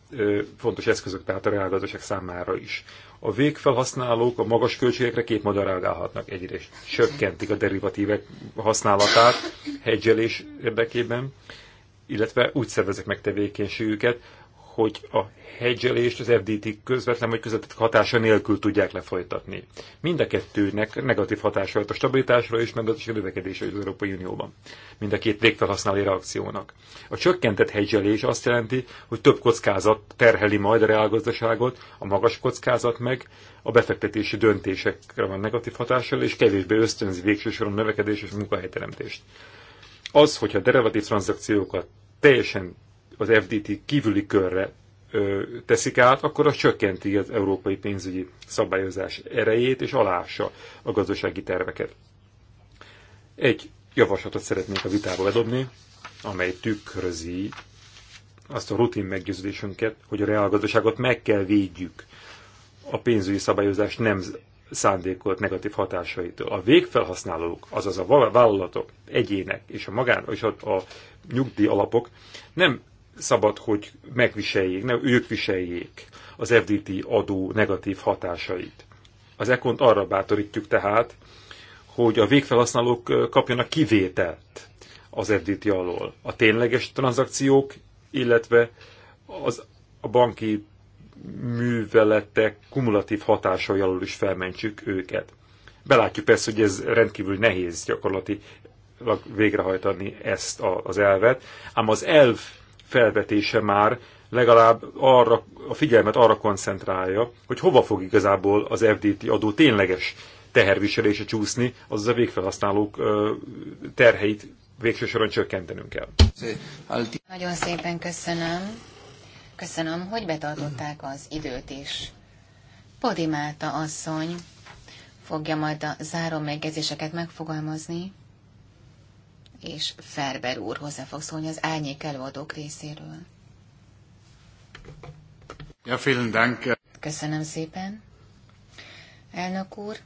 fontos eszközök tehát a reálgazdaság számára is. A végfelhasználók a magas költségekre két módon reagálhatnak. Egyrészt csökkentik a derivatívek használatát hegyelés érdekében, illetve úgy szervezek meg tevékenységüket, hogy a hedgelést az FDT közvetlen vagy közvetett hatása nélkül tudják lefolytatni. Mind a kettőnek negatív hatása volt a stabilitásra és meg az növekedésre az Európai Unióban. Mind a két végfelhasználói reakciónak. A csökkentett hedgelés azt jelenti, hogy több kockázat terheli majd a reálgazdaságot, a magas kockázat meg a befektetési döntésekre van negatív hatással, és kevésbé ösztönzi végső soron növekedés és munkahelyteremtést. Az, hogyha derivatív tranzakciókat teljesen az FDT kívüli körre ö, teszik át, akkor az csökkenti az európai pénzügyi szabályozás erejét, és alássa a gazdasági terveket. Egy javaslatot szeretnék a vitába bedobni, amely tükrözi azt a rutin meggyőződésünket, hogy a reálgazdaságot meg kell védjük a pénzügyi szabályozás nem szándékolt negatív hatásaitól. A végfelhasználók, azaz a vállalatok, egyének és a magán és a, a nyugdíj alapok nem szabad, hogy megviseljék, nem ők viseljék az FDT adó negatív hatásait. Az ekont arra bátorítjuk tehát, hogy a végfelhasználók kapjanak kivételt az FDT alól. A tényleges tranzakciók, illetve az, a banki műveletek kumulatív hatásai alól is felmentsük őket. Belátjuk persze, hogy ez rendkívül nehéz gyakorlati végrehajtani ezt az elvet, ám az elv felvetése már legalább arra, a figyelmet arra koncentrálja, hogy hova fog igazából az FDT adó tényleges teherviselése csúszni, azaz a végfelhasználók terheit végső soron csökkentenünk kell. Nagyon szépen köszönöm. Köszönöm, hogy betartották az időt is. Podimálta asszony fogja majd a záró megjegyzéseket megfogalmazni és Ferber úr hozzá fog szólni az árnyék előadók részéről. Ja, vielen Dank. Köszönöm szépen. Elnök úr,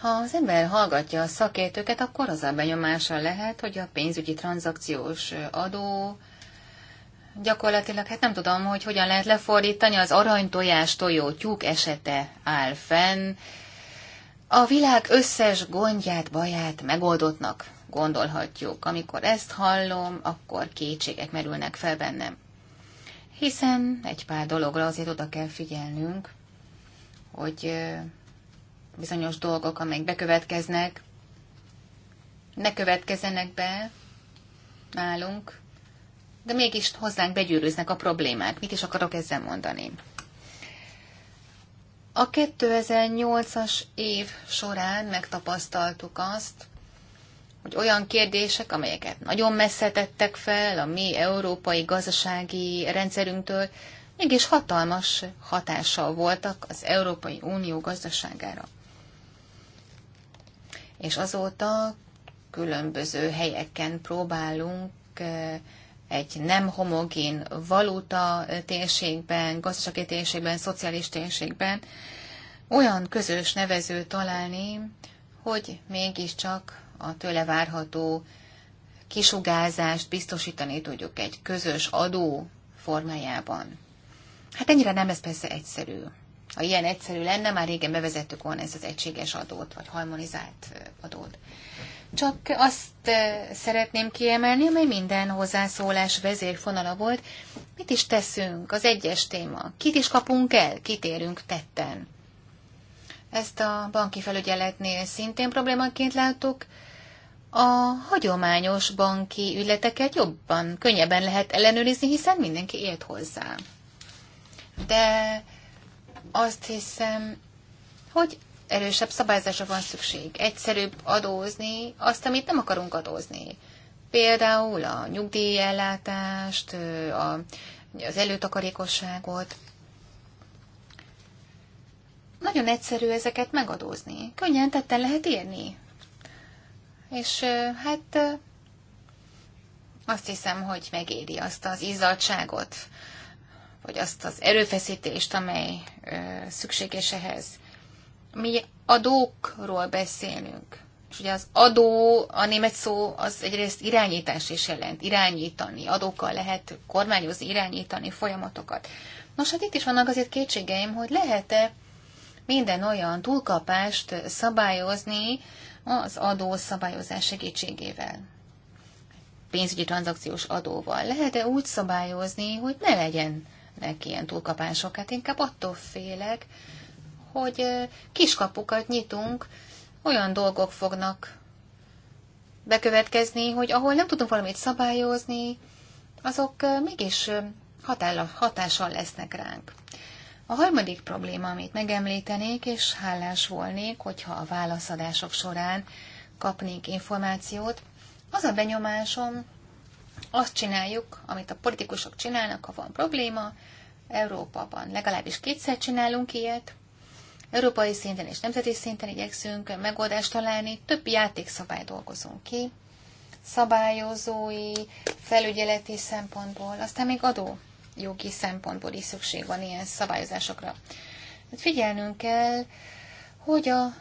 Ha az ember hallgatja a szakértőket, akkor az a benyomása lehet, hogy a pénzügyi tranzakciós adó gyakorlatilag, hát nem tudom, hogy hogyan lehet lefordítani, az aranytojás tojó tyúk esete áll fenn, a világ összes gondját, baját megoldottnak gondolhatjuk. Amikor ezt hallom, akkor kétségek merülnek fel bennem. Hiszen egy pár dologra azért oda kell figyelnünk, hogy bizonyos dolgok, amelyek bekövetkeznek, ne következenek be nálunk, de mégis hozzánk begyűrűznek a problémák. Mit is akarok ezzel mondani? A 2008-as év során megtapasztaltuk azt, hogy olyan kérdések, amelyeket nagyon messze tettek fel a mi európai gazdasági rendszerünktől, mégis hatalmas hatással voltak az Európai Unió gazdaságára. És azóta különböző helyeken próbálunk eh, egy nem homogén valuta térségben, gazdasági térségben, szociális térségben olyan közös nevezőt találni, hogy mégiscsak a tőle várható kisugázást biztosítani tudjuk egy közös adó formájában. Hát ennyire nem ez persze egyszerű. Ha ilyen egyszerű lenne, már régen bevezettük volna ezt az egységes adót, vagy harmonizált adót. Csak azt eh, szeretném kiemelni, amely minden hozzászólás vezérfonala volt, mit is teszünk, az egyes téma, kit is kapunk el, kit érünk tetten. Ezt a banki felügyeletnél szintén problémaként láttuk, a hagyományos banki ügyleteket jobban, könnyebben lehet ellenőrizni, hiszen mindenki élt hozzá. De azt hiszem, hogy erősebb szabályzásra van szükség. Egyszerűbb adózni azt, amit nem akarunk adózni. Például a nyugdíjellátást, a, az előtakarékosságot. Nagyon egyszerű ezeket megadózni. Könnyen tetten lehet írni. És hát azt hiszem, hogy megéri azt az izzadságot, vagy azt az erőfeszítést, amely szükséges ehhez mi adókról beszélünk. És ugye az adó, a német szó az egyrészt irányítás is jelent, irányítani, adókkal lehet kormányozni, irányítani folyamatokat. Nos, hát itt is vannak azért kétségeim, hogy lehet-e minden olyan túlkapást szabályozni az adó szabályozás segítségével. Pénzügyi tranzakciós adóval. Lehet-e úgy szabályozni, hogy ne legyen neki ilyen túlkapások? Hát inkább attól félek, hogy kiskapukat nyitunk, olyan dolgok fognak bekövetkezni, hogy ahol nem tudunk valamit szabályozni, azok mégis hatással lesznek ránk. A harmadik probléma, amit megemlítenék, és hálás volnék, hogyha a válaszadások során kapnénk információt, az a benyomásom, azt csináljuk, amit a politikusok csinálnak, ha van probléma, Európában legalábbis kétszer csinálunk ilyet, Európai szinten és nemzeti szinten igyekszünk megoldást találni, több játékszabály dolgozunk ki, szabályozói, felügyeleti szempontból, aztán még adó jogi szempontból is szükség van ilyen szabályozásokra. Hát figyelnünk kell, hogy a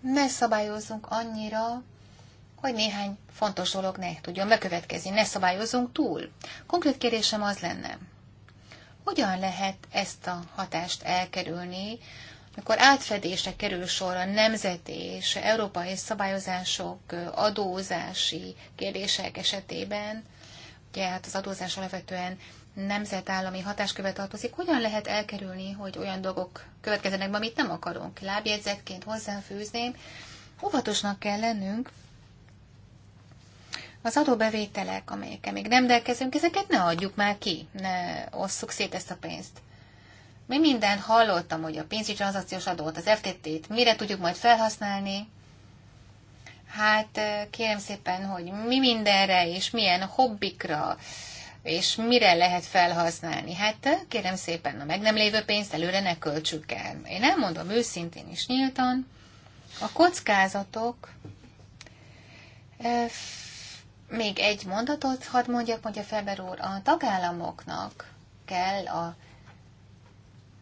ne szabályozzunk annyira, hogy néhány fontos dolog ne tudjon bekövetkezni, ne szabályozunk túl. Konkrét kérésem az lenne, hogyan lehet ezt a hatást elkerülni, amikor átfedésre kerül sor a nemzeti és európai szabályozások adózási kérdések esetében, ugye hát az adózás alapvetően nemzetállami hatáskövet tartozik, hogyan lehet elkerülni, hogy olyan dolgok következenek, be, amit nem akarunk? Lábjegyzetként hozzáfűzném, óvatosnak kell lennünk, az adóbevételek, amelyekkel még nem rendelkezünk, ezeket ne adjuk már ki, ne osszuk szét ezt a pénzt. Mi mindent hallottam, hogy a pénzügyi tranzakciós adót, az FTT-t mire tudjuk majd felhasználni. Hát kérem szépen, hogy mi mindenre és milyen hobbikra és mire lehet felhasználni. Hát kérem szépen, a meg nem lévő pénzt előre ne költsük el. Én nem mondom őszintén is nyíltan, a kockázatok még egy mondatot hadd mondjak, mondja Feber úr, a tagállamoknak kell a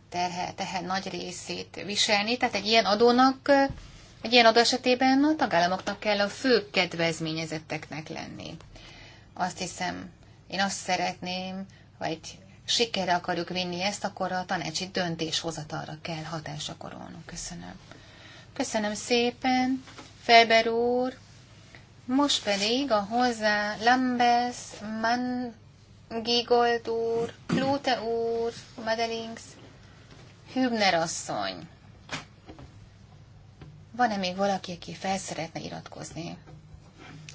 terhe, terhe nagy részét viselni, tehát egy ilyen adónak, egy ilyen adó esetében a tagállamoknak kell a fő kedvezményezetteknek lenni. Azt hiszem, én azt szeretném, vagy sikerre akarjuk vinni ezt, akkor a tanácsi döntéshozatalra kell hatásra korolnunk. Köszönöm. Köszönöm szépen, Felber úr, most pedig a hozzá Lambes, Mann, Gigold úr, Klóte úr, Madelings, Hübner asszony. Van-e még valaki, aki fel szeretne iratkozni?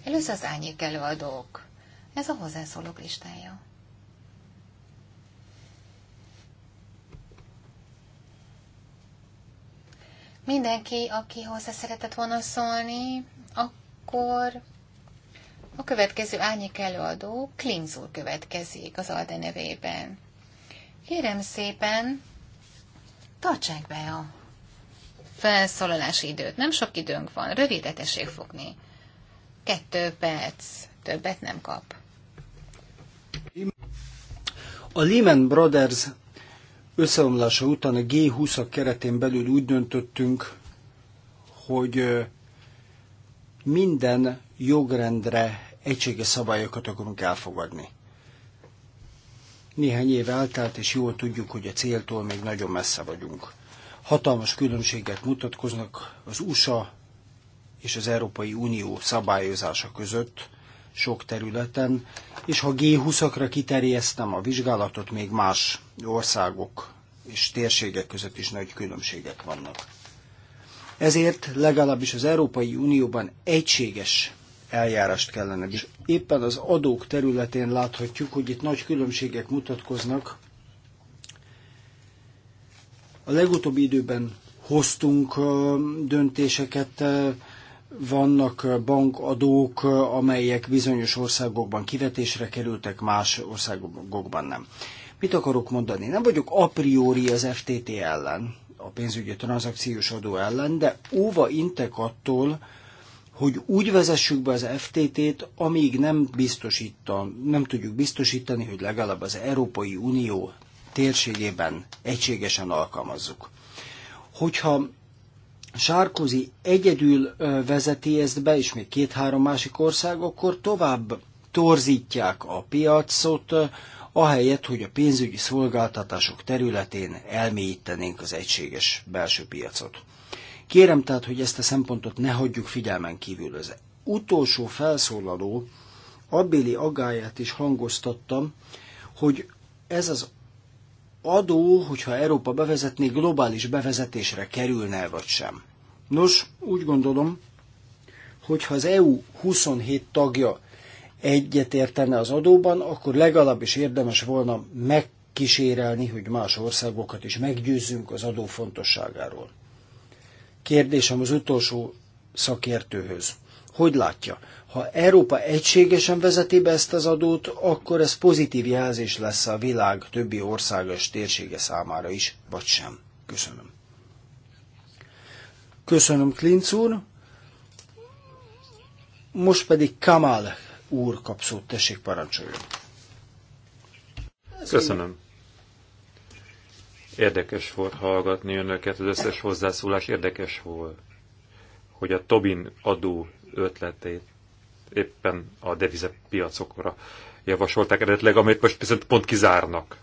Először az ányék előadók. Ez a hozzászólók listája. Mindenki, aki hozzá szeretett volna szólni, a akkor a következő árnyék előadó Klinzul következik az Alde nevében. Kérem szépen, tartsák be a felszólalási időt. Nem sok időnk van, rövidre tessék fogni. Kettő perc, többet nem kap. A Lehman Brothers összeomlása után a G20-ak keretén belül úgy döntöttünk, hogy minden jogrendre egységes szabályokat akarunk elfogadni. Néhány év eltelt, és jól tudjuk, hogy a céltól még nagyon messze vagyunk. Hatalmas különbségek mutatkoznak az USA és az Európai Unió szabályozása között sok területen, és ha G20-akra kiterjesztem a vizsgálatot, még más országok és térségek között is nagy különbségek vannak. Ezért legalábbis az Európai Unióban egységes eljárást kellene. És éppen az adók területén láthatjuk, hogy itt nagy különbségek mutatkoznak. A legutóbbi időben hoztunk döntéseket, vannak bankadók, amelyek bizonyos országokban kivetésre kerültek, más országokban nem. Mit akarok mondani? Nem vagyok a priori az FTT ellen, a pénzügyi tranzakciós adó ellen, de óva intek attól, hogy úgy vezessük be az FTT-t, amíg nem, biztosítan, nem tudjuk biztosítani, hogy legalább az Európai Unió térségében egységesen alkalmazzuk. Hogyha Sárkózi egyedül vezeti ezt be, és még két-három másik ország, akkor tovább torzítják a piacot, ahelyett, hogy a pénzügyi szolgáltatások területén elmélyítenénk az egységes belső piacot. Kérem tehát, hogy ezt a szempontot ne hagyjuk figyelmen kívül. Az utolsó felszólaló abbéli agáját is hangoztattam, hogy ez az adó, hogyha Európa bevezetné, globális bevezetésre kerülne vagy sem. Nos, úgy gondolom, hogy ha az EU 27 tagja egyetértene az adóban, akkor legalábbis érdemes volna megkísérelni, hogy más országokat is meggyőzzünk az adó fontosságáról. Kérdésem az utolsó szakértőhöz. Hogy látja? Ha Európa egységesen vezeti be ezt az adót, akkor ez pozitív jelzés lesz a világ többi országos térsége számára is, vagy sem. Köszönöm. Köszönöm, Klinc úr. Most pedig Kamal úr kap szót, tessék parancsoljon. Köszönöm. Érdekes volt hallgatni önöket, az összes hozzászólás érdekes volt, hogy a Tobin adó ötletét éppen a piacokra javasolták eredetleg, amit most viszont pont kizárnak.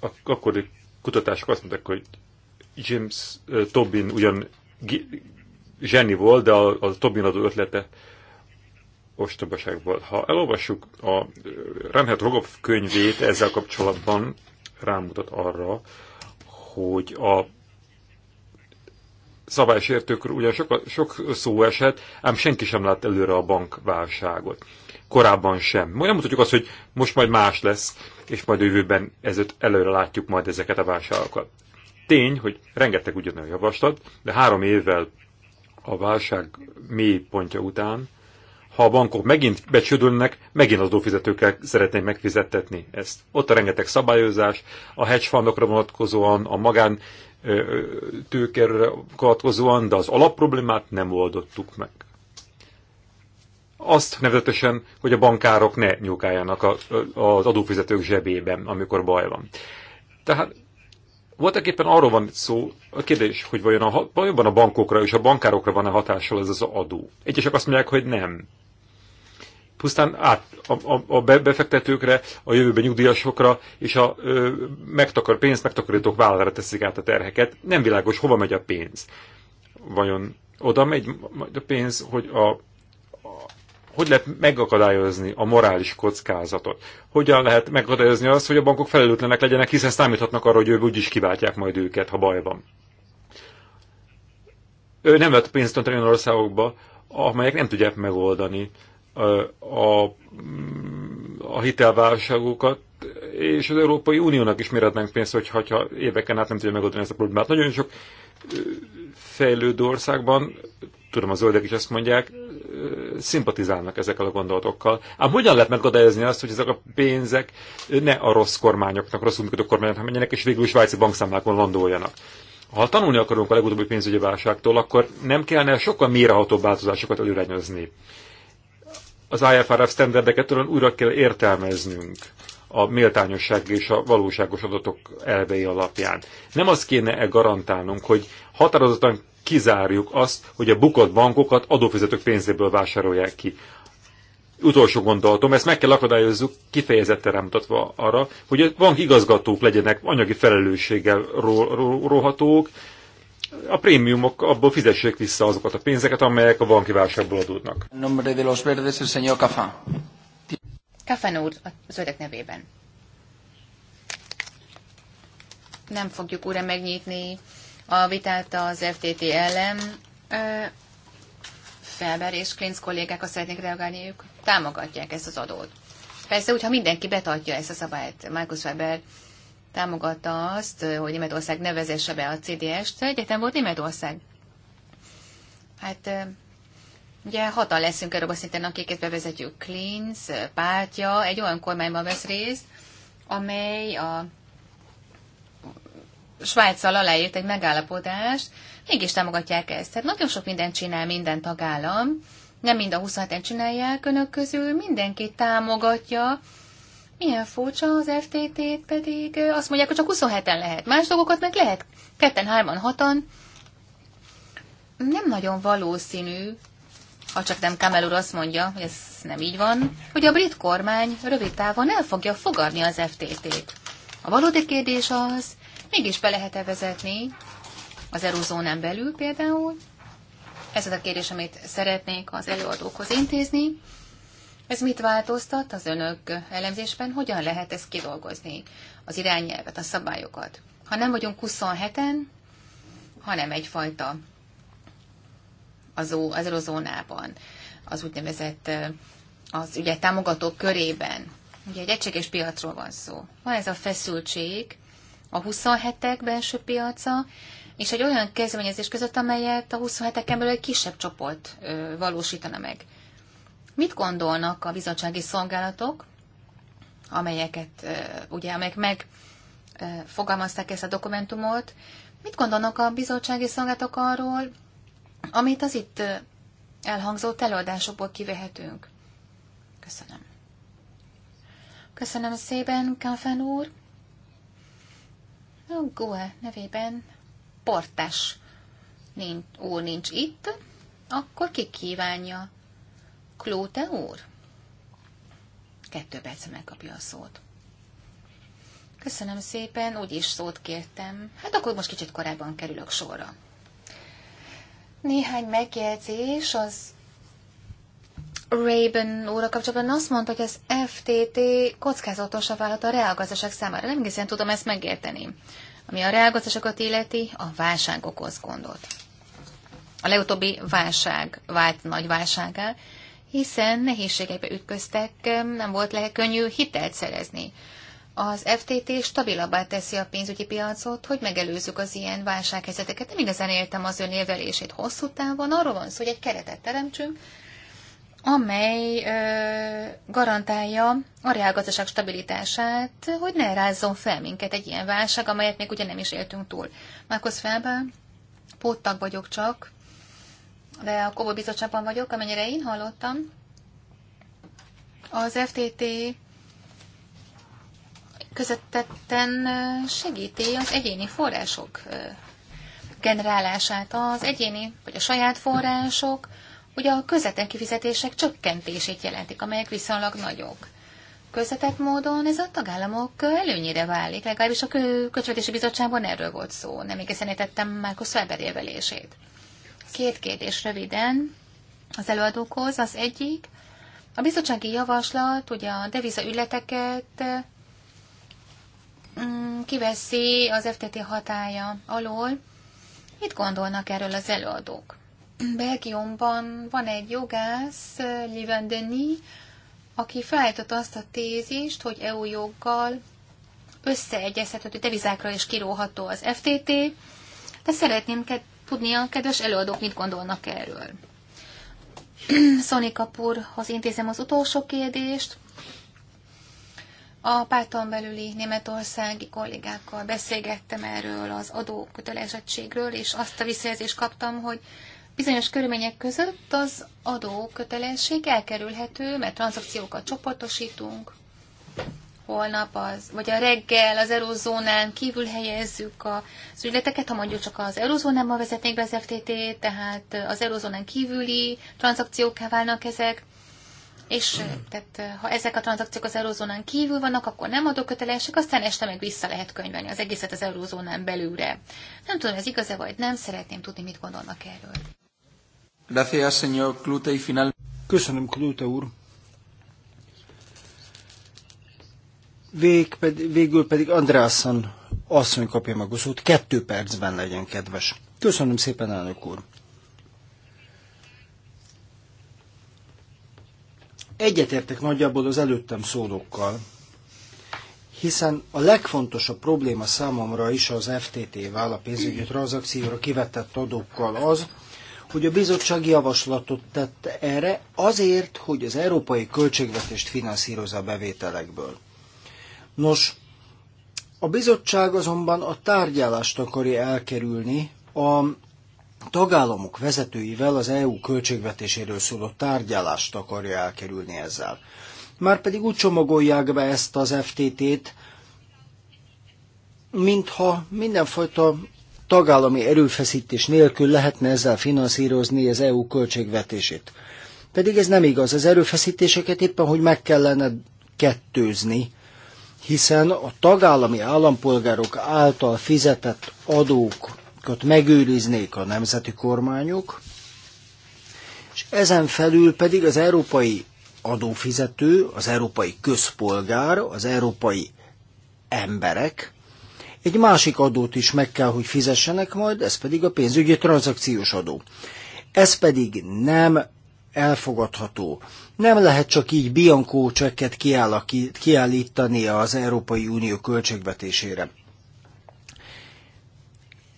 Ak- akkori kutatások azt mondták, hogy James uh, Tobin ugyan zseni volt, de a, a Tobin adó ötlete ostobaságból. Ha elolvassuk a Renhet Rogov könyvét ezzel kapcsolatban, rámutat arra, hogy a szabálysértőkről ugyan sok, sok szó esett, ám senki sem lát előre a bankválságot. Korábban sem. Majd nem mutatjuk azt, hogy most majd más lesz, és majd jövőben ezért előre látjuk majd ezeket a válságokat. Tény, hogy rengeteg ugyanolyan javaslat, de három évvel a válság mély pontja után ha a bankok megint becsődülnek, megint az adófizetőkkel szeretnék megfizettetni ezt. Ott a rengeteg szabályozás, a hedge fundokra vonatkozóan, a magán tőkerre vonatkozóan, de az alapproblémát nem oldottuk meg. Azt nevezetesen, hogy a bankárok ne nyúkáljanak a, az adófizetők zsebében, amikor baj van. Tehát voltak éppen arról van szó, a kérdés, hogy vajon a, vajon a bankokra és a bankárokra van-e hatással ez az adó. Egyesek azt mondják, hogy nem pusztán át a, a, a befektetőkre, a jövőben nyugdíjasokra és a ö, megtakar, pénzt megtakarítók vállalára teszik át a terheket. Nem világos, hova megy a pénz. Vajon oda megy majd a pénz, hogy a, a hogy lehet megakadályozni a morális kockázatot? Hogyan lehet megakadályozni azt, hogy a bankok felelőtlenek legyenek, hiszen számíthatnak arra, hogy ők úgyis kiváltják majd őket, ha baj van. Ő nem lehet pénzt tönteni olyan országokba, amelyek nem tudják megoldani a, a hitelválságokat, és az Európai Uniónak is méretnénk pénzt, hogy ha éveken át nem tudja megoldani ezt a problémát. Nagyon sok fejlődő országban, tudom, a zöldek is ezt mondják, szimpatizálnak ezekkel a gondolatokkal. Ám hogyan lehet megadályozni azt, hogy ezek a pénzek ne a rossz kormányoknak, rosszul működő kormányoknak menjenek, és végül svájci bankszámlákon landoljanak? Ha tanulni akarunk a legutóbbi pénzügyi válságtól, akkor nem kellene sokkal mérehatóbb változásokat előrenyozni az IFRF standardeket olyan újra kell értelmeznünk a méltányosság és a valóságos adatok elvei alapján. Nem azt kéne -e garantálnunk, hogy határozottan kizárjuk azt, hogy a bukott bankokat adófizetők pénzéből vásárolják ki. Utolsó gondolatom, ezt meg kell akadályozzuk, kifejezetten rámutatva arra, hogy a bank igazgatók legyenek anyagi felelősséggel róhatók, a prémiumok abból fizessék vissza azokat a pénzeket, amelyek a banki válságból adódnak. Nombre de los verdes, el señor Cafán. Cafán úr, a zöldek nevében. Nem fogjuk újra megnyitni a vitát az FTT ellen. Felber és Klinz kollégákkal szeretnék reagálni, ők támogatják ezt az adót. Persze, hogyha mindenki betartja ezt a szabályt, Markus Felber, támogatta azt, hogy Németország nevezesse be a CDS-t. Egyetem volt Németország. Hát ugye hatal leszünk erről a szinten, akiket bevezetjük. Klinz pártja egy olyan kormányban vesz részt, amely a Svájccal aláírt egy megállapodást, mégis támogatják ezt. Tehát nagyon sok mindent csinál minden tagállam, nem mind a 27-en csinálják önök közül, mindenki támogatja milyen furcsa az FTT-t pedig, azt mondják, hogy csak 27-en lehet. Más dolgokat meg lehet. Ketten, hárman, hatan. Nem nagyon valószínű, ha csak nem Kamel úr azt mondja, hogy ez nem így van, hogy a brit kormány rövid távon el fogja fogadni az FTT-t. A valódi kérdés az, mégis be lehet-e vezetni az eurozónán belül például? Ez az a kérdés, amit szeretnék az előadókhoz intézni. Ez mit változtat az önök elemzésben? Hogyan lehet ezt kidolgozni, az irányelvet, a szabályokat? Ha nem vagyunk 27-en, hanem egyfajta az eurozónában, az úgynevezett az ugye támogatók körében. Ugye egy egységes piacról van szó. Van ez a feszültség, a 27-ek belső piaca, és egy olyan kezdeményezés között, amelyet a 27-eken belül egy kisebb csoport ö, valósítana meg. Mit gondolnak a bizottsági szolgálatok, amelyeket, ugye, amelyek megfogalmazták ezt a dokumentumot, mit gondolnak a bizottsági szolgálatok arról, amit az itt elhangzott előadásokból kivehetünk? Köszönöm. Köszönöm szépen, Kánfán úr. A Goe nevében Portás nincs, úr nincs itt, akkor ki kívánja Klóte úr? Kettő percre megkapja a szót. Köszönöm szépen, úgyis szót kértem. Hát akkor most kicsit korábban kerülök sorra. Néhány megjegyzés az Raven óra kapcsolatban azt mondta, hogy az FTT a vállalat a reálgazdaság számára. Nem igazán tudom ezt megérteni. Ami a reálgazdaságot illeti, a válság okoz gondot. A legutóbbi válság vált nagy válságá, hiszen nehézségekbe ütköztek, nem volt lehet könnyű hitelt szerezni. Az FTT stabilabbá teszi a pénzügyi piacot, hogy megelőzzük az ilyen válsághelyzeteket. Nem igazán éltem az ön érvelését hosszú távon. Arról van szó, hogy egy keretet teremtsünk, amely ö, garantálja a reálgazdaság stabilitását, hogy ne rázzon fel minket egy ilyen válság, amelyet még ugye nem is éltünk túl. Márkusz Felbá, póttag vagyok csak, de a Kobo bizottságban vagyok, amennyire én hallottam, az FTT közöttetten segíti az egyéni források generálását, az egyéni vagy a saját források, ugye a közvetlen kifizetések csökkentését jelentik, amelyek viszonylag nagyok. Közvetett módon ez a tagállamok előnyére válik, legalábbis a Kölcsövetési Bizottságban erről volt szó, nem igazán értettem Márkusz felberélvelését. Két kérdés röviden az előadókhoz. Az egyik, a bizottsági javaslat ugye a deviza ületeket mm, kiveszi az FTT hatája alól. Mit gondolnak erről az előadók? Belgiumban van egy jogász, Liven Denis, aki felállította azt a tézist, hogy EU joggal összeegyezhető devizákra is kiróható az FTT, de szeretném tudni a kedves előadók mit gondolnak erről. Szoni Kapurhoz intézem az utolsó kérdést. A párton belüli németországi kollégákkal beszélgettem erről az adókötelezettségről, és azt a visszajelzést kaptam, hogy bizonyos körülmények között az adókötelezettség elkerülhető, mert tranzakciókat csoportosítunk, holnap, az, vagy a reggel az erózónán kívül helyezzük az ügyleteket, ha mondjuk csak az eurozónában vezetnék be az FTT, tehát az erózónán kívüli tranzakciókká válnak ezek, és hmm. tehát, ha ezek a tranzakciók az Eurózónán kívül vannak, akkor nem adókötelesek, aztán este meg vissza lehet könyvelni az egészet az Eurózónán belülre. Nem tudom, ez igaz-e vagy nem, szeretném tudni, mit gondolnak erről. señor final... Köszönöm, Klute úr. Vég, végül pedig Andreasson asszony kapja meg a szót. Kettő percben legyen kedves. Köszönöm szépen, elnök úr. Egyetértek nagyjából az előttem szólókkal, hiszen a legfontosabb probléma számomra is az FTT-vel, a pénzügyi tranzakcióra kivetett adókkal az, hogy a bizottság javaslatot tette erre azért, hogy az európai költségvetést finanszírozza a bevételekből. Nos, a bizottság azonban a tárgyalást akarja elkerülni a tagállamok vezetőivel az EU költségvetéséről szóló tárgyalást akarja elkerülni ezzel. Márpedig úgy csomagolják be ezt az FTT-t, mintha mindenfajta tagállami erőfeszítés nélkül lehetne ezzel finanszírozni az EU költségvetését. Pedig ez nem igaz, az erőfeszítéseket éppen, hogy meg kellene kettőzni, hiszen a tagállami állampolgárok által fizetett adókat megőriznék a nemzeti kormányok, és ezen felül pedig az európai adófizető, az európai közpolgár, az európai emberek egy másik adót is meg kell, hogy fizessenek majd, ez pedig a pénzügyi tranzakciós adó. Ez pedig nem elfogadható. Nem lehet csak így biankó csekket kiállítani az Európai Unió költségvetésére.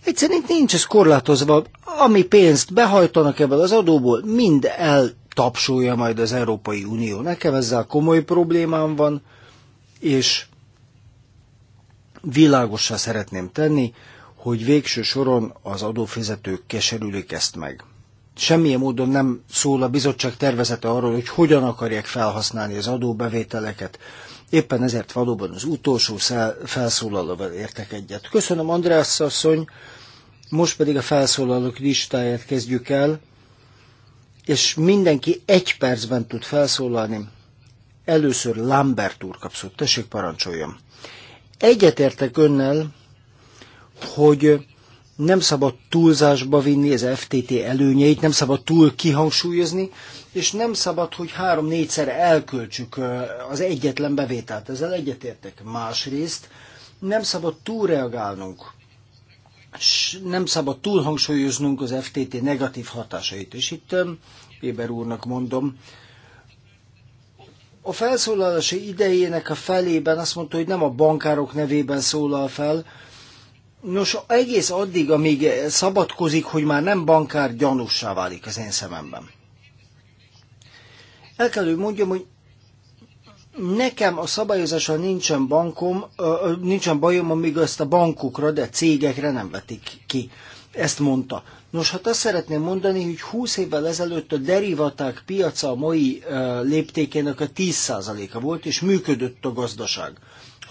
Egyszerűen nincs ez korlátozva. Ami pénzt behajtanak ebből az adóból, mind eltapsolja majd az Európai Unió. Nekem ezzel komoly problémám van, és világosra szeretném tenni, hogy végső soron az adófizetők keserülik ezt meg semmilyen módon nem szól a bizottság tervezete arról, hogy hogyan akarják felhasználni az adóbevételeket. Éppen ezért valóban az utolsó felszólalóval értek egyet. Köszönöm, András asszony. Most pedig a felszólalók listáját kezdjük el, és mindenki egy percben tud felszólalni. Először Lambert úr kapszott. Tessék, parancsoljam. Egyetértek önnel, hogy nem szabad túlzásba vinni az FTT előnyeit, nem szabad túl kihangsúlyozni, és nem szabad, hogy három-négyszer elköltsük az egyetlen bevételt. Ezzel egyetértek. Másrészt nem szabad túlreagálnunk, nem szabad túlhangsúlyoznunk az FTT negatív hatásait. És itt Péber úrnak mondom, a felszólalási idejének a felében azt mondta, hogy nem a bankárok nevében szólal fel, Nos, egész addig, amíg szabadkozik, hogy már nem bankár, gyanúsá válik az én szememben. El kell, hogy mondjam, hogy nekem a szabályozással nincsen bankom, nincsen bajom, amíg ezt a bankokra, de cégekre nem vetik ki. Ezt mondta. Nos, hát azt szeretném mondani, hogy 20 évvel ezelőtt a derivaták piaca a mai léptékének a 10%-a volt, és működött a gazdaság.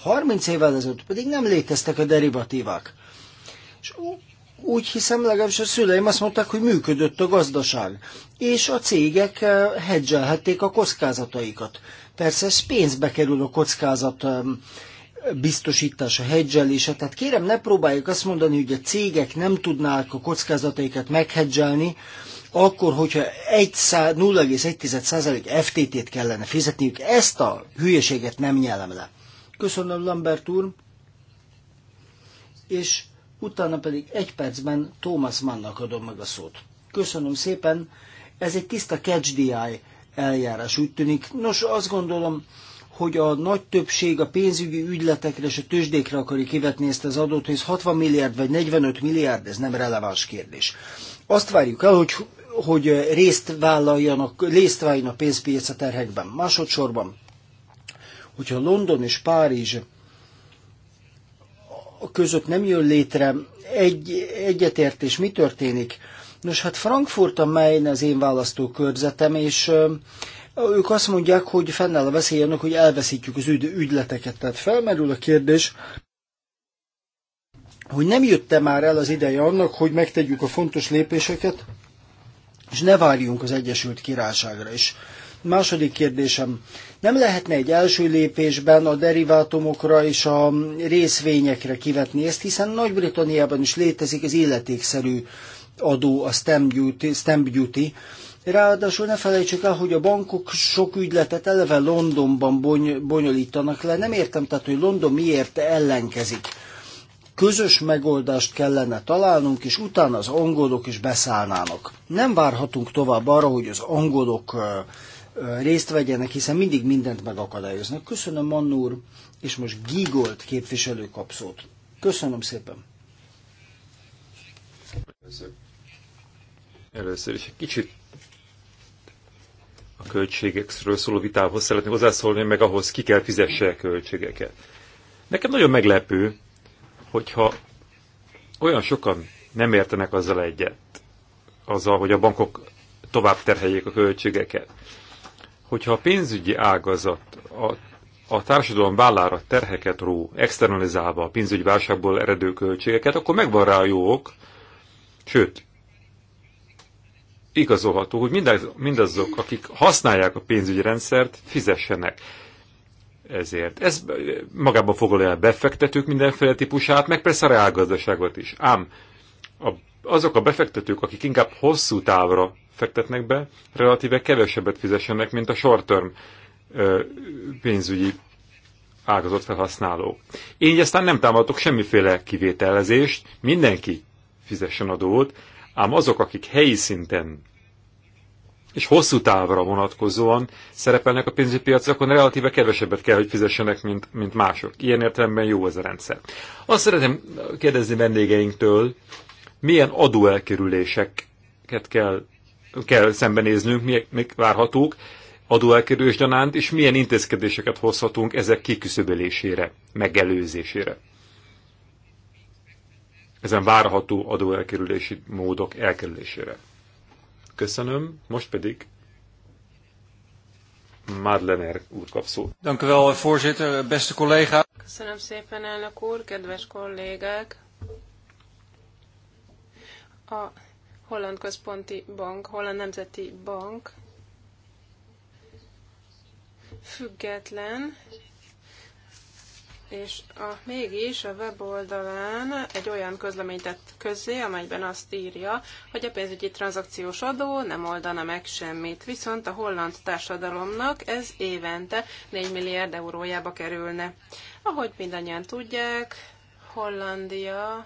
30 évvel ezelőtt pedig nem léteztek a derivatívák. És úgy hiszem, legalábbis a szüleim azt mondták, hogy működött a gazdaság, és a cégek eh, hedzselhették a kockázataikat. Persze ez pénzbe kerül a kockázat eh, biztosítása, hedzselése. Tehát kérem, ne próbáljuk azt mondani, hogy a cégek nem tudnák a kockázataikat meghedzselni, akkor, hogyha 0,1% FTT-t kellene fizetniük, ezt a hülyeséget nem nyelem le. Köszönöm, Lambert úr, és utána pedig egy percben Thomas Mannnak adom meg a szót. Köszönöm szépen, ez egy tiszta catch DI eljárás úgy tűnik. Nos, azt gondolom, hogy a nagy többség a pénzügyi ügyletekre és a tőzsdékre akarja kivetni ezt az adót, hogy ez 60 milliárd vagy 45 milliárd, ez nem releváns kérdés. Azt várjuk el, hogy, hogy részt vállaljanak, részt váljanak pénzpiac a terhekben. Másodszorban, hogyha London és Párizs között nem jön létre egy, egyetértés. Mi történik? Nos, hát Frankfurt a Main az én választókörzetem, és ők azt mondják, hogy fennáll a veszély annak, hogy elveszítjük az ügy, ügyleteket. Tehát felmerül a kérdés, hogy nem jött-e már el az ideje annak, hogy megtegyük a fontos lépéseket, és ne várjunk az Egyesült Királyságra is. Második kérdésem, nem lehetne egy első lépésben a derivátumokra és a részvényekre kivetni ezt, hiszen Nagy-Britanniában is létezik az illetékszerű adó, a stamp duty, stamp duty, Ráadásul ne felejtsük el, hogy a bankok sok ügyletet eleve Londonban bony- bonyolítanak le. Nem értem tehát, hogy London miért ellenkezik. Közös megoldást kellene találnunk, és utána az angolok is beszállnának. Nem várhatunk tovább arra, hogy az angolok részt vegyenek, hiszen mindig mindent megakadályoznak. Köszönöm, Mannúr, és most Gigolt képviselő kapszót. Köszönöm szépen. Először először is egy kicsit a költségekről szóló vitához szeretném hozzászólni, meg ahhoz ki kell fizesse a költségeket. Nekem nagyon meglepő, hogyha olyan sokan nem értenek azzal egyet, azzal, hogy a bankok tovább terheljék a költségeket hogyha a pénzügyi ágazat a, a társadalom vállára terheket ró, externalizálva a pénzügyi válságból eredő költségeket, akkor megvan rá a jó ok, sőt, igazolható, hogy mindaz, mindazok, akik használják a pénzügyi rendszert, fizessenek ezért. Ez magában foglalja a befektetők mindenféle típusát, meg persze a reálgazdaságot is. Ám a, azok a befektetők, akik inkább hosszú távra fektetnek be, relatíve kevesebbet fizessenek, mint a short-term pénzügyi ágazat felhasználók. Én így aztán nem támadok semmiféle kivételezést, mindenki fizessen adót, ám azok, akik helyi szinten és hosszú távra vonatkozóan szerepelnek a pénzügyi piacokon, relatíve kevesebbet kell, hogy fizessenek, mint, mint mások. Ilyen értelemben jó ez a rendszer. Azt szeretném kérdezni vendégeinktől, milyen adóelkerüléseket kell kell szembenéznünk, mi, mik várhatók adóelkerülés gyanánt, és milyen intézkedéseket hozhatunk ezek kiküszöbölésére, megelőzésére. Ezen várható adóelkerülési módok elkerülésére. Köszönöm, most pedig Madlener úr kap szót. voorzitter, beste collega. Köszönöm szépen, elnök úr, kedves kollégák. A Holland Központi Bank, Holland Nemzeti Bank független, és a, mégis a weboldalán egy olyan közleményt tett közzé, amelyben azt írja, hogy a pénzügyi tranzakciós adó nem oldana meg semmit, viszont a holland társadalomnak ez évente 4 milliárd eurójába kerülne. Ahogy mindannyian tudják, Hollandia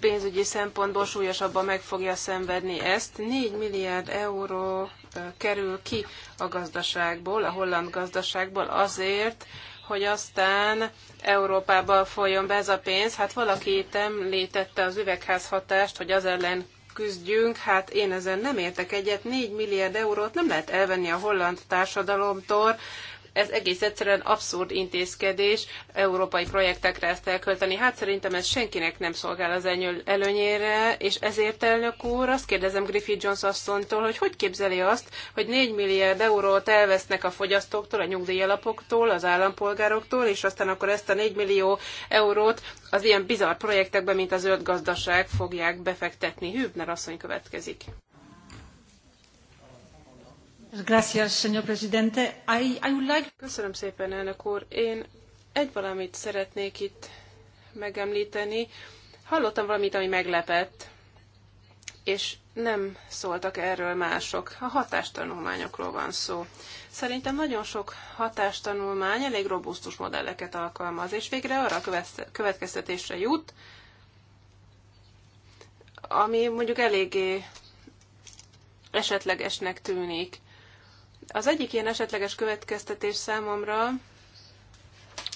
pénzügyi szempontból súlyosabban meg fogja szenvedni ezt. 4 milliárd euró kerül ki a gazdaságból, a holland gazdaságból azért, hogy aztán Európába folyjon be ez a pénz. Hát valaki itt említette az üvegház hatást, hogy az ellen küzdjünk, hát én ezen nem értek egyet, 4 milliárd eurót nem lehet elvenni a holland társadalomtól, ez egész egyszerűen abszurd intézkedés európai projektekre ezt elkölteni. Hát szerintem ez senkinek nem szolgál az előnyére, és ezért elnök úr, azt kérdezem Griffith Jones asszonytól, hogy hogy képzeli azt, hogy 4 milliárd eurót elvesznek a fogyasztóktól, a nyugdíjalapoktól, az állampolgároktól, és aztán akkor ezt a 4 millió eurót az ilyen bizarr projektekbe, mint a zöld gazdaság fogják befektetni. Hübner asszony következik. Köszönöm szépen, elnök úr. Én egy valamit szeretnék itt megemlíteni. Hallottam valamit, ami meglepett, és nem szóltak erről mások. A hatástanulmányokról van szó. Szerintem nagyon sok hatástanulmány elég robusztus modelleket alkalmaz, és végre arra a következtetésre jut, ami mondjuk eléggé esetlegesnek tűnik. Az egyik ilyen esetleges következtetés számomra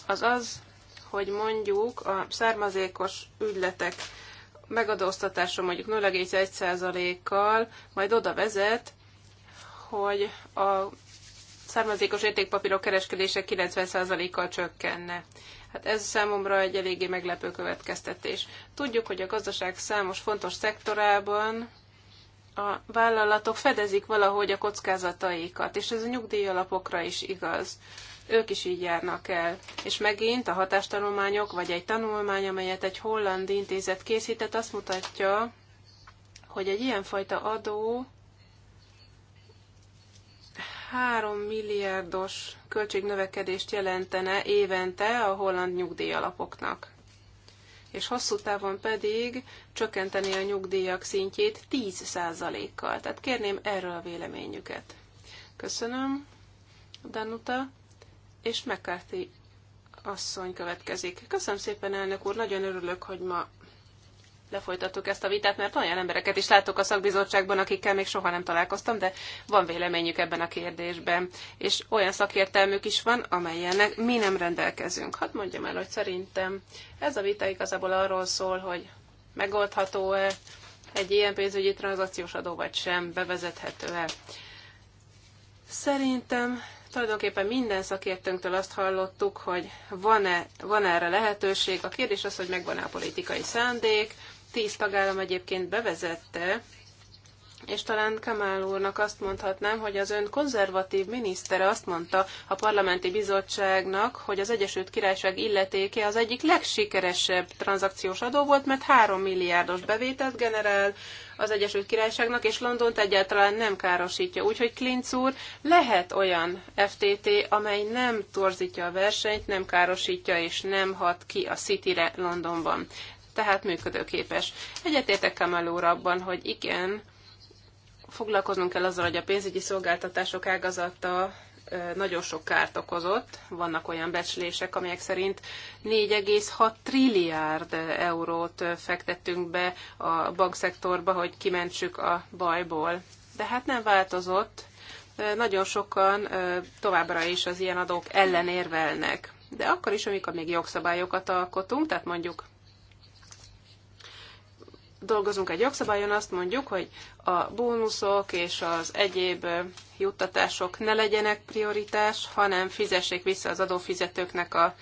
az az, hogy mondjuk a származékos ügyletek megadóztatása mondjuk 0,1%-kal majd oda vezet, hogy a származékos értékpapírok kereskedése 90%-kal csökkenne. Hát ez számomra egy eléggé meglepő következtetés. Tudjuk, hogy a gazdaság számos fontos szektorában a vállalatok fedezik valahogy a kockázataikat, és ez a nyugdíjalapokra is igaz. Ők is így járnak el. És megint a hatástanulmányok, vagy egy tanulmány, amelyet egy holland intézet készített, azt mutatja, hogy egy ilyenfajta adó 3 milliárdos költségnövekedést jelentene évente a holland nyugdíjalapoknak és hosszú távon pedig csökkenteni a nyugdíjak szintjét 10%-kal. Tehát kérném erről a véleményüket. Köszönöm, Danuta, és McCarthy asszony következik. Köszönöm szépen, elnök úr, nagyon örülök, hogy ma lefolytattuk ezt a vitát, mert olyan embereket is látok a szakbizottságban, akikkel még soha nem találkoztam, de van véleményük ebben a kérdésben. És olyan szakértelmük is van, amelyenek mi nem rendelkezünk. Hadd mondjam el, hogy szerintem ez a vita igazából arról szól, hogy megoldható-e egy ilyen pénzügyi tranzakciós adó, vagy sem, bevezethető-e. Szerintem tulajdonképpen minden szakértőnktől azt hallottuk, hogy van-e, van -e erre lehetőség. A kérdés az, hogy megvan-e a politikai szándék, tíz tagállam egyébként bevezette, és talán Kamál úrnak azt mondhatnám, hogy az ön konzervatív minisztere azt mondta a parlamenti bizottságnak, hogy az Egyesült Királyság illetéke az egyik legsikeresebb tranzakciós adó volt, mert 3 milliárdos bevételt generál az Egyesült Királyságnak, és Londont egyáltalán nem károsítja. Úgyhogy Klinc úr lehet olyan FTT, amely nem torzítja a versenyt, nem károsítja és nem hat ki a Cityre Londonban tehát működőképes. Egyetértek Kamal abban, hogy igen, foglalkoznunk kell azzal, hogy a pénzügyi szolgáltatások ágazata nagyon sok kárt okozott. Vannak olyan becslések, amelyek szerint 4,6 trilliárd eurót fektettünk be a bankszektorba, hogy kimentsük a bajból. De hát nem változott. Nagyon sokan továbbra is az ilyen adók ellen érvelnek. De akkor is, amikor még jogszabályokat alkotunk, tehát mondjuk dolgozunk egy jogszabályon, azt mondjuk, hogy a bónuszok és az egyéb juttatások ne legyenek prioritás, hanem fizessék vissza az adófizetőknek a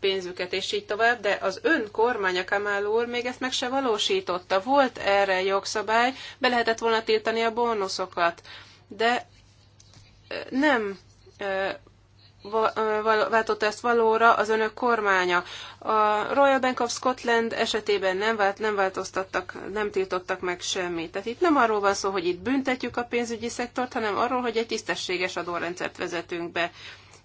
pénzüket, és így tovább. De az ön kormánya Kamál úr még ezt meg se valósította. Volt erre jogszabály, be lehetett volna tiltani a bónuszokat, de nem váltotta ezt valóra az önök kormánya. A Royal Bank of Scotland esetében nem, vált, nem változtattak, nem tiltottak meg semmit. Tehát itt nem arról van szó, hogy itt büntetjük a pénzügyi szektort, hanem arról, hogy egy tisztességes adórendszert vezetünk be.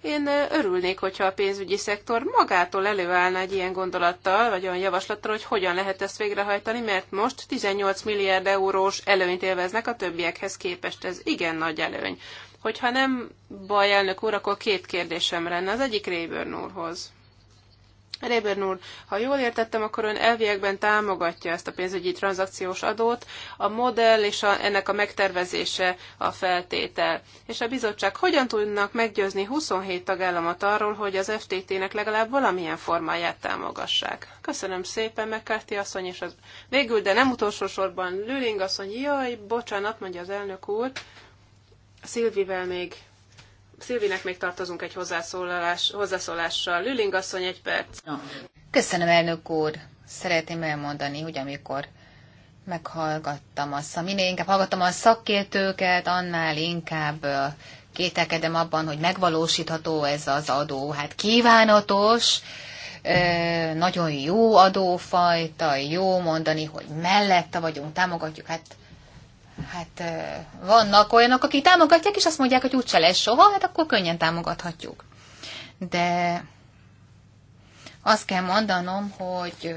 Én örülnék, hogyha a pénzügyi szektor magától előállna egy ilyen gondolattal, vagy olyan javaslattal, hogy hogyan lehet ezt végrehajtani, mert most 18 milliárd eurós előnyt élveznek a többiekhez képest. Ez igen nagy előny. Hogyha nem baj, elnök úr, akkor két kérdésem lenne. Az egyik Rayburn úrhoz. Rayburn úr, ha jól értettem, akkor ön elviekben támogatja ezt a pénzügyi tranzakciós adót, a modell és a, ennek a megtervezése a feltétel. És a bizottság hogyan tudnak meggyőzni 27 tagállamot arról, hogy az FTT-nek legalább valamilyen formáját támogassák? Köszönöm szépen, McCarthy asszony, és az végül, de nem utolsó sorban Lüling asszony, jaj, bocsánat, mondja az elnök úr, Szilvivel még, Szilvinek még tartozunk egy hozzászólás, hozzászólással. Lüling asszony, egy perc. Köszönöm, elnök úr. Szeretném elmondani, hogy amikor meghallgattam azt, minél inkább hallgattam a szakértőket, annál inkább kételkedem abban, hogy megvalósítható ez az adó. Hát kívánatos, nagyon jó adófajta, jó mondani, hogy mellette vagyunk, támogatjuk, hát Hát vannak olyanok, akik támogatják, és azt mondják, hogy úgyse lesz soha, hát akkor könnyen támogathatjuk. De azt kell mondanom, hogy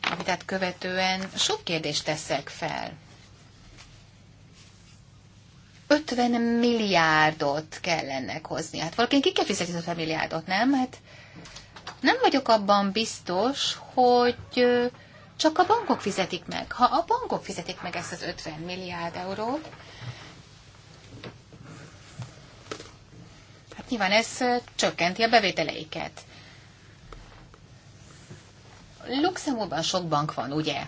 a vitát követően sok kérdést teszek fel. 50 milliárdot kellene hozni. Hát valaki ki kell fizetni 50 milliárdot, nem? Hát nem vagyok abban biztos, hogy csak a bankok fizetik meg. Ha a bankok fizetik meg ezt az 50 milliárd eurót, hát nyilván ez csökkenti a bevételeiket. Luxemburgban sok bank van, ugye?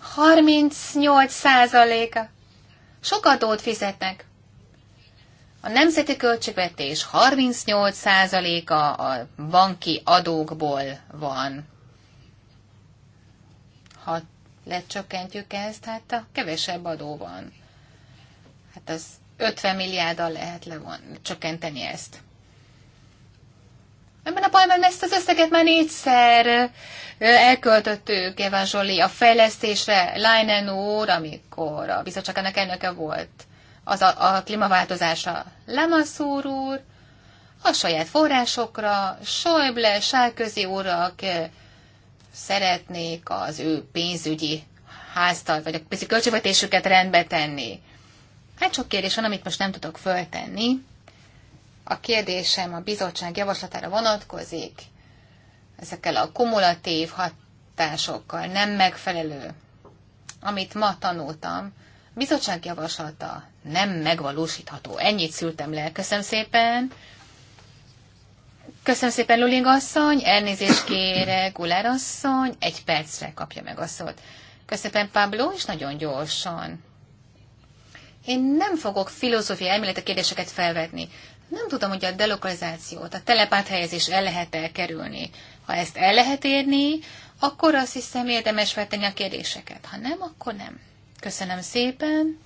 38 százaléka. Sok adót fizetnek. A nemzeti költségvetés 38 százaléka a banki adókból van ha lecsökkentjük ezt, hát a kevesebb adó van. Hát az 50 milliárddal lehet van csökkenteni ezt. Ebben a bajban ezt az összeget már négyszer elköltöttük Eva Zsoli a fejlesztésre, Leinen úr, amikor a bizottságának elnöke volt, az a, a klímaváltozása Lamassur úr, a saját forrásokra, Schäuble, Sárközi úrak szeretnék az ő pénzügyi háztal, vagy a pénzügyi költségvetésüket rendbe tenni. Hát sok kérdés van, amit most nem tudok föltenni. A kérdésem a bizottság javaslatára vonatkozik, ezekkel a kumulatív hatásokkal nem megfelelő, amit ma tanultam, bizottság javaslata nem megvalósítható. Ennyit szültem le. Köszönöm szépen. Köszönöm szépen, Luling asszony, elnézést kére, Gulár asszony, egy percre kapja meg a szót. Köszönöm szépen, Pablo, és nagyon gyorsan. Én nem fogok filozófia elméleti kérdéseket felvetni. Nem tudom, hogy a delokalizációt, a helyezés el lehet elkerülni. Ha ezt el lehet érni, akkor azt hiszem érdemes feltenni a kérdéseket. Ha nem, akkor nem. Köszönöm szépen.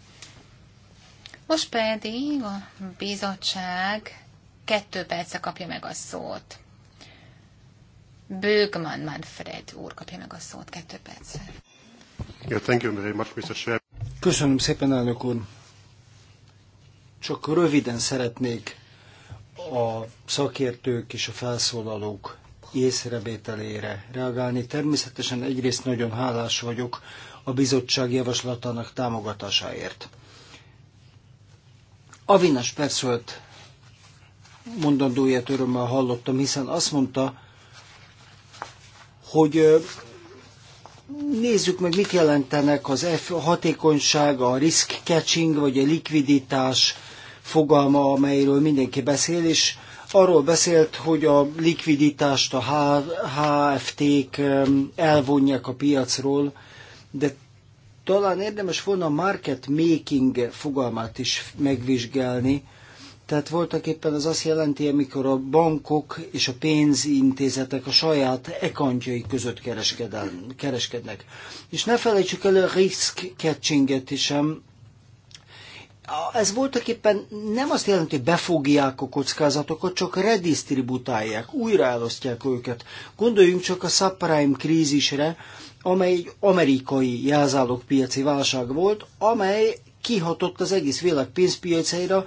Most pedig a bizottság kettő perce kapja meg a szót. Bögman Manfred úr kapja meg a szót kettő percre. Yeah, thank you very much, Mr. Chair. Köszönöm szépen, elnök úr. Csak röviden szeretnék a szakértők és a felszólalók észrevételére reagálni. Természetesen egyrészt nagyon hálás vagyok a bizottság javaslatának támogatásáért. Avinas Perszölt mondandóját örömmel hallottam, hiszen azt mondta, hogy nézzük meg, mit jelentenek az F hatékonyság, a risk catching, vagy a likviditás fogalma, amelyről mindenki beszél, és arról beszélt, hogy a likviditást a HFT-k elvonják a piacról, de talán érdemes volna a market making fogalmát is megvizsgálni, tehát voltak éppen az azt jelenti, amikor a bankok és a pénzintézetek a saját ekantjai között kereskednek. És ne felejtsük el a risk catchinget is sem. Ez voltak éppen nem azt jelenti, hogy befogják a kockázatokat, csak redistributálják, újraelosztják őket. Gondoljunk csak a subprime krízisre, amely egy amerikai jelzálogpiaci válság volt, amely kihatott az egész világ pénzpiacaira,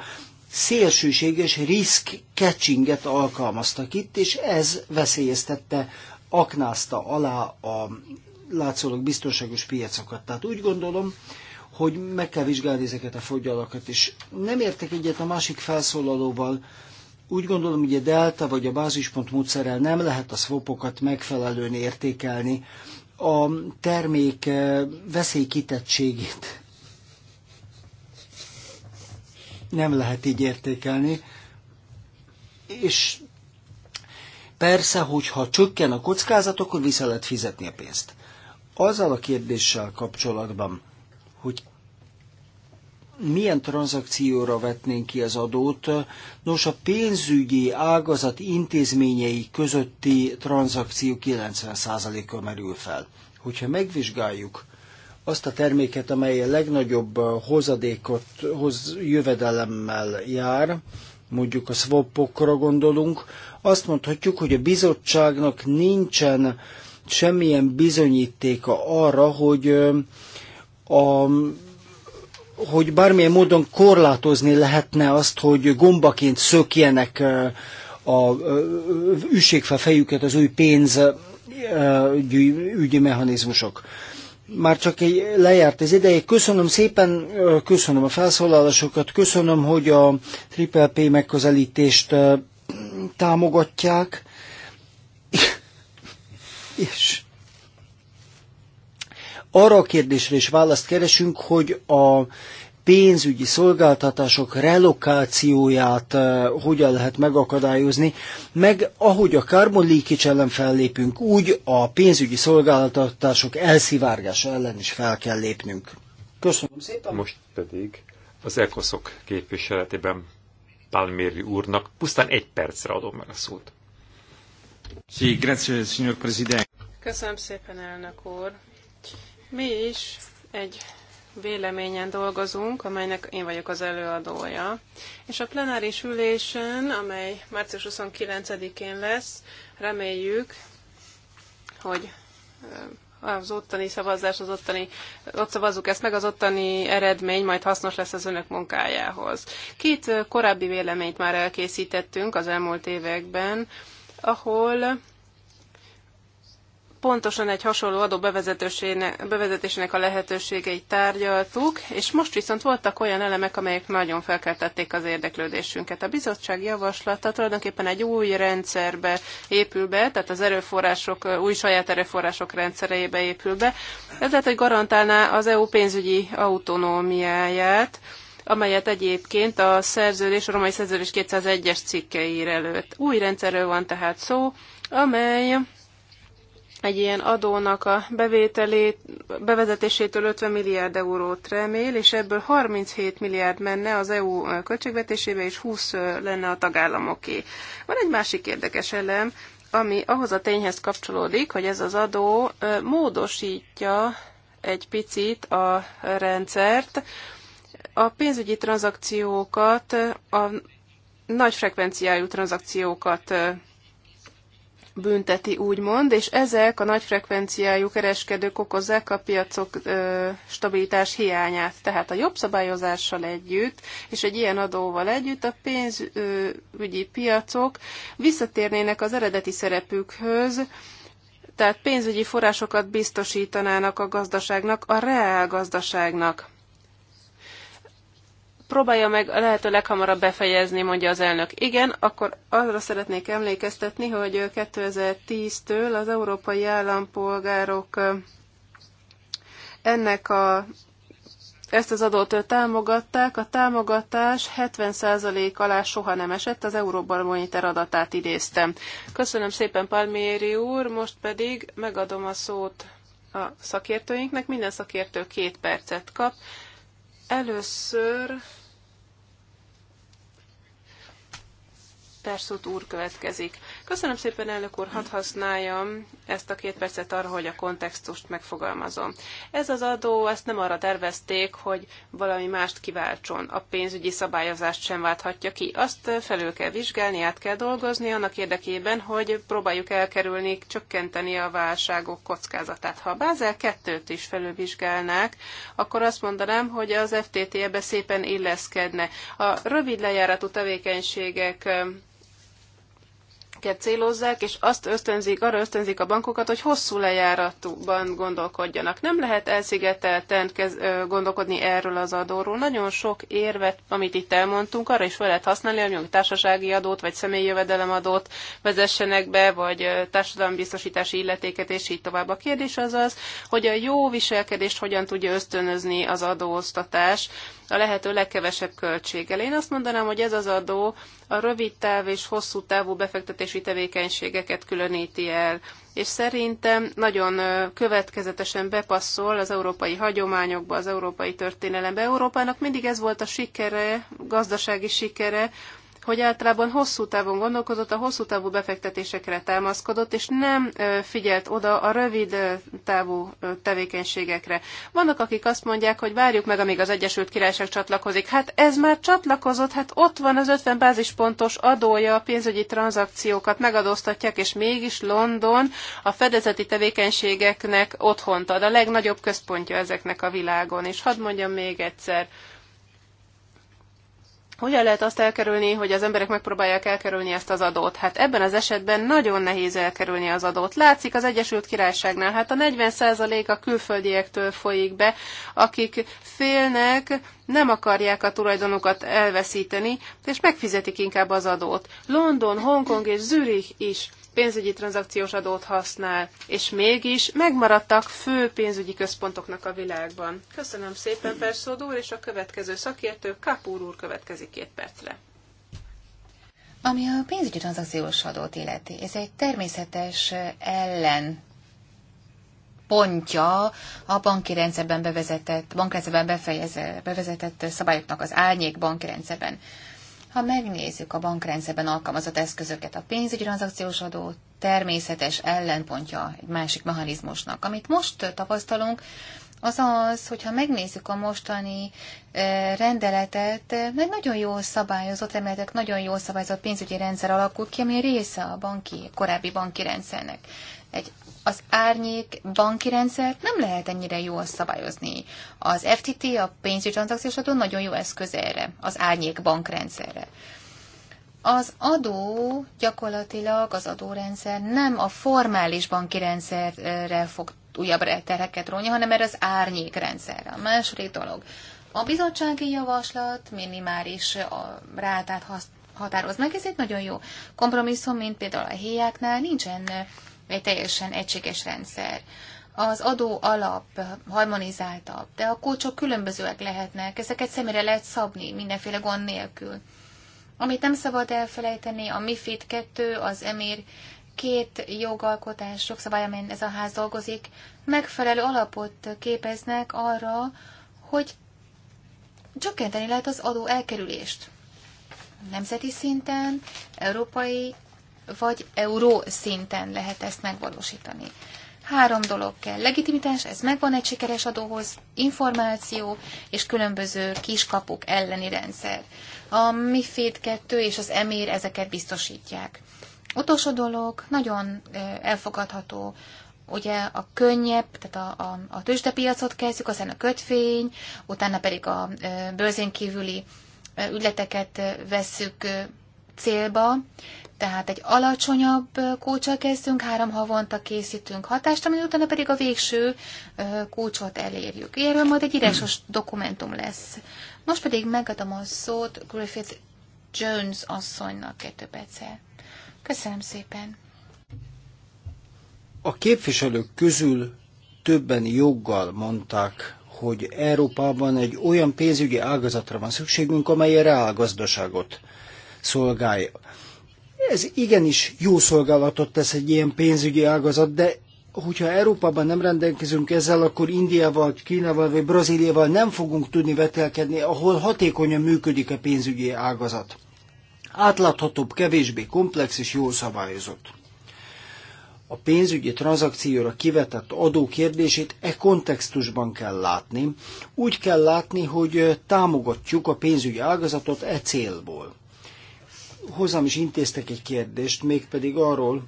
szélsőséges risk catchinget alkalmaztak itt, és ez veszélyeztette, aknázta alá a látszólag biztonságos piacokat. Tehát úgy gondolom, hogy meg kell vizsgálni ezeket a fogyalakat, és nem értek egyet a másik felszólalóval, úgy gondolom, hogy a delta vagy a bázispont módszerrel nem lehet a swapokat megfelelően értékelni. A termék eh, veszélykitettségét nem lehet így értékelni. És persze, hogyha csökken a kockázat, akkor vissza lehet fizetni a pénzt. Azzal a kérdéssel kapcsolatban, hogy milyen tranzakcióra vetnénk ki az adót. Nos, a pénzügyi ágazat intézményei közötti tranzakció 90%-a merül fel. Hogyha megvizsgáljuk azt a terméket, amely a legnagyobb uh, hozadékot, hoz, jövedelemmel jár, mondjuk a swapokra gondolunk, azt mondhatjuk, hogy a bizottságnak nincsen semmilyen bizonyítéka arra, hogy uh, a hogy bármilyen módon korlátozni lehetne azt, hogy gombaként szökjenek uh, a üssék fel fejüket az új pénz ügyi mechanizmusok már csak egy lejárt az ideje. Köszönöm szépen, köszönöm a felszólalásokat, köszönöm, hogy a P megközelítést támogatják. [LAUGHS] És arra a kérdésre is választ keresünk, hogy a pénzügyi szolgáltatások relokációját eh, hogyan lehet megakadályozni, meg ahogy a carbon leakage ellen fellépünk, úgy a pénzügyi szolgáltatások elszivárgása ellen is fel kell lépnünk. Köszönöm szépen! Most pedig az ECOSZOK képviseletében Palméri úrnak pusztán egy percre adom meg a szót. signor Köszönöm szépen, elnök úr. Mi is egy véleményen dolgozunk, amelynek én vagyok az előadója, és a plenáris ülésen, amely március 29-én lesz, reméljük, hogy az ottani szavazás, az ottani, ott szavazzuk ezt meg, az ottani eredmény majd hasznos lesz az önök munkájához. Két korábbi véleményt már elkészítettünk az elmúlt években, ahol pontosan egy hasonló adó bevezetésének a lehetőségeit tárgyaltuk, és most viszont voltak olyan elemek, amelyek nagyon felkeltették az érdeklődésünket. A bizottság javaslata tulajdonképpen egy új rendszerbe épül be, tehát az erőforrások, új saját erőforrások rendszerébe épül be. Ez lehet, hogy garantálná az EU pénzügyi autonómiáját, amelyet egyébként a szerződés, a romai szerződés 201-es cikke ír előtt. Új rendszerről van tehát szó, amely egy ilyen adónak a bevételét, bevezetésétől 50 milliárd eurót remél, és ebből 37 milliárd menne az EU költségvetésébe, és 20 lenne a tagállamoké. Van egy másik érdekes elem, ami ahhoz a tényhez kapcsolódik, hogy ez az adó módosítja egy picit a rendszert. A pénzügyi tranzakciókat, a nagy frekvenciájú tranzakciókat bünteti, úgymond, és ezek a nagy frekvenciájú kereskedők okozzák a piacok ö, stabilitás hiányát. Tehát a jobb szabályozással együtt, és egy ilyen adóval együtt a pénzügyi piacok visszatérnének az eredeti szerepükhöz, tehát pénzügyi forrásokat biztosítanának a gazdaságnak, a reál gazdaságnak próbálja meg a lehető leghamarabb befejezni, mondja az elnök. Igen, akkor arra szeretnék emlékeztetni, hogy 2010-től az európai állampolgárok ennek a ezt az adót támogatták, a támogatás 70% alá soha nem esett, az Euróbarométer adatát idéztem. Köszönöm szépen, Palmieri úr, most pedig megadom a szót a szakértőinknek, minden szakértő két percet kap. Először Társult úr következik. Köszönöm szépen, elnök úr, hadd használjam ezt a két percet arra, hogy a kontextust megfogalmazom. Ez az adó, ezt nem arra tervezték, hogy valami mást kiváltson. A pénzügyi szabályozást sem válthatja ki. Azt felül kell vizsgálni, át kell dolgozni annak érdekében, hogy próbáljuk elkerülni, csökkenteni a válságok kockázatát. Ha a Bázel 2-t is felülvizsgálnák, akkor azt mondanám, hogy az FTT-be szépen illeszkedne. A rövid lejáratú tevékenységek célozzák, és azt ösztönzik, arra ösztönzik a bankokat, hogy hosszú lejáratúban gondolkodjanak. Nem lehet elszigetelten kez, gondolkodni erről az adóról. Nagyon sok érvet, amit itt elmondtunk, arra is fel lehet használni, hogy mondjuk társasági adót, vagy személyi jövedelemadót vezessenek be, vagy társadalombiztosítási illetéket, és így tovább. A kérdés az az, hogy a jó viselkedést hogyan tudja ösztönözni az adóztatás, a lehető legkevesebb költséggel. Én azt mondanám, hogy ez az adó a rövid táv és hosszú távú befektetési tevékenységeket különíti el, és szerintem nagyon következetesen bepasszol az európai hagyományokba, az európai történelembe. Európának mindig ez volt a sikere, gazdasági sikere, hogy általában hosszú távon gondolkodott a hosszú távú befektetésekre támaszkodott, és nem figyelt oda a rövid távú tevékenységekre. Vannak, akik azt mondják, hogy várjuk meg, amíg az Egyesült Királyság csatlakozik. Hát ez már csatlakozott, hát ott van az 50 bázispontos adója, a pénzügyi tranzakciókat megadóztatják, és mégis London a fedezeti tevékenységeknek otthont ad, a legnagyobb központja ezeknek a világon. És hadd mondjam még egyszer, hogyan lehet azt elkerülni, hogy az emberek megpróbálják elkerülni ezt az adót? Hát ebben az esetben nagyon nehéz elkerülni az adót. Látszik az Egyesült Királyságnál, hát a 40% a külföldiektől folyik be, akik félnek, nem akarják a tulajdonukat elveszíteni, és megfizetik inkább az adót. London, Hongkong és Zürich is pénzügyi tranzakciós adót használ, és mégis megmaradtak fő pénzügyi központoknak a világban. Köszönöm szépen, Perszód úr, és a következő szakértő Kapúr úr következik két percre. Ami a pénzügyi tranzakciós adót illeti, ez egy természetes ellen pontja a banki rendszerben bevezetett, bankrendszerben befejezett bevezetett szabályoknak az árnyék banki rendszerben. Ha megnézzük a bankrendszerben alkalmazott eszközöket, a pénzügyi tranzakciós adó természetes ellenpontja egy másik mechanizmusnak. Amit most tapasztalunk, az az, hogyha megnézzük a mostani e, rendeletet, mert nagyon jó szabályozott, emeletek nagyon jó szabályozott pénzügyi rendszer alakult ki, ami része a banki, korábbi banki rendszernek. Egy az árnyék banki rendszert nem lehet ennyire jól szabályozni. Az FTT, a pénzügyi tranzakciós adó nagyon jó eszköz erre, az árnyék bankrendszerre. Az adó gyakorlatilag az adórendszer nem a formális banki rendszerre fog újabb terheket róni, hanem erre az árnyék rendszerre. A második dolog. A bizottsági javaslat minimális rátát határoz meg, ez egy nagyon jó kompromisszum, mint például a héjáknál nincsen egy teljesen egységes rendszer. Az adó alap harmonizáltabb, de a kulcsok különbözőek lehetnek, ezeket személyre lehet szabni mindenféle gond nélkül. Amit nem szabad elfelejteni, a MIFID 2, az EMIR két jogalkotás, jogszabály, amelyen ez a ház dolgozik, megfelelő alapot képeznek arra, hogy csökkenteni lehet az adó elkerülést. Nemzeti szinten, európai vagy euró szinten lehet ezt megvalósítani. Három dolog kell. Legitimitás, ez megvan egy sikeres adóhoz, információ és különböző kiskapuk elleni rendszer. A MIFID 2 és az EMIR ezeket biztosítják. Utolsó dolog, nagyon elfogadható, ugye a könnyebb, tehát a, a, a tőzsdepiacot kezdjük, aztán a kötvény, utána pedig a bőrzén kívüli ügyleteket vesszük célba. Tehát egy alacsonyabb kulcsal kezdünk, három havonta készítünk hatást, amely utána pedig a végső kulcsot elérjük. Erről majd egy írásos dokumentum lesz. Most pedig megadom a szót Griffith Jones asszonynak kettő perccel. Köszönöm szépen! A képviselők közül többen joggal mondták, hogy Európában egy olyan pénzügyi ágazatra van szükségünk, amely a reálgazdaságot szolgálja ez igenis jó szolgálatot tesz egy ilyen pénzügyi ágazat, de hogyha Európában nem rendelkezünk ezzel, akkor Indiával, Kínával vagy Brazíliával nem fogunk tudni vetelkedni, ahol hatékonyan működik a pénzügyi ágazat. Átláthatóbb, kevésbé komplex és jól szabályozott. A pénzügyi tranzakcióra kivetett adó kérdését e kontextusban kell látni. Úgy kell látni, hogy támogatjuk a pénzügyi ágazatot e célból hozzám is intéztek egy kérdést, mégpedig arról,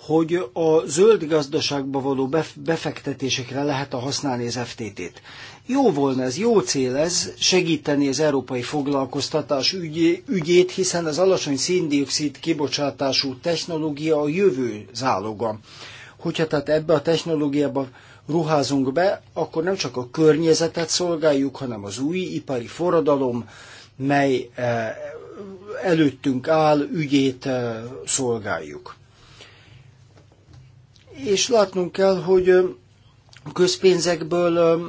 hogy a zöld gazdaságba való befektetésekre lehet a használni az FTT-t. Jó volna ez, jó cél ez, segíteni az európai foglalkoztatás ügyét, hiszen az alacsony széndiokszid kibocsátású technológia a jövő záloga. Hogyha tehát ebbe a technológiába ruházunk be, akkor nem csak a környezetet szolgáljuk, hanem az új ipari forradalom mely eh, előttünk áll, ügyét eh, szolgáljuk. És látnunk kell, hogy eh, közpénzekből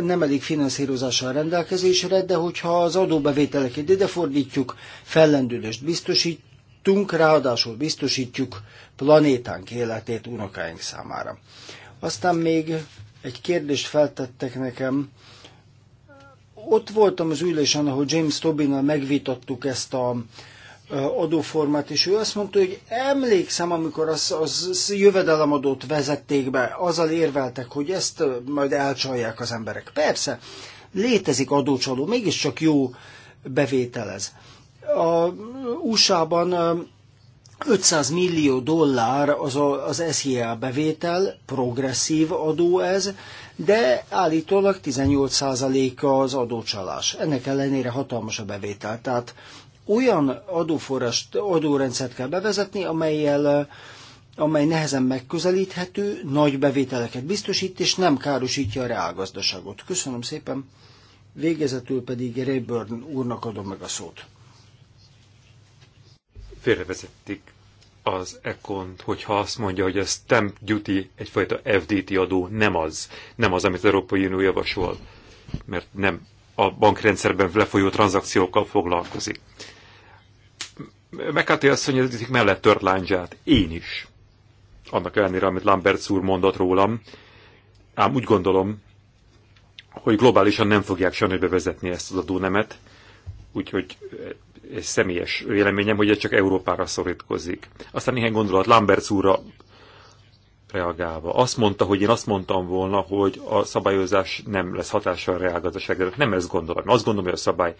nem elég finanszírozással rendelkezésre, de hogyha az adóbevételeket ide fordítjuk, fellendülést biztosítunk, ráadásul biztosítjuk planétánk életét unokáink számára. Aztán még egy kérdést feltettek nekem ott voltam az ülésen, ahol James Tobinnal megvitattuk ezt a adóformát, és ő azt mondta, hogy emlékszem, amikor az, az jövedelemadót vezették be, azzal érveltek, hogy ezt majd elcsalják az emberek. Persze, létezik adócsaló, mégiscsak jó bevételez. A USA-ban 500 millió dollár az, a, az SZIA bevétel, progresszív adó ez, de állítólag 18%-a az adócsalás. Ennek ellenére hatalmas a bevétel. Tehát olyan adóforrást, adórendszert kell bevezetni, amelyel amely nehezen megközelíthető, nagy bevételeket biztosít, és nem károsítja a reálgazdaságot. Köszönöm szépen. Végezetül pedig Rayburn úrnak adom meg a szót. Félrevezették az Econ, hogyha azt mondja, hogy a stamp duty egyfajta FDT adó nem az, nem az, amit az Európai Unió javasol, mert nem a bankrendszerben lefolyó tranzakciókkal foglalkozik. McCarthy azt mondja, hogy mellett tört láncsát. Én is. Annak ellenére, amit Lambert úr mondott rólam. Ám úgy gondolom, hogy globálisan nem fogják sajnos bevezetni ezt az adónemet, úgyhogy egy személyes véleményem, hogy ez csak Európára szorítkozik. Aztán néhány gondolat Lamberts úrra reagálva. Azt mondta, hogy én azt mondtam volna, hogy a szabályozás nem lesz hatással a reálgazdaságra. Nem ezt gondolom. Azt gondolom, hogy a szabály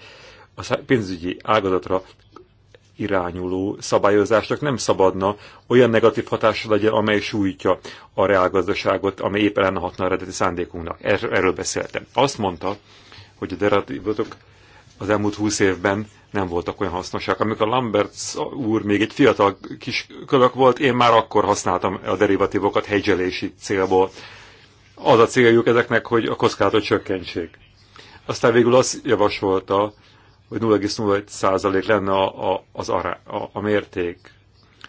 a pénzügyi ágazatra irányuló szabályozásnak nem szabadna olyan negatív hatása legyen, amely sújtja a reálgazdaságot, amely éppen épp ellenehatna eredeti szándékunknak. Er- erről beszéltem. Azt mondta, hogy a derivatok az elmúlt húsz évben nem voltak olyan hasznosak. Amikor Lambert úr még egy fiatal kis kölök volt, én már akkor használtam a derivatívokat hegyzselési célból. Az a céljuk ezeknek, hogy a kockázatot csökkentsék. Aztán végül azt javasolta, hogy 0,01% lenne a, a, az ará, a, a mérték.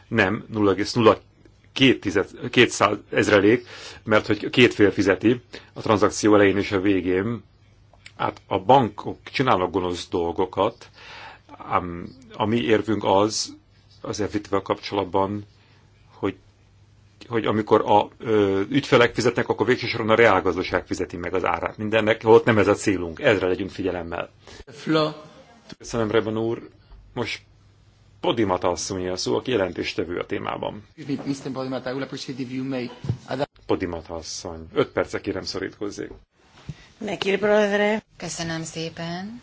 Nem, 0,02 ezrelék, mert hogy két fél fizeti a tranzakció elején és a végén, Hát a bankok csinálnak gonosz dolgokat, ám a mi érvünk az, az EFIT-vel kapcsolatban, hogy, hogy amikor a ö, ügyfelek fizetnek, akkor végső soron a reálgazdaság fizeti meg az árát mindennek, holott nem ez a célunk, ezre legyünk figyelemmel. Fla. Köszönöm, Reben úr. Most Podimata asszonyi a szó, aki jelentéstevő a témában. Podimata asszony. Öt perce kérem szorítkozzék. Köszönöm szépen.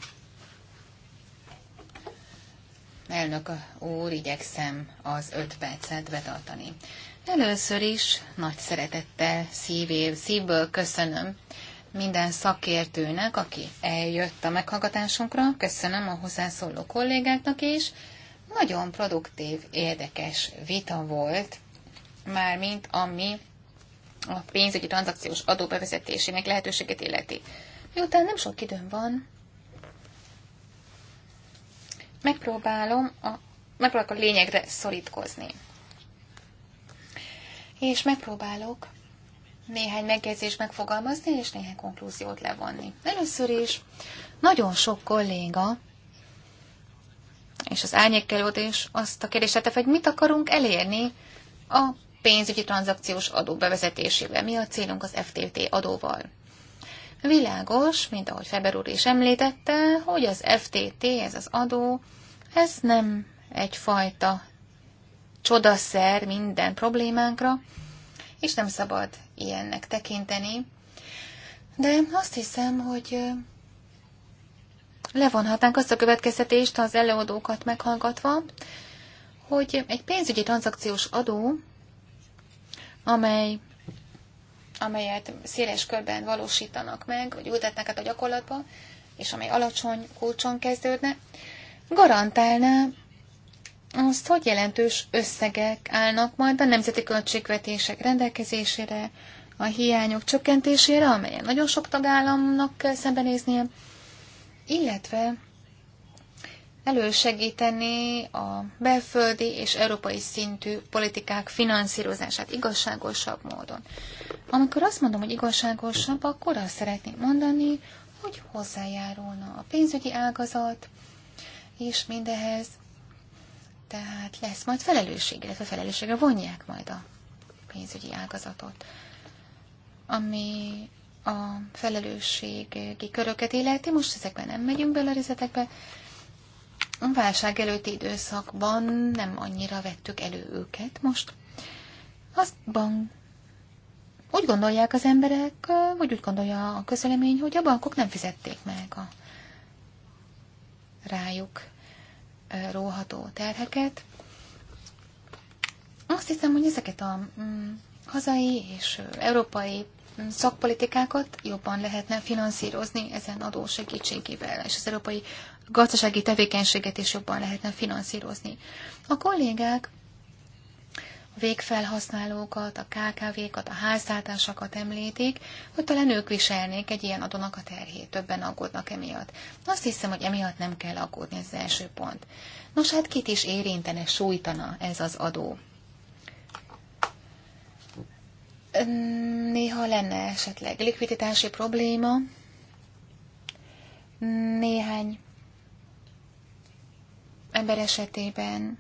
Elnök úr, igyekszem az öt percet betartani. Először is nagy szeretettel szívév, szívből köszönöm minden szakértőnek, aki eljött a meghallgatásunkra, köszönöm a hozzászóló kollégáknak is. Nagyon produktív, érdekes vita volt, mármint ami a pénzügyi tranzakciós adó bevezetésének lehetőséget illeti. Miután nem sok időm van, megpróbálom a, megpróbálok a lényegre szorítkozni. És megpróbálok néhány megjegyzést megfogalmazni, és néhány konklúziót levonni. Először is nagyon sok kolléga, és az árnyékkelőd és azt a kérdést hogy mit akarunk elérni a pénzügyi tranzakciós adó bevezetésével. Mi a célunk az FTT adóval? Világos, mint ahogy Feber úr is említette, hogy az FTT, ez az adó, ez nem egyfajta csodaszer minden problémánkra, és nem szabad ilyennek tekinteni. De azt hiszem, hogy levonhatnánk azt a következtetést az előadókat meghallgatva, hogy egy pénzügyi tranzakciós adó amely, amelyet széles körben valósítanak meg, vagy ültetnek át a gyakorlatba, és amely alacsony kulcson kezdődne, garantálná azt, hogy jelentős összegek állnak majd a nemzeti költségvetések rendelkezésére, a hiányok csökkentésére, amelyen nagyon sok tagállamnak kell szembenéznie, illetve elősegíteni a belföldi és európai szintű politikák finanszírozását igazságosabb módon. Amikor azt mondom, hogy igazságosabb, akkor azt szeretném mondani, hogy hozzájárulna a pénzügyi ágazat, és mindehez tehát lesz majd felelősség, illetve felelősségre vonják majd a pénzügyi ágazatot, ami a felelősségi köröket illeti. Most ezekben nem megyünk bele a részletekbe, a válság előtti időszakban nem annyira vettük elő őket most. Azban. úgy gondolják az emberek, vagy úgy gondolja a közlemény, hogy a bankok nem fizették meg a rájuk róható terheket. Azt hiszem, hogy ezeket a mm, hazai és európai mm, szakpolitikákat jobban lehetne finanszírozni ezen adó segítségével, és az európai gazdasági tevékenységet is jobban lehetne finanszírozni. A kollégák a végfelhasználókat, a KKV-kat, a háztartásokat említik, hogy talán ők viselnék egy ilyen adónak a terhét, többen aggódnak emiatt. Azt hiszem, hogy emiatt nem kell aggódni, ez az első pont. Nos, hát kit is érintene, sújtana ez az adó? Néha lenne esetleg likviditási probléma, néhány ember esetében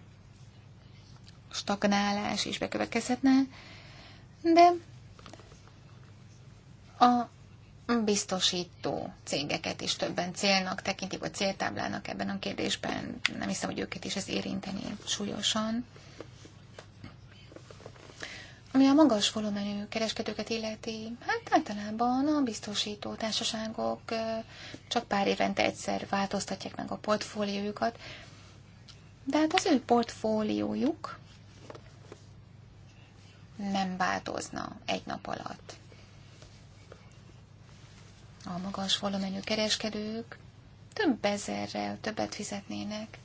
stagnálás is bekövetkezhetne, de a biztosító cégeket is többen célnak tekintik, a céltáblának ebben a kérdésben. Nem hiszem, hogy őket is ez érinteni súlyosan. Ami a magas volumenű kereskedőket illeti, hát általában a biztosító társaságok csak pár évente egyszer változtatják meg a portfóliójukat, de hát az ő portfóliójuk nem változna egy nap alatt. A magas volumenű kereskedők több ezerrel többet fizetnének,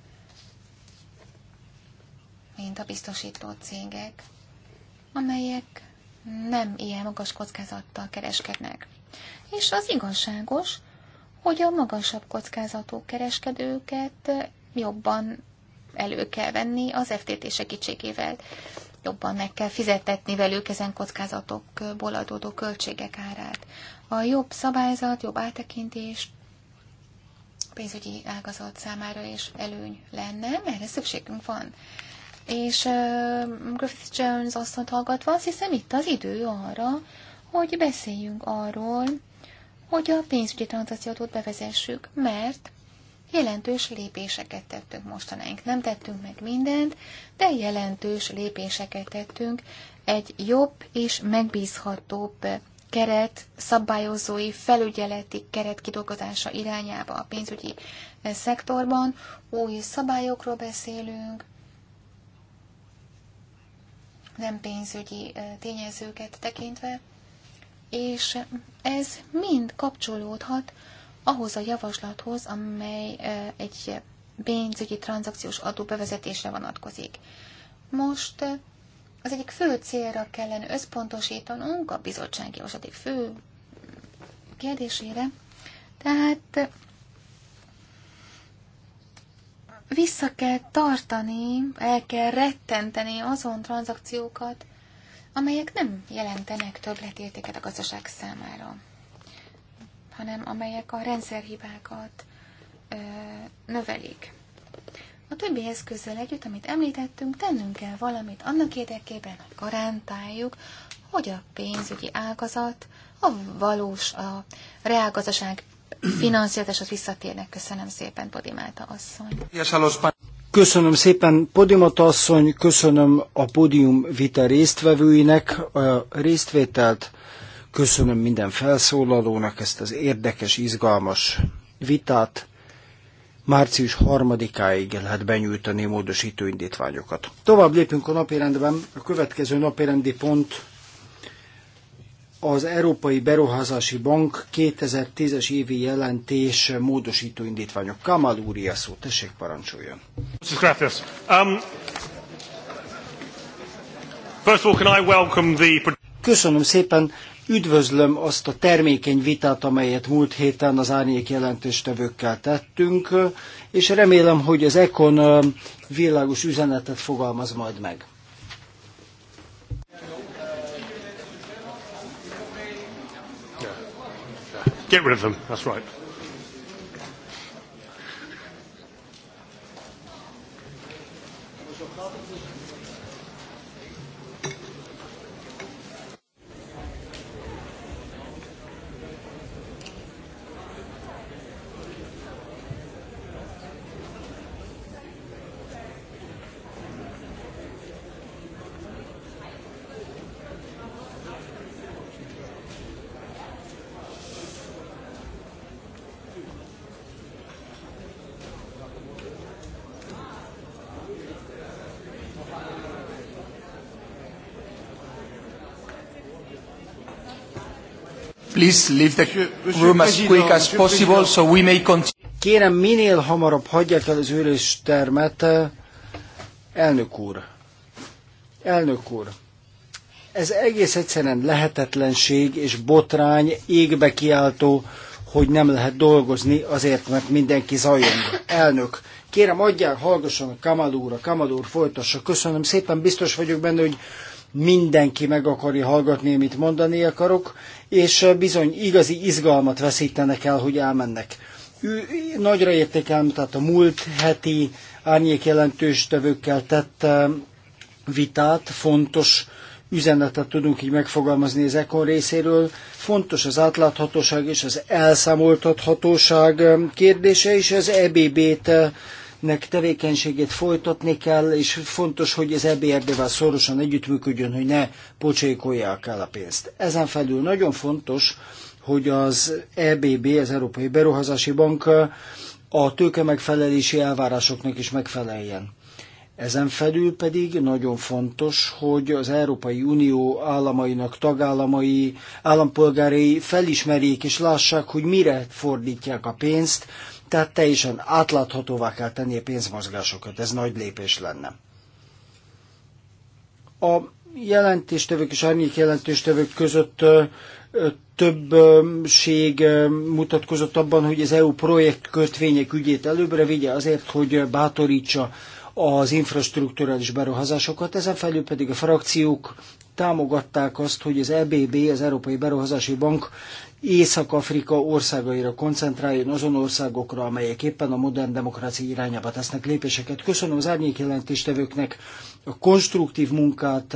mint a biztosító cégek, amelyek nem ilyen magas kockázattal kereskednek. És az igazságos, hogy a magasabb kockázatú kereskedőket jobban elő kell venni az FTT segítségével. Jobban meg kell fizetetni velük ezen kockázatokból adódó költségek árát. A jobb szabályzat, jobb áttekintés pénzügyi ágazat számára is előny lenne, erre szükségünk van. És uh, Griffith Jones azt hallgatva, azt hiszem itt az idő arra, hogy beszéljünk arról, hogy a pénzügyi tranzakciót bevezessük, mert Jelentős lépéseket tettünk mostanáink. Nem tettünk meg mindent, de jelentős lépéseket tettünk egy jobb és megbízhatóbb keret szabályozói felügyeleti keret kidolgozása irányába a pénzügyi eh, szektorban. Új szabályokról beszélünk, nem pénzügyi eh, tényezőket tekintve, és ez mind kapcsolódhat ahhoz a javaslathoz, amely egy pénzügyi tranzakciós adó bevezetésre vonatkozik. Most az egyik fő célra kellene összpontosítanunk, a bizottsági javaslatik fő kérdésére. Tehát vissza kell tartani, el kell rettenteni azon tranzakciókat, amelyek nem jelentenek többletértéket a gazdaság számára hanem amelyek a rendszerhibákat ö, növelik. A többi eszközzel együtt, amit említettünk, tennünk kell valamit annak érdekében, hogy garantáljuk, hogy a pénzügyi ágazat, a valós, a reálgazdaság finanszírozáshoz visszatérnek. Köszönöm szépen, Podimáta asszony. Köszönöm szépen, Podimata asszony, köszönöm a pódium vita résztvevőinek a résztvételt. Köszönöm minden felszólalónak ezt az érdekes, izgalmas vitát. Március 3-áig lehet benyújtani módosító indítványokat. Tovább lépünk a napirendben. A következő napirendi pont az Európai Beruházási Bank 2010-es évi jelentés módosító indítványok. Kamal úr, szó, tessék parancsoljon. Um, Köszönöm szépen. Üdvözlöm azt a termékeny vitát, amelyet múlt héten az árnyék jelentéstevőkkel tettünk, és remélem, hogy az ECON világos üzenetet fogalmaz majd meg. Get rid of them, that's right. Please leave the room as quick as possible, so we may continue. Kérem, minél hamarabb hagyják el az üléstermet. Eh, elnök úr, elnök úr, ez egész egyszerűen lehetetlenség és botrány, égbe kiáltó, hogy nem lehet dolgozni azért, mert mindenki zajong. Elnök, kérem adják, hallgasson a Kamal úr, a Kamal úr folytassa. Köszönöm szépen, biztos vagyok benne, hogy mindenki meg akarja hallgatni, amit mondani akarok, és eh, bizony igazi izgalmat veszítenek el, hogy elmennek. Ő, nagyra értékelem, tehát a múlt heti árnyék jelentős tevőkkel tett eh, vitát, fontos üzenetet tudunk így megfogalmazni az Ekon részéről. Fontos az átláthatóság és az elszámoltathatóság eh, kérdése, és az EBB-t nek tevékenységét folytatni kell, és fontos, hogy az EBRD-vel szorosan együttműködjön, hogy ne pocsékolják el a pénzt. Ezen felül nagyon fontos, hogy az EBB, az Európai Beruházási Bank a tőke megfelelési elvárásoknak is megfeleljen. Ezen felül pedig nagyon fontos, hogy az Európai Unió államainak tagállamai, állampolgárai felismerjék és lássák, hogy mire fordítják a pénzt, tehát teljesen átláthatóvá kell tenni a pénzmozgásokat, ez nagy lépés lenne. A jelentéstevők és árnyék jelentéstevők között többség mutatkozott abban, hogy az EU projektkötvények ügyét előbbre vigye azért, hogy bátorítsa az infrastruktúrális beruházásokat, ezen felül pedig a frakciók támogatták azt, hogy az EBB, az Európai Beruházási Bank Észak-Afrika országaira koncentráljon azon országokra, amelyek éppen a modern demokrácia irányába tesznek lépéseket. Köszönöm az árnyék jelentéstevőknek a konstruktív munkát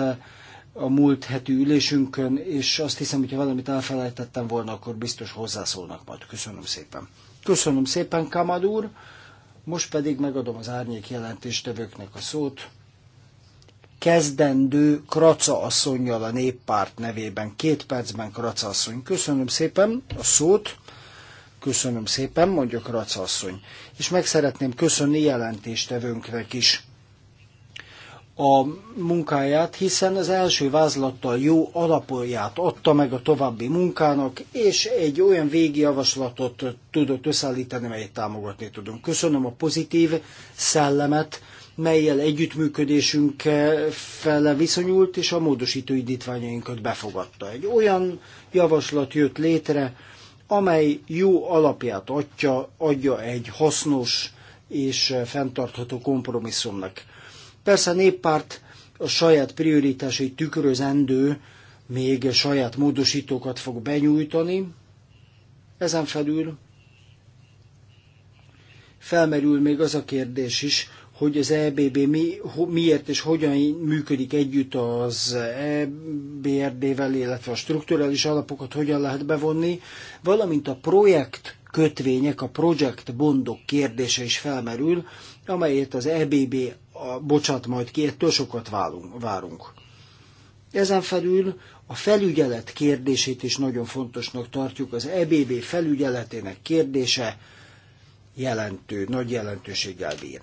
a múlt heti ülésünkön, és azt hiszem, hogyha valamit elfelejtettem volna, akkor biztos hozzászólnak majd. Köszönöm szépen. Köszönöm szépen, Kamad úr. Most pedig megadom az árnyék jelentéstevőknek a szót. Kezdendő Kraca asszonyjal a néppárt nevében. Két percben Kraca asszony. Köszönöm szépen a szót. Köszönöm szépen, mondja Kraca asszony. És meg szeretném köszönni jelentéstevőnknek is a munkáját, hiszen az első vázlattal jó alapolját adta meg a további munkának, és egy olyan végjavaslatot tudott összeállítani, melyet támogatni tudunk. Köszönöm a pozitív szellemet, melyel együttműködésünk fele viszonyult, és a módosító indítványainkat befogadta. Egy olyan javaslat jött létre, amely jó alapját adja, adja egy hasznos és fenntartható kompromisszumnak. Persze a néppárt a saját prioritásai tükrözendő még saját módosítókat fog benyújtani. Ezen felül felmerül még az a kérdés is, hogy az EBB mi, ho, miért és hogyan működik együtt az EBRD-vel, illetve a strukturális alapokat hogyan lehet bevonni, valamint a projekt kötvények, a project bondok kérdése is felmerül, amelyet az EBB a, bocsát majd ki, ettől sokat válunk, várunk. Ezen felül a felügyelet kérdését is nagyon fontosnak tartjuk. Az EBB felügyeletének kérdése jelentő, nagy jelentőséggel bír.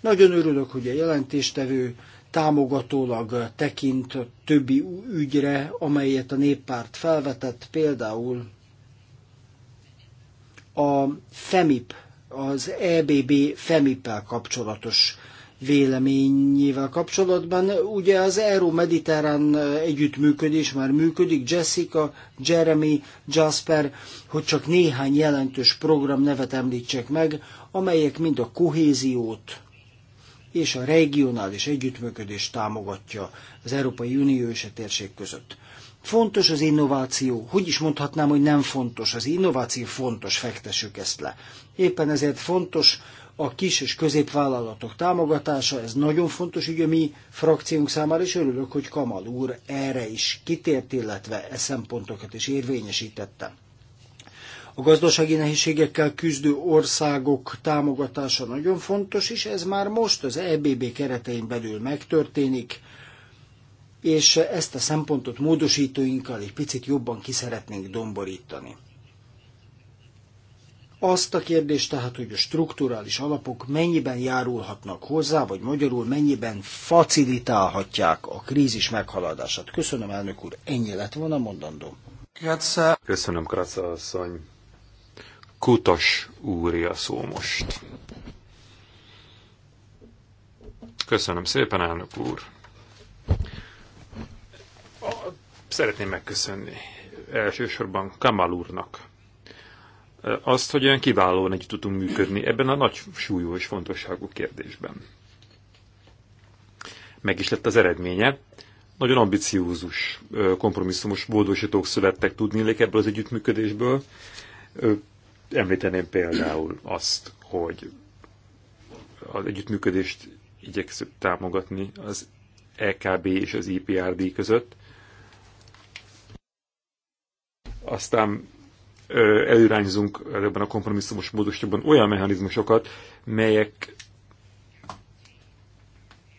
Nagyon örülök, hogy a jelentéstevő támogatólag tekint a többi ügyre, amelyet a néppárt felvetett, például a FEMIP, az EBB FEMIP-el kapcsolatos véleményével kapcsolatban. Ugye az Euró-Mediterrán együttműködés már működik, Jessica, Jeremy, Jasper, hogy csak néhány jelentős program nevet említsek meg, amelyek mind a kohéziót és a regionális együttműködést támogatja az Európai Unió és a térség között. Fontos az innováció. Hogy is mondhatnám, hogy nem fontos? Az innováció fontos, fektessük ezt le. Éppen ezért fontos, a kis és középvállalatok támogatása, ez nagyon fontos ugye mi frakciónk számára, is örülök, hogy Kamal úr erre is kitért, illetve e szempontokat is érvényesítette. A gazdasági nehézségekkel küzdő országok támogatása nagyon fontos, és ez már most az EBB keretein belül megtörténik, és ezt a szempontot módosítóinkkal egy picit jobban kiszeretnénk domborítani azt a kérdést tehát, hogy a strukturális alapok mennyiben járulhatnak hozzá, vagy magyarul mennyiben facilitálhatják a krízis meghaladását. Köszönöm, elnök úr, ennyi lett volna mondandó. Köszönöm, Kraca asszony. Kutas úri a szó most. Köszönöm szépen, elnök úr. Szeretném megköszönni elsősorban Kamal úrnak azt, hogy olyan kiválóan együtt tudunk működni ebben a nagy súlyú és fontosságú kérdésben. Meg is lett az eredménye. Nagyon ambiciózus, kompromisszumos módosítók születtek tudni ebből az együttműködésből. Említeném például azt, hogy az együttműködést igyekszük támogatni az EKB és az IPRD között. Aztán előrányzunk ebben a kompromisszumos módosítóban olyan mechanizmusokat, melyek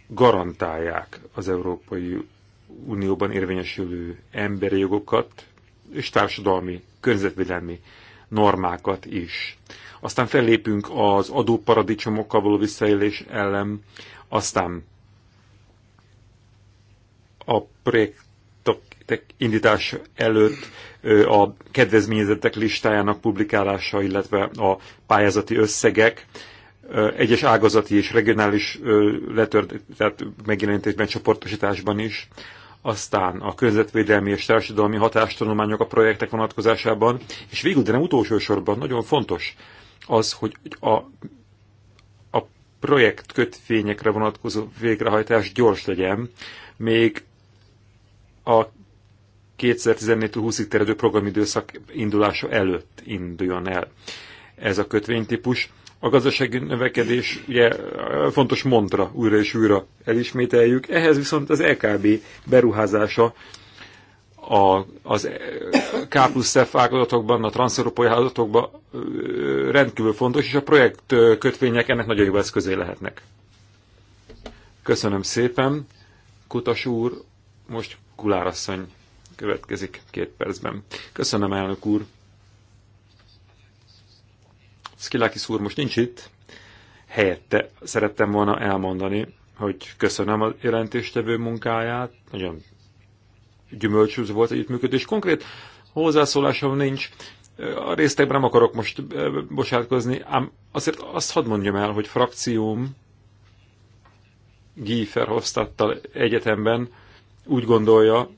garantálják az Európai Unióban érvényesülő emberi jogokat és társadalmi, környezetvédelmi normákat is. Aztán fellépünk az adóparadicsomokkal való visszaélés ellen, aztán a projekt projektek indítás előtt a kedvezményezettek listájának publikálása, illetve a pályázati összegek, egyes ágazati és regionális letört, tehát megjelenítésben, csoportosításban is, aztán a környezetvédelmi és társadalmi hatástanulmányok a projektek vonatkozásában, és végül, de nem utolsó sorban nagyon fontos az, hogy a, a projekt kötvényekre vonatkozó végrehajtás gyors legyen, még a 2014-20-ig terjedő programidőszak indulása előtt induljon el ez a kötvénytípus. A gazdasági növekedés ugye fontos montra újra és újra elismételjük, ehhez viszont az LKB e beruházása a, az e, K plusz F ágazatokban, a transzeurópai hálózatokban rendkívül fontos, és a projekt kötvények ennek nagyon jó eszközé lehetnek. Köszönöm szépen. Kutas úr, most Kulárasszony következik két percben. Köszönöm, elnök úr. Szkilákis úr most nincs itt, helyette szerettem volna elmondani, hogy köszönöm a jelentéstevő munkáját, nagyon gyümölcsös volt együttműködés. Konkrét hozzászólásom nincs, a résztekben nem akarok most bosátkozni, ám azért azt hadd mondjam el, hogy frakcióm Giefer Verhofstadttal egyetemben úgy gondolja,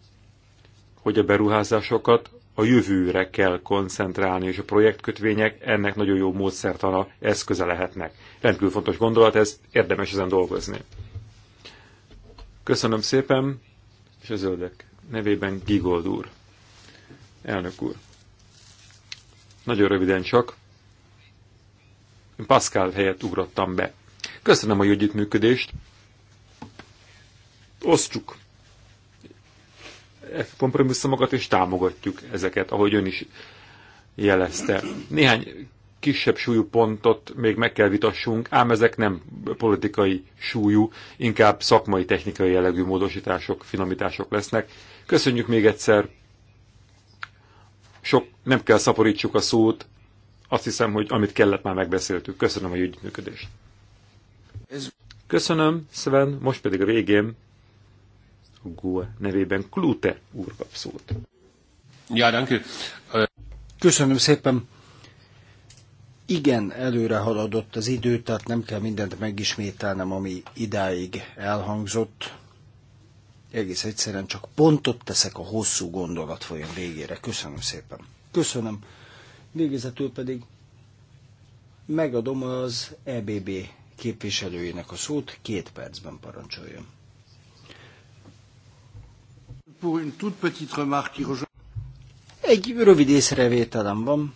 hogy a beruházásokat a jövőre kell koncentrálni, és a projektkötvények ennek nagyon jó módszertana eszköze lehetnek. Rendkívül fontos gondolat, ez érdemes ezen dolgozni. Köszönöm szépen, és a zöldek nevében Gigold úr. Elnök úr. Nagyon röviden csak. Pascal helyett ugrottam be. Köszönöm a együttműködést. Osztjuk kompromisszumokat, és támogatjuk ezeket, ahogy ön is jelezte. Néhány kisebb súlyú pontot még meg kell vitassunk, ám ezek nem politikai súlyú, inkább szakmai, technikai jellegű módosítások, finomítások lesznek. Köszönjük még egyszer, sok, nem kell szaporítsuk a szót, azt hiszem, hogy amit kellett, már megbeszéltük. Köszönöm a együttműködést. Köszönöm, Sven, most pedig a végén GUE nevében Klute úr szót. Ja, danke. Köszönöm szépen. Igen, előre haladott az idő, tehát nem kell mindent megismételnem, ami idáig elhangzott. Egész egyszerűen csak pontot teszek a hosszú gondolat folyam végére. Köszönöm szépen. Köszönöm. Végezetül pedig megadom az EBB képviselőjének a szót, két percben parancsoljon. Egy rövid észrevételem van.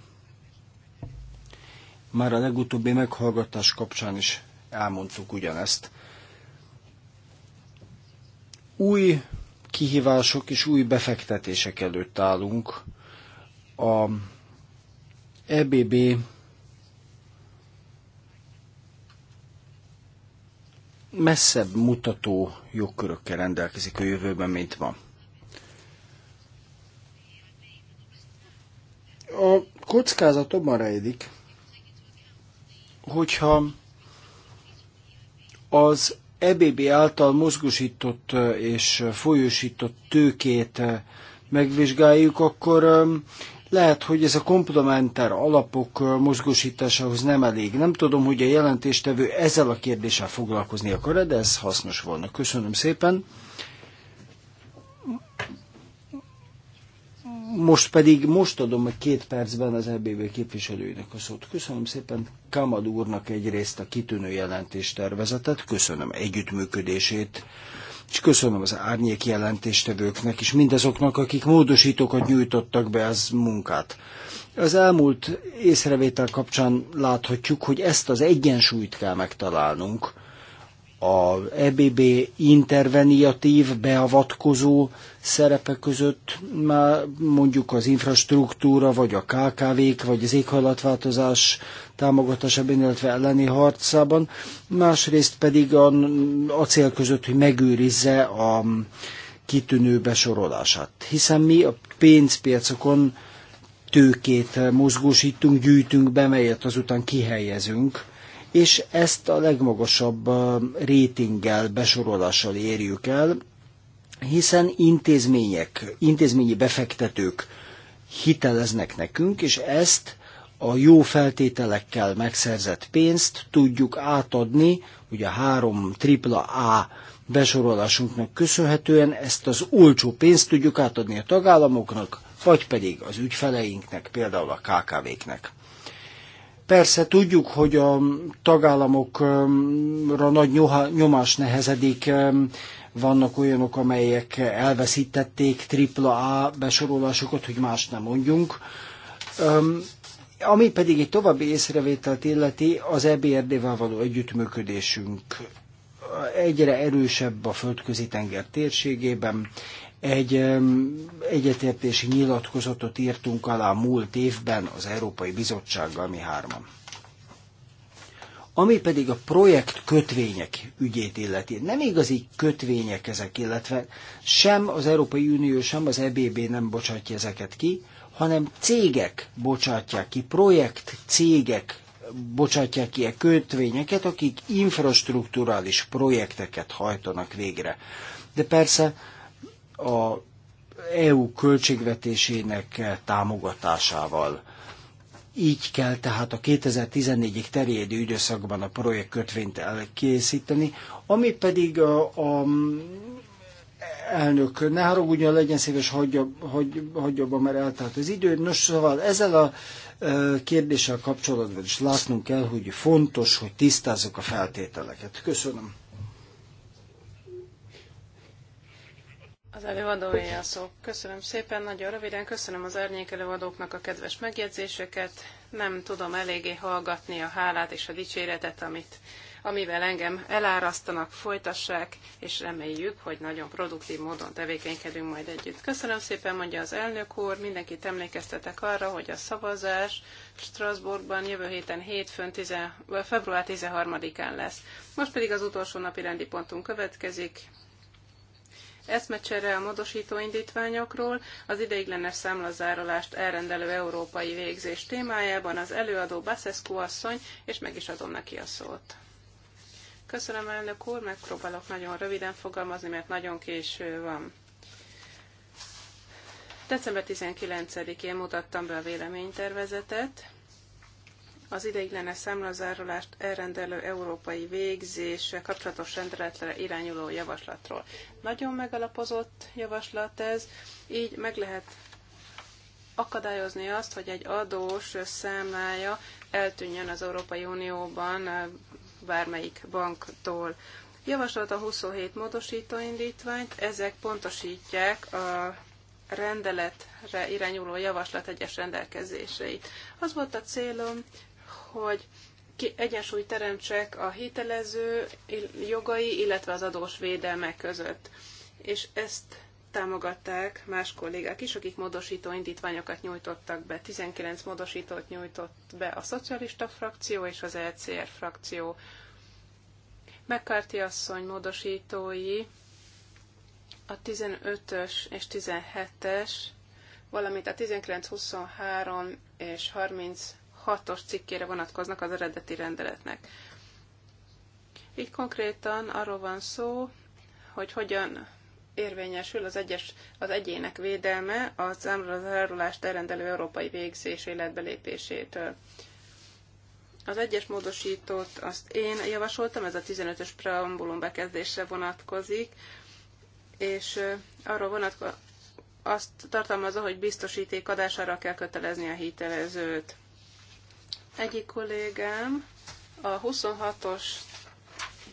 Már a legutóbbi meghallgatás kapcsán is elmondtuk ugyanezt. Új kihívások és új befektetések előtt állunk. A EBB messzebb mutató jogkörökkel rendelkezik a jövőben, mint ma. A kockázat abban rejlik, hogyha az EBB által mozgósított és folyósított tőkét megvizsgáljuk, akkor lehet, hogy ez a komplementer alapok mozgósításához nem elég. Nem tudom, hogy a jelentéstevő ezzel a kérdéssel foglalkozni akar, de ez hasznos volna. Köszönöm szépen. Most pedig most adom meg két percben az EBB képviselőinek a szót. Köszönöm szépen Kamad úrnak egyrészt a kitűnő jelentést tervezetet, köszönöm együttműködését, és köszönöm az árnyék jelentéstevőknek, és mindazoknak, akik módosítókat nyújtottak be az munkát. Az elmúlt észrevétel kapcsán láthatjuk, hogy ezt az egyensúlyt kell megtalálnunk, a EBB interveniatív, beavatkozó szerepe között, már mondjuk az infrastruktúra, vagy a KKV-k, vagy az éghajlatváltozás támogatásában, illetve elleni harcában, másrészt pedig a, a cél között, hogy megőrizze a kitűnő besorolását. Hiszen mi a pénzpiacokon tőkét mozgósítunk, gyűjtünk be, melyet azután kihelyezünk, és ezt a legmagasabb rétinggel, besorolással érjük el, hiszen intézmények, intézményi befektetők hiteleznek nekünk, és ezt a jó feltételekkel megszerzett pénzt tudjuk átadni, ugye a három tripla A besorolásunknak köszönhetően ezt az olcsó pénzt tudjuk átadni a tagállamoknak, vagy pedig az ügyfeleinknek, például a KKV-knek. Persze tudjuk, hogy a tagállamokra nagy nyomás nehezedik, vannak olyanok, amelyek elveszítették tripla A besorolásokat, hogy más nem mondjunk. Ami pedig egy további észrevételt illeti, az EBRD-vel való együttműködésünk egyre erősebb a földközi tenger térségében, egy egyetértési nyilatkozatot írtunk alá múlt évben az Európai Bizottsággal mi hárman. Ami pedig a projekt kötvények ügyét illeti. Nem igazi kötvények ezek, illetve sem az Európai Unió, sem az EBB nem bocsátja ezeket ki, hanem cégek bocsátják ki, projekt cégek bocsátják ki a kötvényeket, akik infrastruktúrális projekteket hajtanak végre. De persze a EU költségvetésének támogatásával. Így kell tehát a 2014-ig terjedő időszakban a kötvényt elkészíteni, ami pedig a, a elnök, ne haragudjon, legyen szíves, hagyja, hagy, hagyja abba, mert eltelt az idő. Nos, szóval ezzel a e, kérdéssel kapcsolatban is látnunk kell, hogy fontos, hogy tisztázzuk a feltételeket. Köszönöm. előadói a szó. Köszönöm szépen, nagyon röviden köszönöm az árnyék előadóknak a kedves megjegyzéseket. Nem tudom eléggé hallgatni a hálát és a dicséretet, amit, amivel engem elárasztanak, folytassák, és reméljük, hogy nagyon produktív módon tevékenykedünk majd együtt. Köszönöm szépen, mondja az elnök úr, mindenkit emlékeztetek arra, hogy a szavazás Strasbourgban jövő héten hétfőn 10, február 13-án lesz. Most pedig az utolsó napi rendi pontunk következik, eszmecsere a módosító indítványokról, az ideiglenes számlazárolást elrendelő európai végzés témájában az előadó Baszeszku asszony, és meg is adom neki a szót. Köszönöm, elnök úr, megpróbálok nagyon röviden fogalmazni, mert nagyon késő van. December 19-én mutattam be a véleménytervezetet, az ideiglenes számlazárolást elrendelő európai végzés, kapcsolatos rendeletre irányuló javaslatról. Nagyon megalapozott javaslat ez, így meg lehet akadályozni azt, hogy egy adós számlája eltűnjön az Európai Unióban eh, bármelyik banktól. Javasolt a 27 módosító indítványt, ezek pontosítják a rendeletre irányuló javaslat egyes rendelkezéseit. Az volt a célom, hogy egyensúly teremtsek a hitelező jogai, illetve az adós védelme között. És ezt támogatták más kollégák is, akik módosító indítványokat nyújtottak be. 19 módosítót nyújtott be a szocialista frakció és az LCR e frakció. McCarthy asszony módosítói a 15-ös és 17-es, valamint a 19, 23 és 30 6-os cikkére vonatkoznak az eredeti rendeletnek. Így konkrétan arról van szó, hogy hogyan érvényesül az, egyes, az egyének védelme az elrulást elrendelő európai végzés életbelépésétől. Az egyes módosítót azt én javasoltam, ez a 15-ös preambulum bekezdésre vonatkozik, és arról vonatko- azt tartalmazza, hogy biztosíték adására kell kötelezni a hitelezőt. Egyik kollégám a 26-os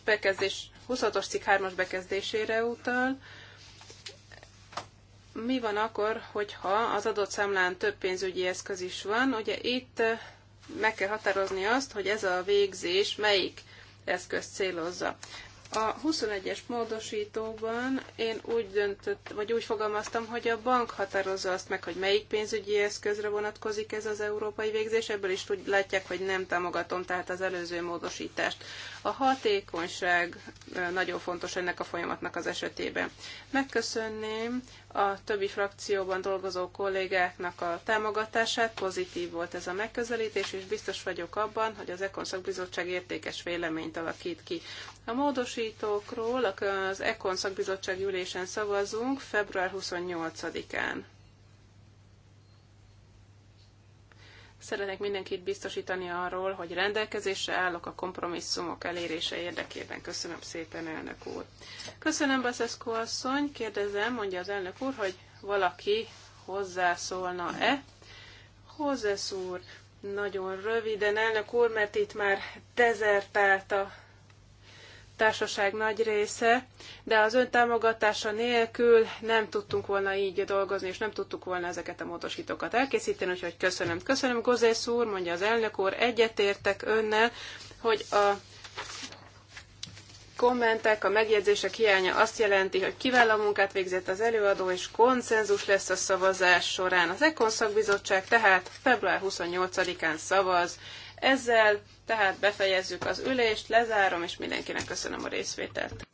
bekezdés, 26-os cikk 3-as bekezdésére utal, mi van akkor, hogyha az adott számlán több pénzügyi eszköz is van? Ugye itt eh, meg kell határozni azt, hogy ez a végzés melyik eszköz célozza. A 21-es módosítóban én úgy döntött, vagy úgy fogalmaztam, hogy a bank határozza azt meg, hogy melyik pénzügyi eszközre vonatkozik ez az európai végzés, ebből is tud, látják, hogy nem támogatom tehát az előző módosítást. A hatékonyság nagyon fontos ennek a folyamatnak az esetében. Megköszönném a többi frakcióban dolgozó kollégáknak a támogatását, pozitív volt ez a megközelítés, és biztos vagyok abban, hogy az Ekon szakbizottság értékes véleményt alakít ki. A módosítókról az Ekon szakbizottság ülésen szavazunk február 28-án. Szeretnék mindenkit biztosítani arról, hogy rendelkezésre állok a kompromisszumok elérése érdekében. Köszönöm szépen, elnök úr. Köszönöm, Baszeszko asszony. Kérdezem, mondja az elnök úr, hogy valaki hozzászólna-e? Hozzesz úr, nagyon röviden, elnök úr, mert itt már dezertált a társaság nagy része, de az ön támogatása nélkül nem tudtunk volna így dolgozni, és nem tudtuk volna ezeket a módosítókat elkészíteni, úgyhogy köszönöm. Köszönöm, Gozész úr, mondja az elnök úr, egyetértek önnel, hogy a kommentek, a megjegyzések hiánya azt jelenti, hogy kiváló munkát végzett az előadó, és konszenzus lesz a szavazás során. Az Ekon szakbizottság tehát február 28-án szavaz, ezzel tehát befejezzük az ülést, lezárom, és mindenkinek köszönöm a részvételt.